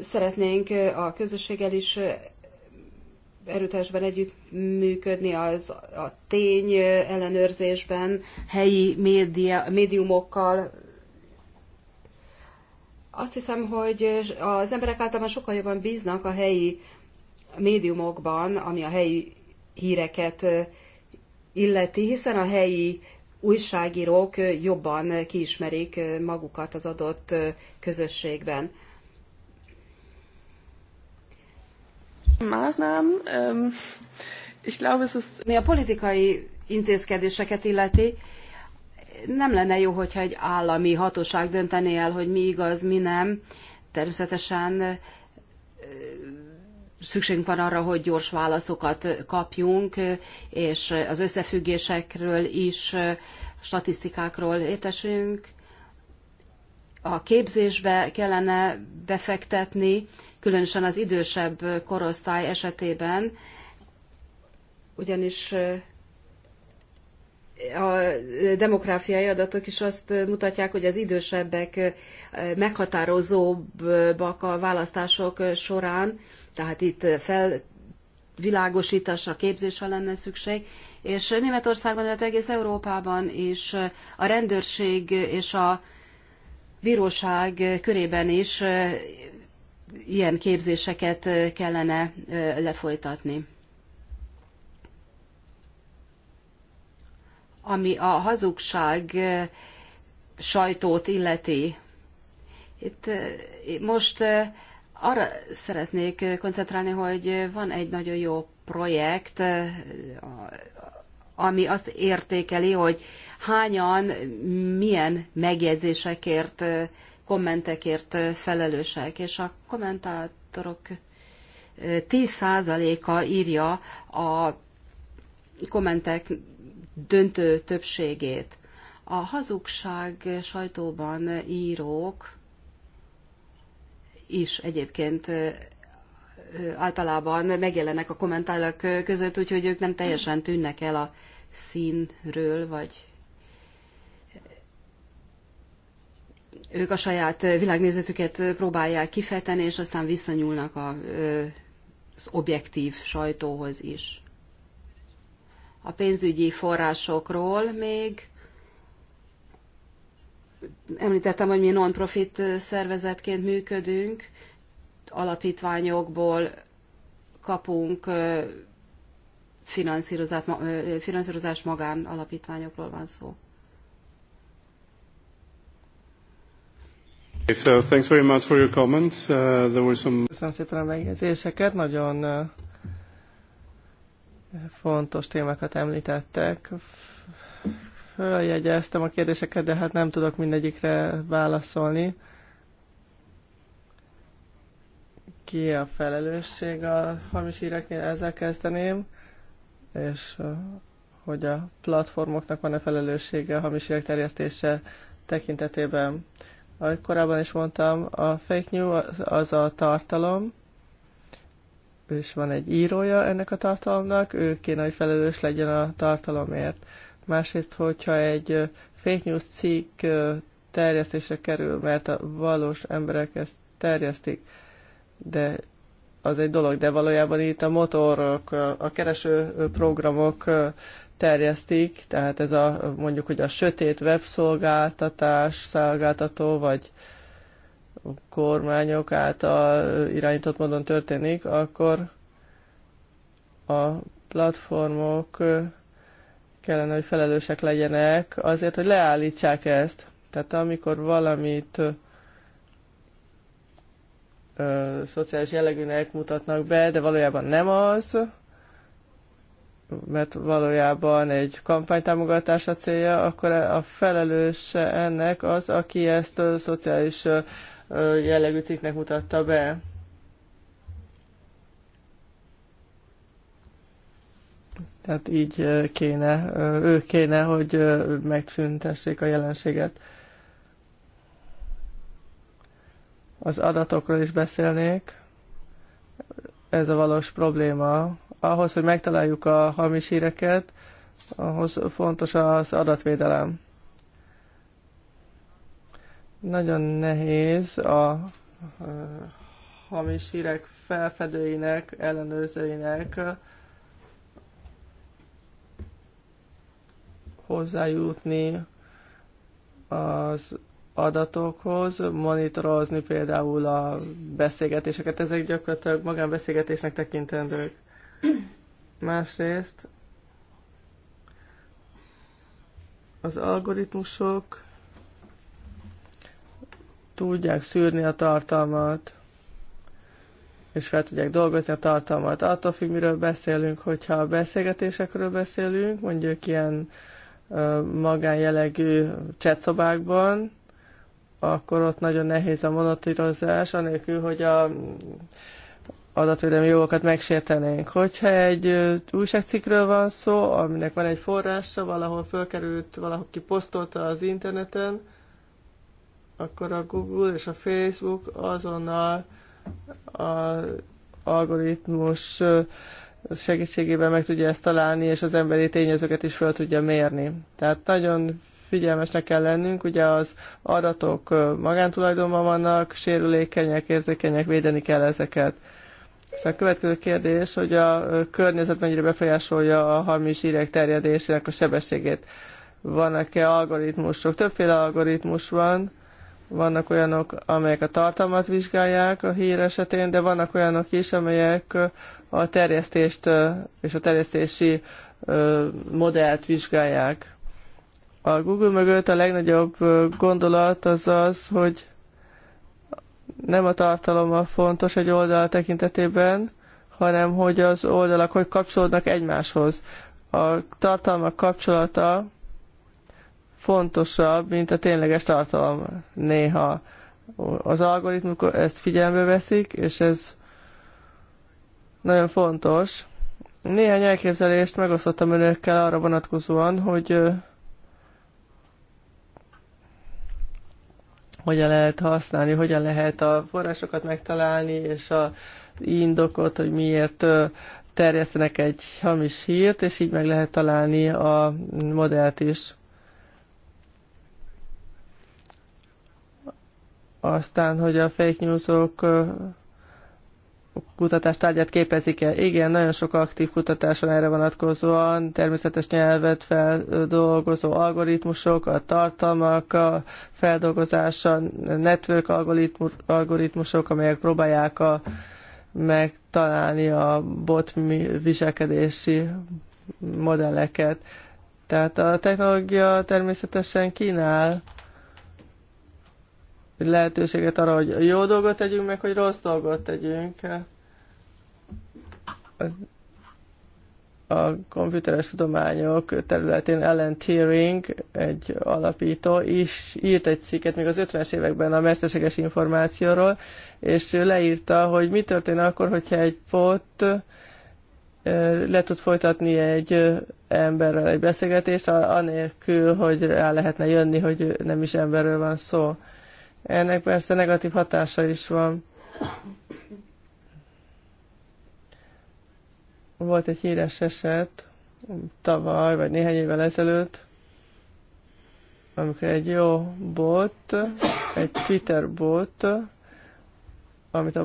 Szeretnénk a közösséggel is erőteljesben működni az a tény ellenőrzésben, helyi média, médiumokkal. Azt hiszem, hogy az emberek általában sokkal jobban bíznak a helyi médiumokban, ami a helyi híreket illeti, hiszen a helyi újságírók jobban kiismerik magukat az adott közösségben. Maßnahmen, ähm, ich glaube, es ist... Mi a politikai intézkedéseket illeti, nem lenne jó, hogyha egy állami hatóság döntené el, hogy mi igaz, mi nem. Természetesen szükségünk van arra, hogy gyors válaszokat kapjunk, és az összefüggésekről is, statisztikákról értesüljünk. A képzésbe kellene befektetni, különösen az idősebb korosztály esetében, ugyanis a demográfiai adatok is azt mutatják, hogy az idősebbek meghatározóbbak a választások során, tehát itt felvilágosításra, képzésre lenne szükség, és Németországban, illetve egész Európában is a rendőrség és a bíróság körében is ilyen képzéseket kellene lefolytatni. Ami a hazugság sajtót illeti, itt most arra szeretnék koncentrálni, hogy van egy nagyon jó projekt, ami azt értékeli, hogy hányan, milyen megjegyzésekért kommentekért felelősek, és a kommentátorok 10%-a írja a kommentek döntő többségét. A hazugság sajtóban írók is egyébként általában megjelennek a kommentálók között, úgyhogy ők nem teljesen tűnnek el a színről, vagy ők a saját világnézetüket próbálják kifejteni, és aztán visszanyúlnak a, az objektív sajtóhoz is. A pénzügyi forrásokról még említettem, hogy mi non-profit szervezetként működünk, alapítványokból kapunk finanszírozást, magán alapítványokról van szó. So, thanks very much for your comments. Uh, there were some... Köszönöm szépen a megjegyzéseket, nagyon uh, fontos témákat említettek. Följegyeztem a kérdéseket, de hát nem tudok mindegyikre válaszolni. Ki a felelősség a hamis híreknél? Ezzel kezdeném. És uh, hogy a platformoknak van-e felelőssége a hamis hírek terjesztése tekintetében. Ahogy korábban is mondtam, a fake news az a tartalom, és van egy írója ennek a tartalomnak, ő kéne, hogy felelős legyen a tartalomért. Másrészt, hogyha egy fake news cikk terjesztésre kerül, mert a valós emberek ezt terjesztik, de az egy dolog, de valójában itt a motorok, a kereső programok terjesztik, tehát ez a mondjuk, hogy a sötét webszolgáltatás szolgáltató, vagy kormányok által irányított módon történik, akkor a platformok kellene, hogy felelősek legyenek azért, hogy leállítsák ezt. Tehát amikor valamit ö, szociális jellegűnek mutatnak be, de valójában nem az, mert valójában egy kampánytámogatás a célja, akkor a felelős ennek az, aki ezt a szociális jellegű cikknek mutatta be. Tehát így kéne, ő kéne, hogy megszüntessék a jelenséget. Az adatokról is beszélnék. Ez a valós probléma, ahhoz, hogy megtaláljuk a hamis híreket, ahhoz fontos az adatvédelem. Nagyon nehéz a hamis hírek felfedőinek, ellenőrzőinek hozzájutni az adatokhoz, monitorozni például a beszélgetéseket. Ezek gyakorlatilag magánbeszélgetésnek tekintendők. Másrészt az algoritmusok tudják szűrni a tartalmat, és fel tudják dolgozni a tartalmat. Attól függ, miről beszélünk, hogyha a beszélgetésekről beszélünk, mondjuk ilyen magánjellegű csetszobákban, akkor ott nagyon nehéz a monotírozás, anélkül, hogy a adatvédelmi jogokat megsértenénk. Hogyha egy újságcikről van szó, aminek van egy forrása, valahol fölkerült, valahol kiposztolta az interneten, akkor a Google és a Facebook azonnal az algoritmus segítségével meg tudja ezt találni, és az emberi tényezőket is fel tudja mérni. Tehát nagyon figyelmesnek kell lennünk, ugye az adatok magántulajdonban vannak, sérülékenyek, érzékenyek, védeni kell ezeket. Aztán a következő kérdés, hogy a környezet mennyire befolyásolja a hamis hírek terjedésének a sebességét. Vannak-e algoritmusok? Többféle algoritmus van. Vannak olyanok, amelyek a tartalmat vizsgálják a hír esetén, de vannak olyanok is, amelyek a terjesztést és a terjesztési modellt vizsgálják. A Google mögött a legnagyobb gondolat az az, hogy nem a tartalom a fontos egy oldal tekintetében, hanem hogy az oldalak hogy kapcsolódnak egymáshoz. A tartalmak kapcsolata fontosabb, mint a tényleges tartalom néha. Az algoritmusok ezt figyelembe veszik, és ez nagyon fontos. Néhány elképzelést megosztottam önökkel arra vonatkozóan, hogy hogyan lehet használni, hogyan lehet a forrásokat megtalálni, és a indokot, hogy miért terjesztenek egy hamis hírt, és így meg lehet találni a modellt is. Aztán, hogy a fake newsok -ok kutatástárgyát képezik el. Igen, nagyon sok aktív kutatás van erre vonatkozóan, természetes nyelvet feldolgozó algoritmusok, a tartalmak a feldolgozása, network algoritmusok, amelyek próbálják a, megtalálni a bot viselkedési modelleket. Tehát a technológia természetesen kínál lehetőséget arra, hogy jó dolgot tegyünk meg, hogy rossz dolgot tegyünk. A komputeres tudományok területén Ellen Turing, egy alapító, is írt egy cikket még az 50-es években a mesterséges információról, és leírta, hogy mi történik akkor, hogyha egy bot le tud folytatni egy emberrel egy beszélgetést, anélkül, hogy rá lehetne jönni, hogy nem is emberről van szó. Ennek persze negatív hatása is van. Volt egy híres eset tavaly, vagy néhány évvel ezelőtt, amikor egy jó bot, egy Twitter bot, amit a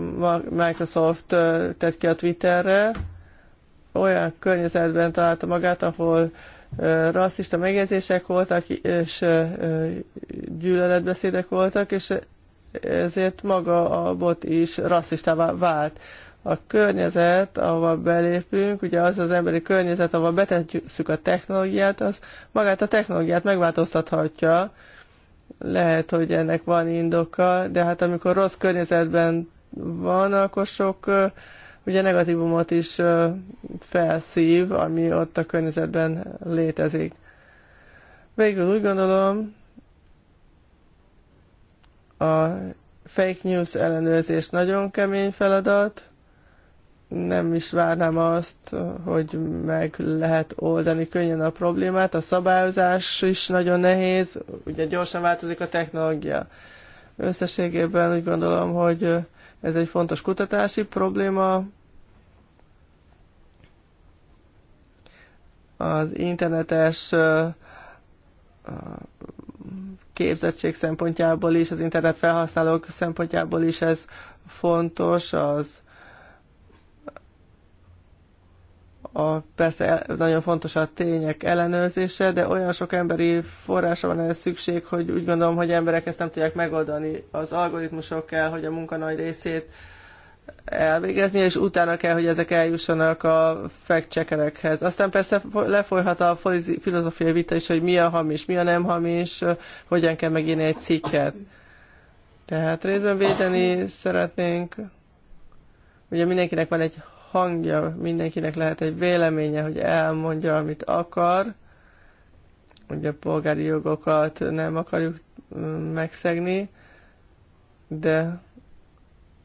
Microsoft tett ki a Twitterre, olyan környezetben találta magát, ahol rasszista megjegyzések voltak, és gyűlöletbeszédek voltak, és ezért maga a bot is rasszistává vált. A környezet, ahova belépünk, ugye az az emberi környezet, ahova betetjük a technológiát, az magát a technológiát megváltoztathatja. Lehet, hogy ennek van indoka, de hát amikor rossz környezetben van, akkor sok uh, ugye negatívumot is felszív, ami ott a környezetben létezik. Végül úgy gondolom, a fake news ellenőrzés nagyon kemény feladat, nem is várnám azt, hogy meg lehet oldani könnyen a problémát. A szabályozás is nagyon nehéz, ugye gyorsan változik a technológia. Összességében úgy gondolom, hogy ez egy fontos kutatási probléma. Az internetes képzettség szempontjából is, az internet felhasználók szempontjából is ez fontos, az a, persze nagyon fontos a tények ellenőrzése, de olyan sok emberi forrása van ehhez szükség, hogy úgy gondolom, hogy emberek ezt nem tudják megoldani. Az algoritmusok kell, hogy a munka nagy részét elvégezni, és utána kell, hogy ezek eljussanak a fact-checkerekhez. Aztán persze lefolyhat a filozófiai vita is, hogy mi a hamis, mi a nem hamis, hogyan kell megírni egy cikket. Tehát részben védeni szeretnénk. Ugye mindenkinek van egy hangja, mindenkinek lehet egy véleménye, hogy elmondja, amit akar. Ugye polgári jogokat nem akarjuk mm, megszegni, de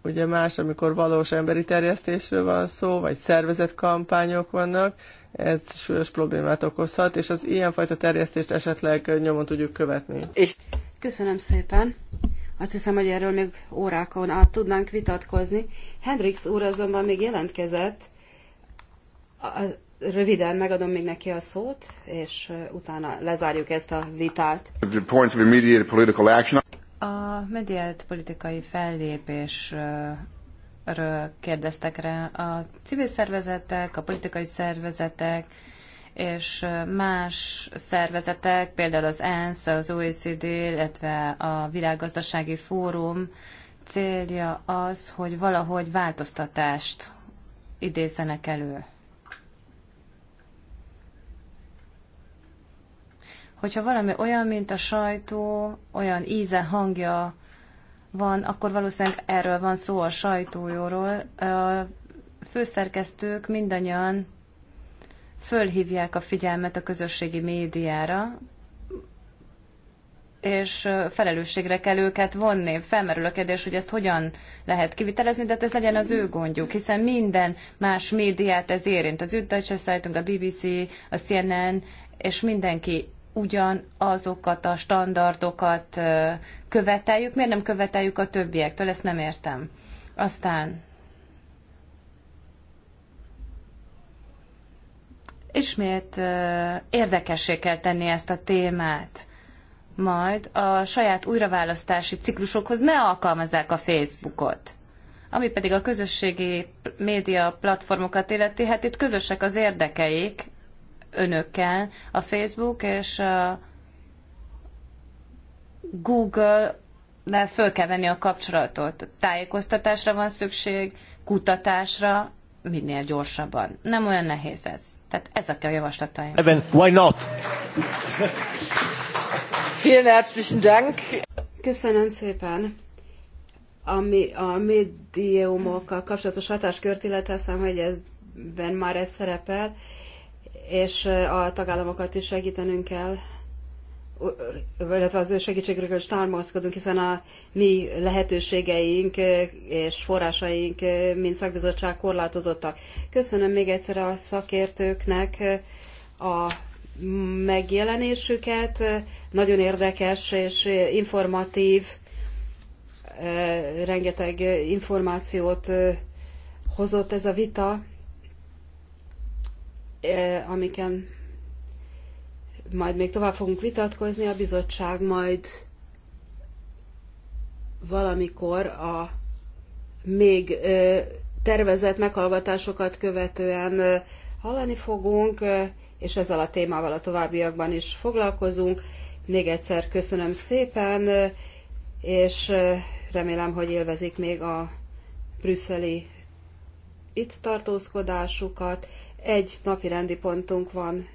ugye más, amikor valós emberi terjesztésről van szó, vagy szervezett kampányok vannak, ez súlyos problémát okozhat, és az ilyenfajta terjesztést esetleg nyomon tudjuk követni. Köszönöm szépen. Azt hiszem, hogy erről még órákon át tudnánk vitatkozni. Hendrix úr azonban még jelentkezett. Röviden megadom még neki a szót, és utána lezárjuk ezt a vitát. A mediált politikai fellépésről kérdeztek rá. A civil szervezetek, a politikai szervezetek, és más szervezetek, például az ENSZ, az OECD, illetve a Világgazdasági Fórum célja az, hogy valahogy változtatást idézzenek elő. Hogyha valami olyan, mint a sajtó, olyan íze, hangja van, akkor valószínűleg erről van szó a sajtójóról. A főszerkesztők mindannyian fölhívják a figyelmet a közösségi médiára, és felelősségre kell őket vonni. Felmerül a kérdés, hogy ezt hogyan lehet kivitelezni, de hát ez legyen az ő gondjuk, hiszen minden más médiát ez érint. Az Üddeutsche Zeitung, a BBC, a CNN, és mindenki ugyan azokat a standardokat követeljük. Miért nem követeljük a többiektől? Ezt nem értem. Aztán ismét érdekessé kell tenni ezt a témát. Majd a saját újraválasztási ciklusokhoz ne alkalmazzák a Facebookot. Ami pedig a közösségi média platformokat illeti, hát itt közösek az érdekeik önökkel. A Facebook és a Google de föl kell venni a kapcsolatot. Tájékoztatásra van szükség, kutatásra, minél gyorsabban. Nem olyan nehéz ez. Tehát ezek a javaslataim. Eben, why not? Vielen herzlichen Dank. Köszönöm szépen. Ami a médiumokkal kapcsolatos hatáskört, illetve hiszem, hogy ezben már ez szerepel, és a tagállamokat is segítenünk kell illetve az segítségről is támaszkodunk, hiszen a mi lehetőségeink eh, és forrásaink, eh, mint szakbizottság korlátozottak. Köszönöm még egyszer a szakértőknek eh, a megjelenésüket. Nagyon érdekes és informatív, rengeteg információt hozott ez a vita, amiken majd még tovább fogunk vitatkozni, a bizottság majd valamikor a még tervezett meghallgatásokat követően hallani fogunk, és ezzel a témával a továbbiakban is foglalkozunk. Még egyszer köszönöm szépen, és remélem, hogy élvezik még a brüsszeli itt tartózkodásukat. Egy napi rendi pontunk van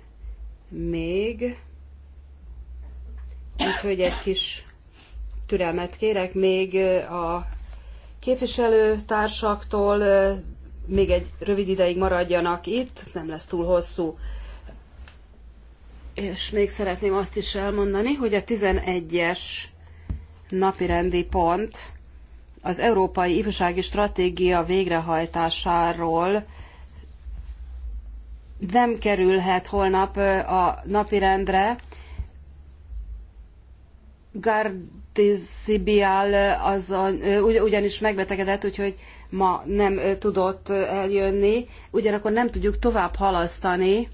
még, úgyhogy egy kis türelmet kérek még a képviselőtársaktól, még egy rövid ideig maradjanak itt, nem lesz túl hosszú. És még szeretném azt is elmondani, hogy a 11-es napirendi pont az Európai Ifjúsági Stratégia végrehajtásáról nem kerülhet holnap a napirendre. Gardizibial azon, ugyanis megbetegedett, úgyhogy ma nem tudott eljönni. Ugyanakkor nem tudjuk tovább halasztani,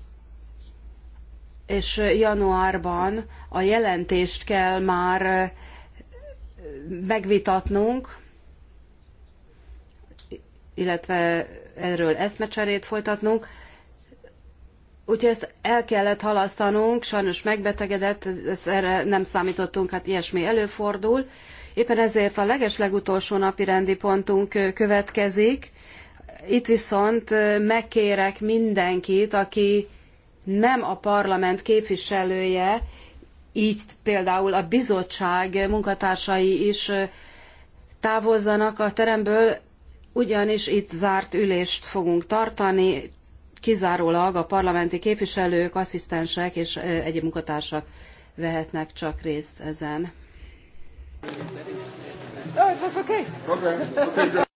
és januárban a jelentést kell már megvitatnunk, illetve erről eszmecserét folytatnunk Úgyhogy ezt el kellett halasztanunk, sajnos megbetegedett, ezt erre nem számítottunk, hát ilyesmi előfordul. Éppen ezért a legeslegutolsó napi rendi pontunk következik. Itt viszont megkérek mindenkit, aki nem a parlament képviselője, így például a bizottság munkatársai is távozzanak a teremből, ugyanis itt zárt ülést fogunk tartani, kizárólag a parlamenti képviselők, asszisztensek és egyéb munkatársak vehetnek csak részt ezen. Oh, it was okay. okay. okay.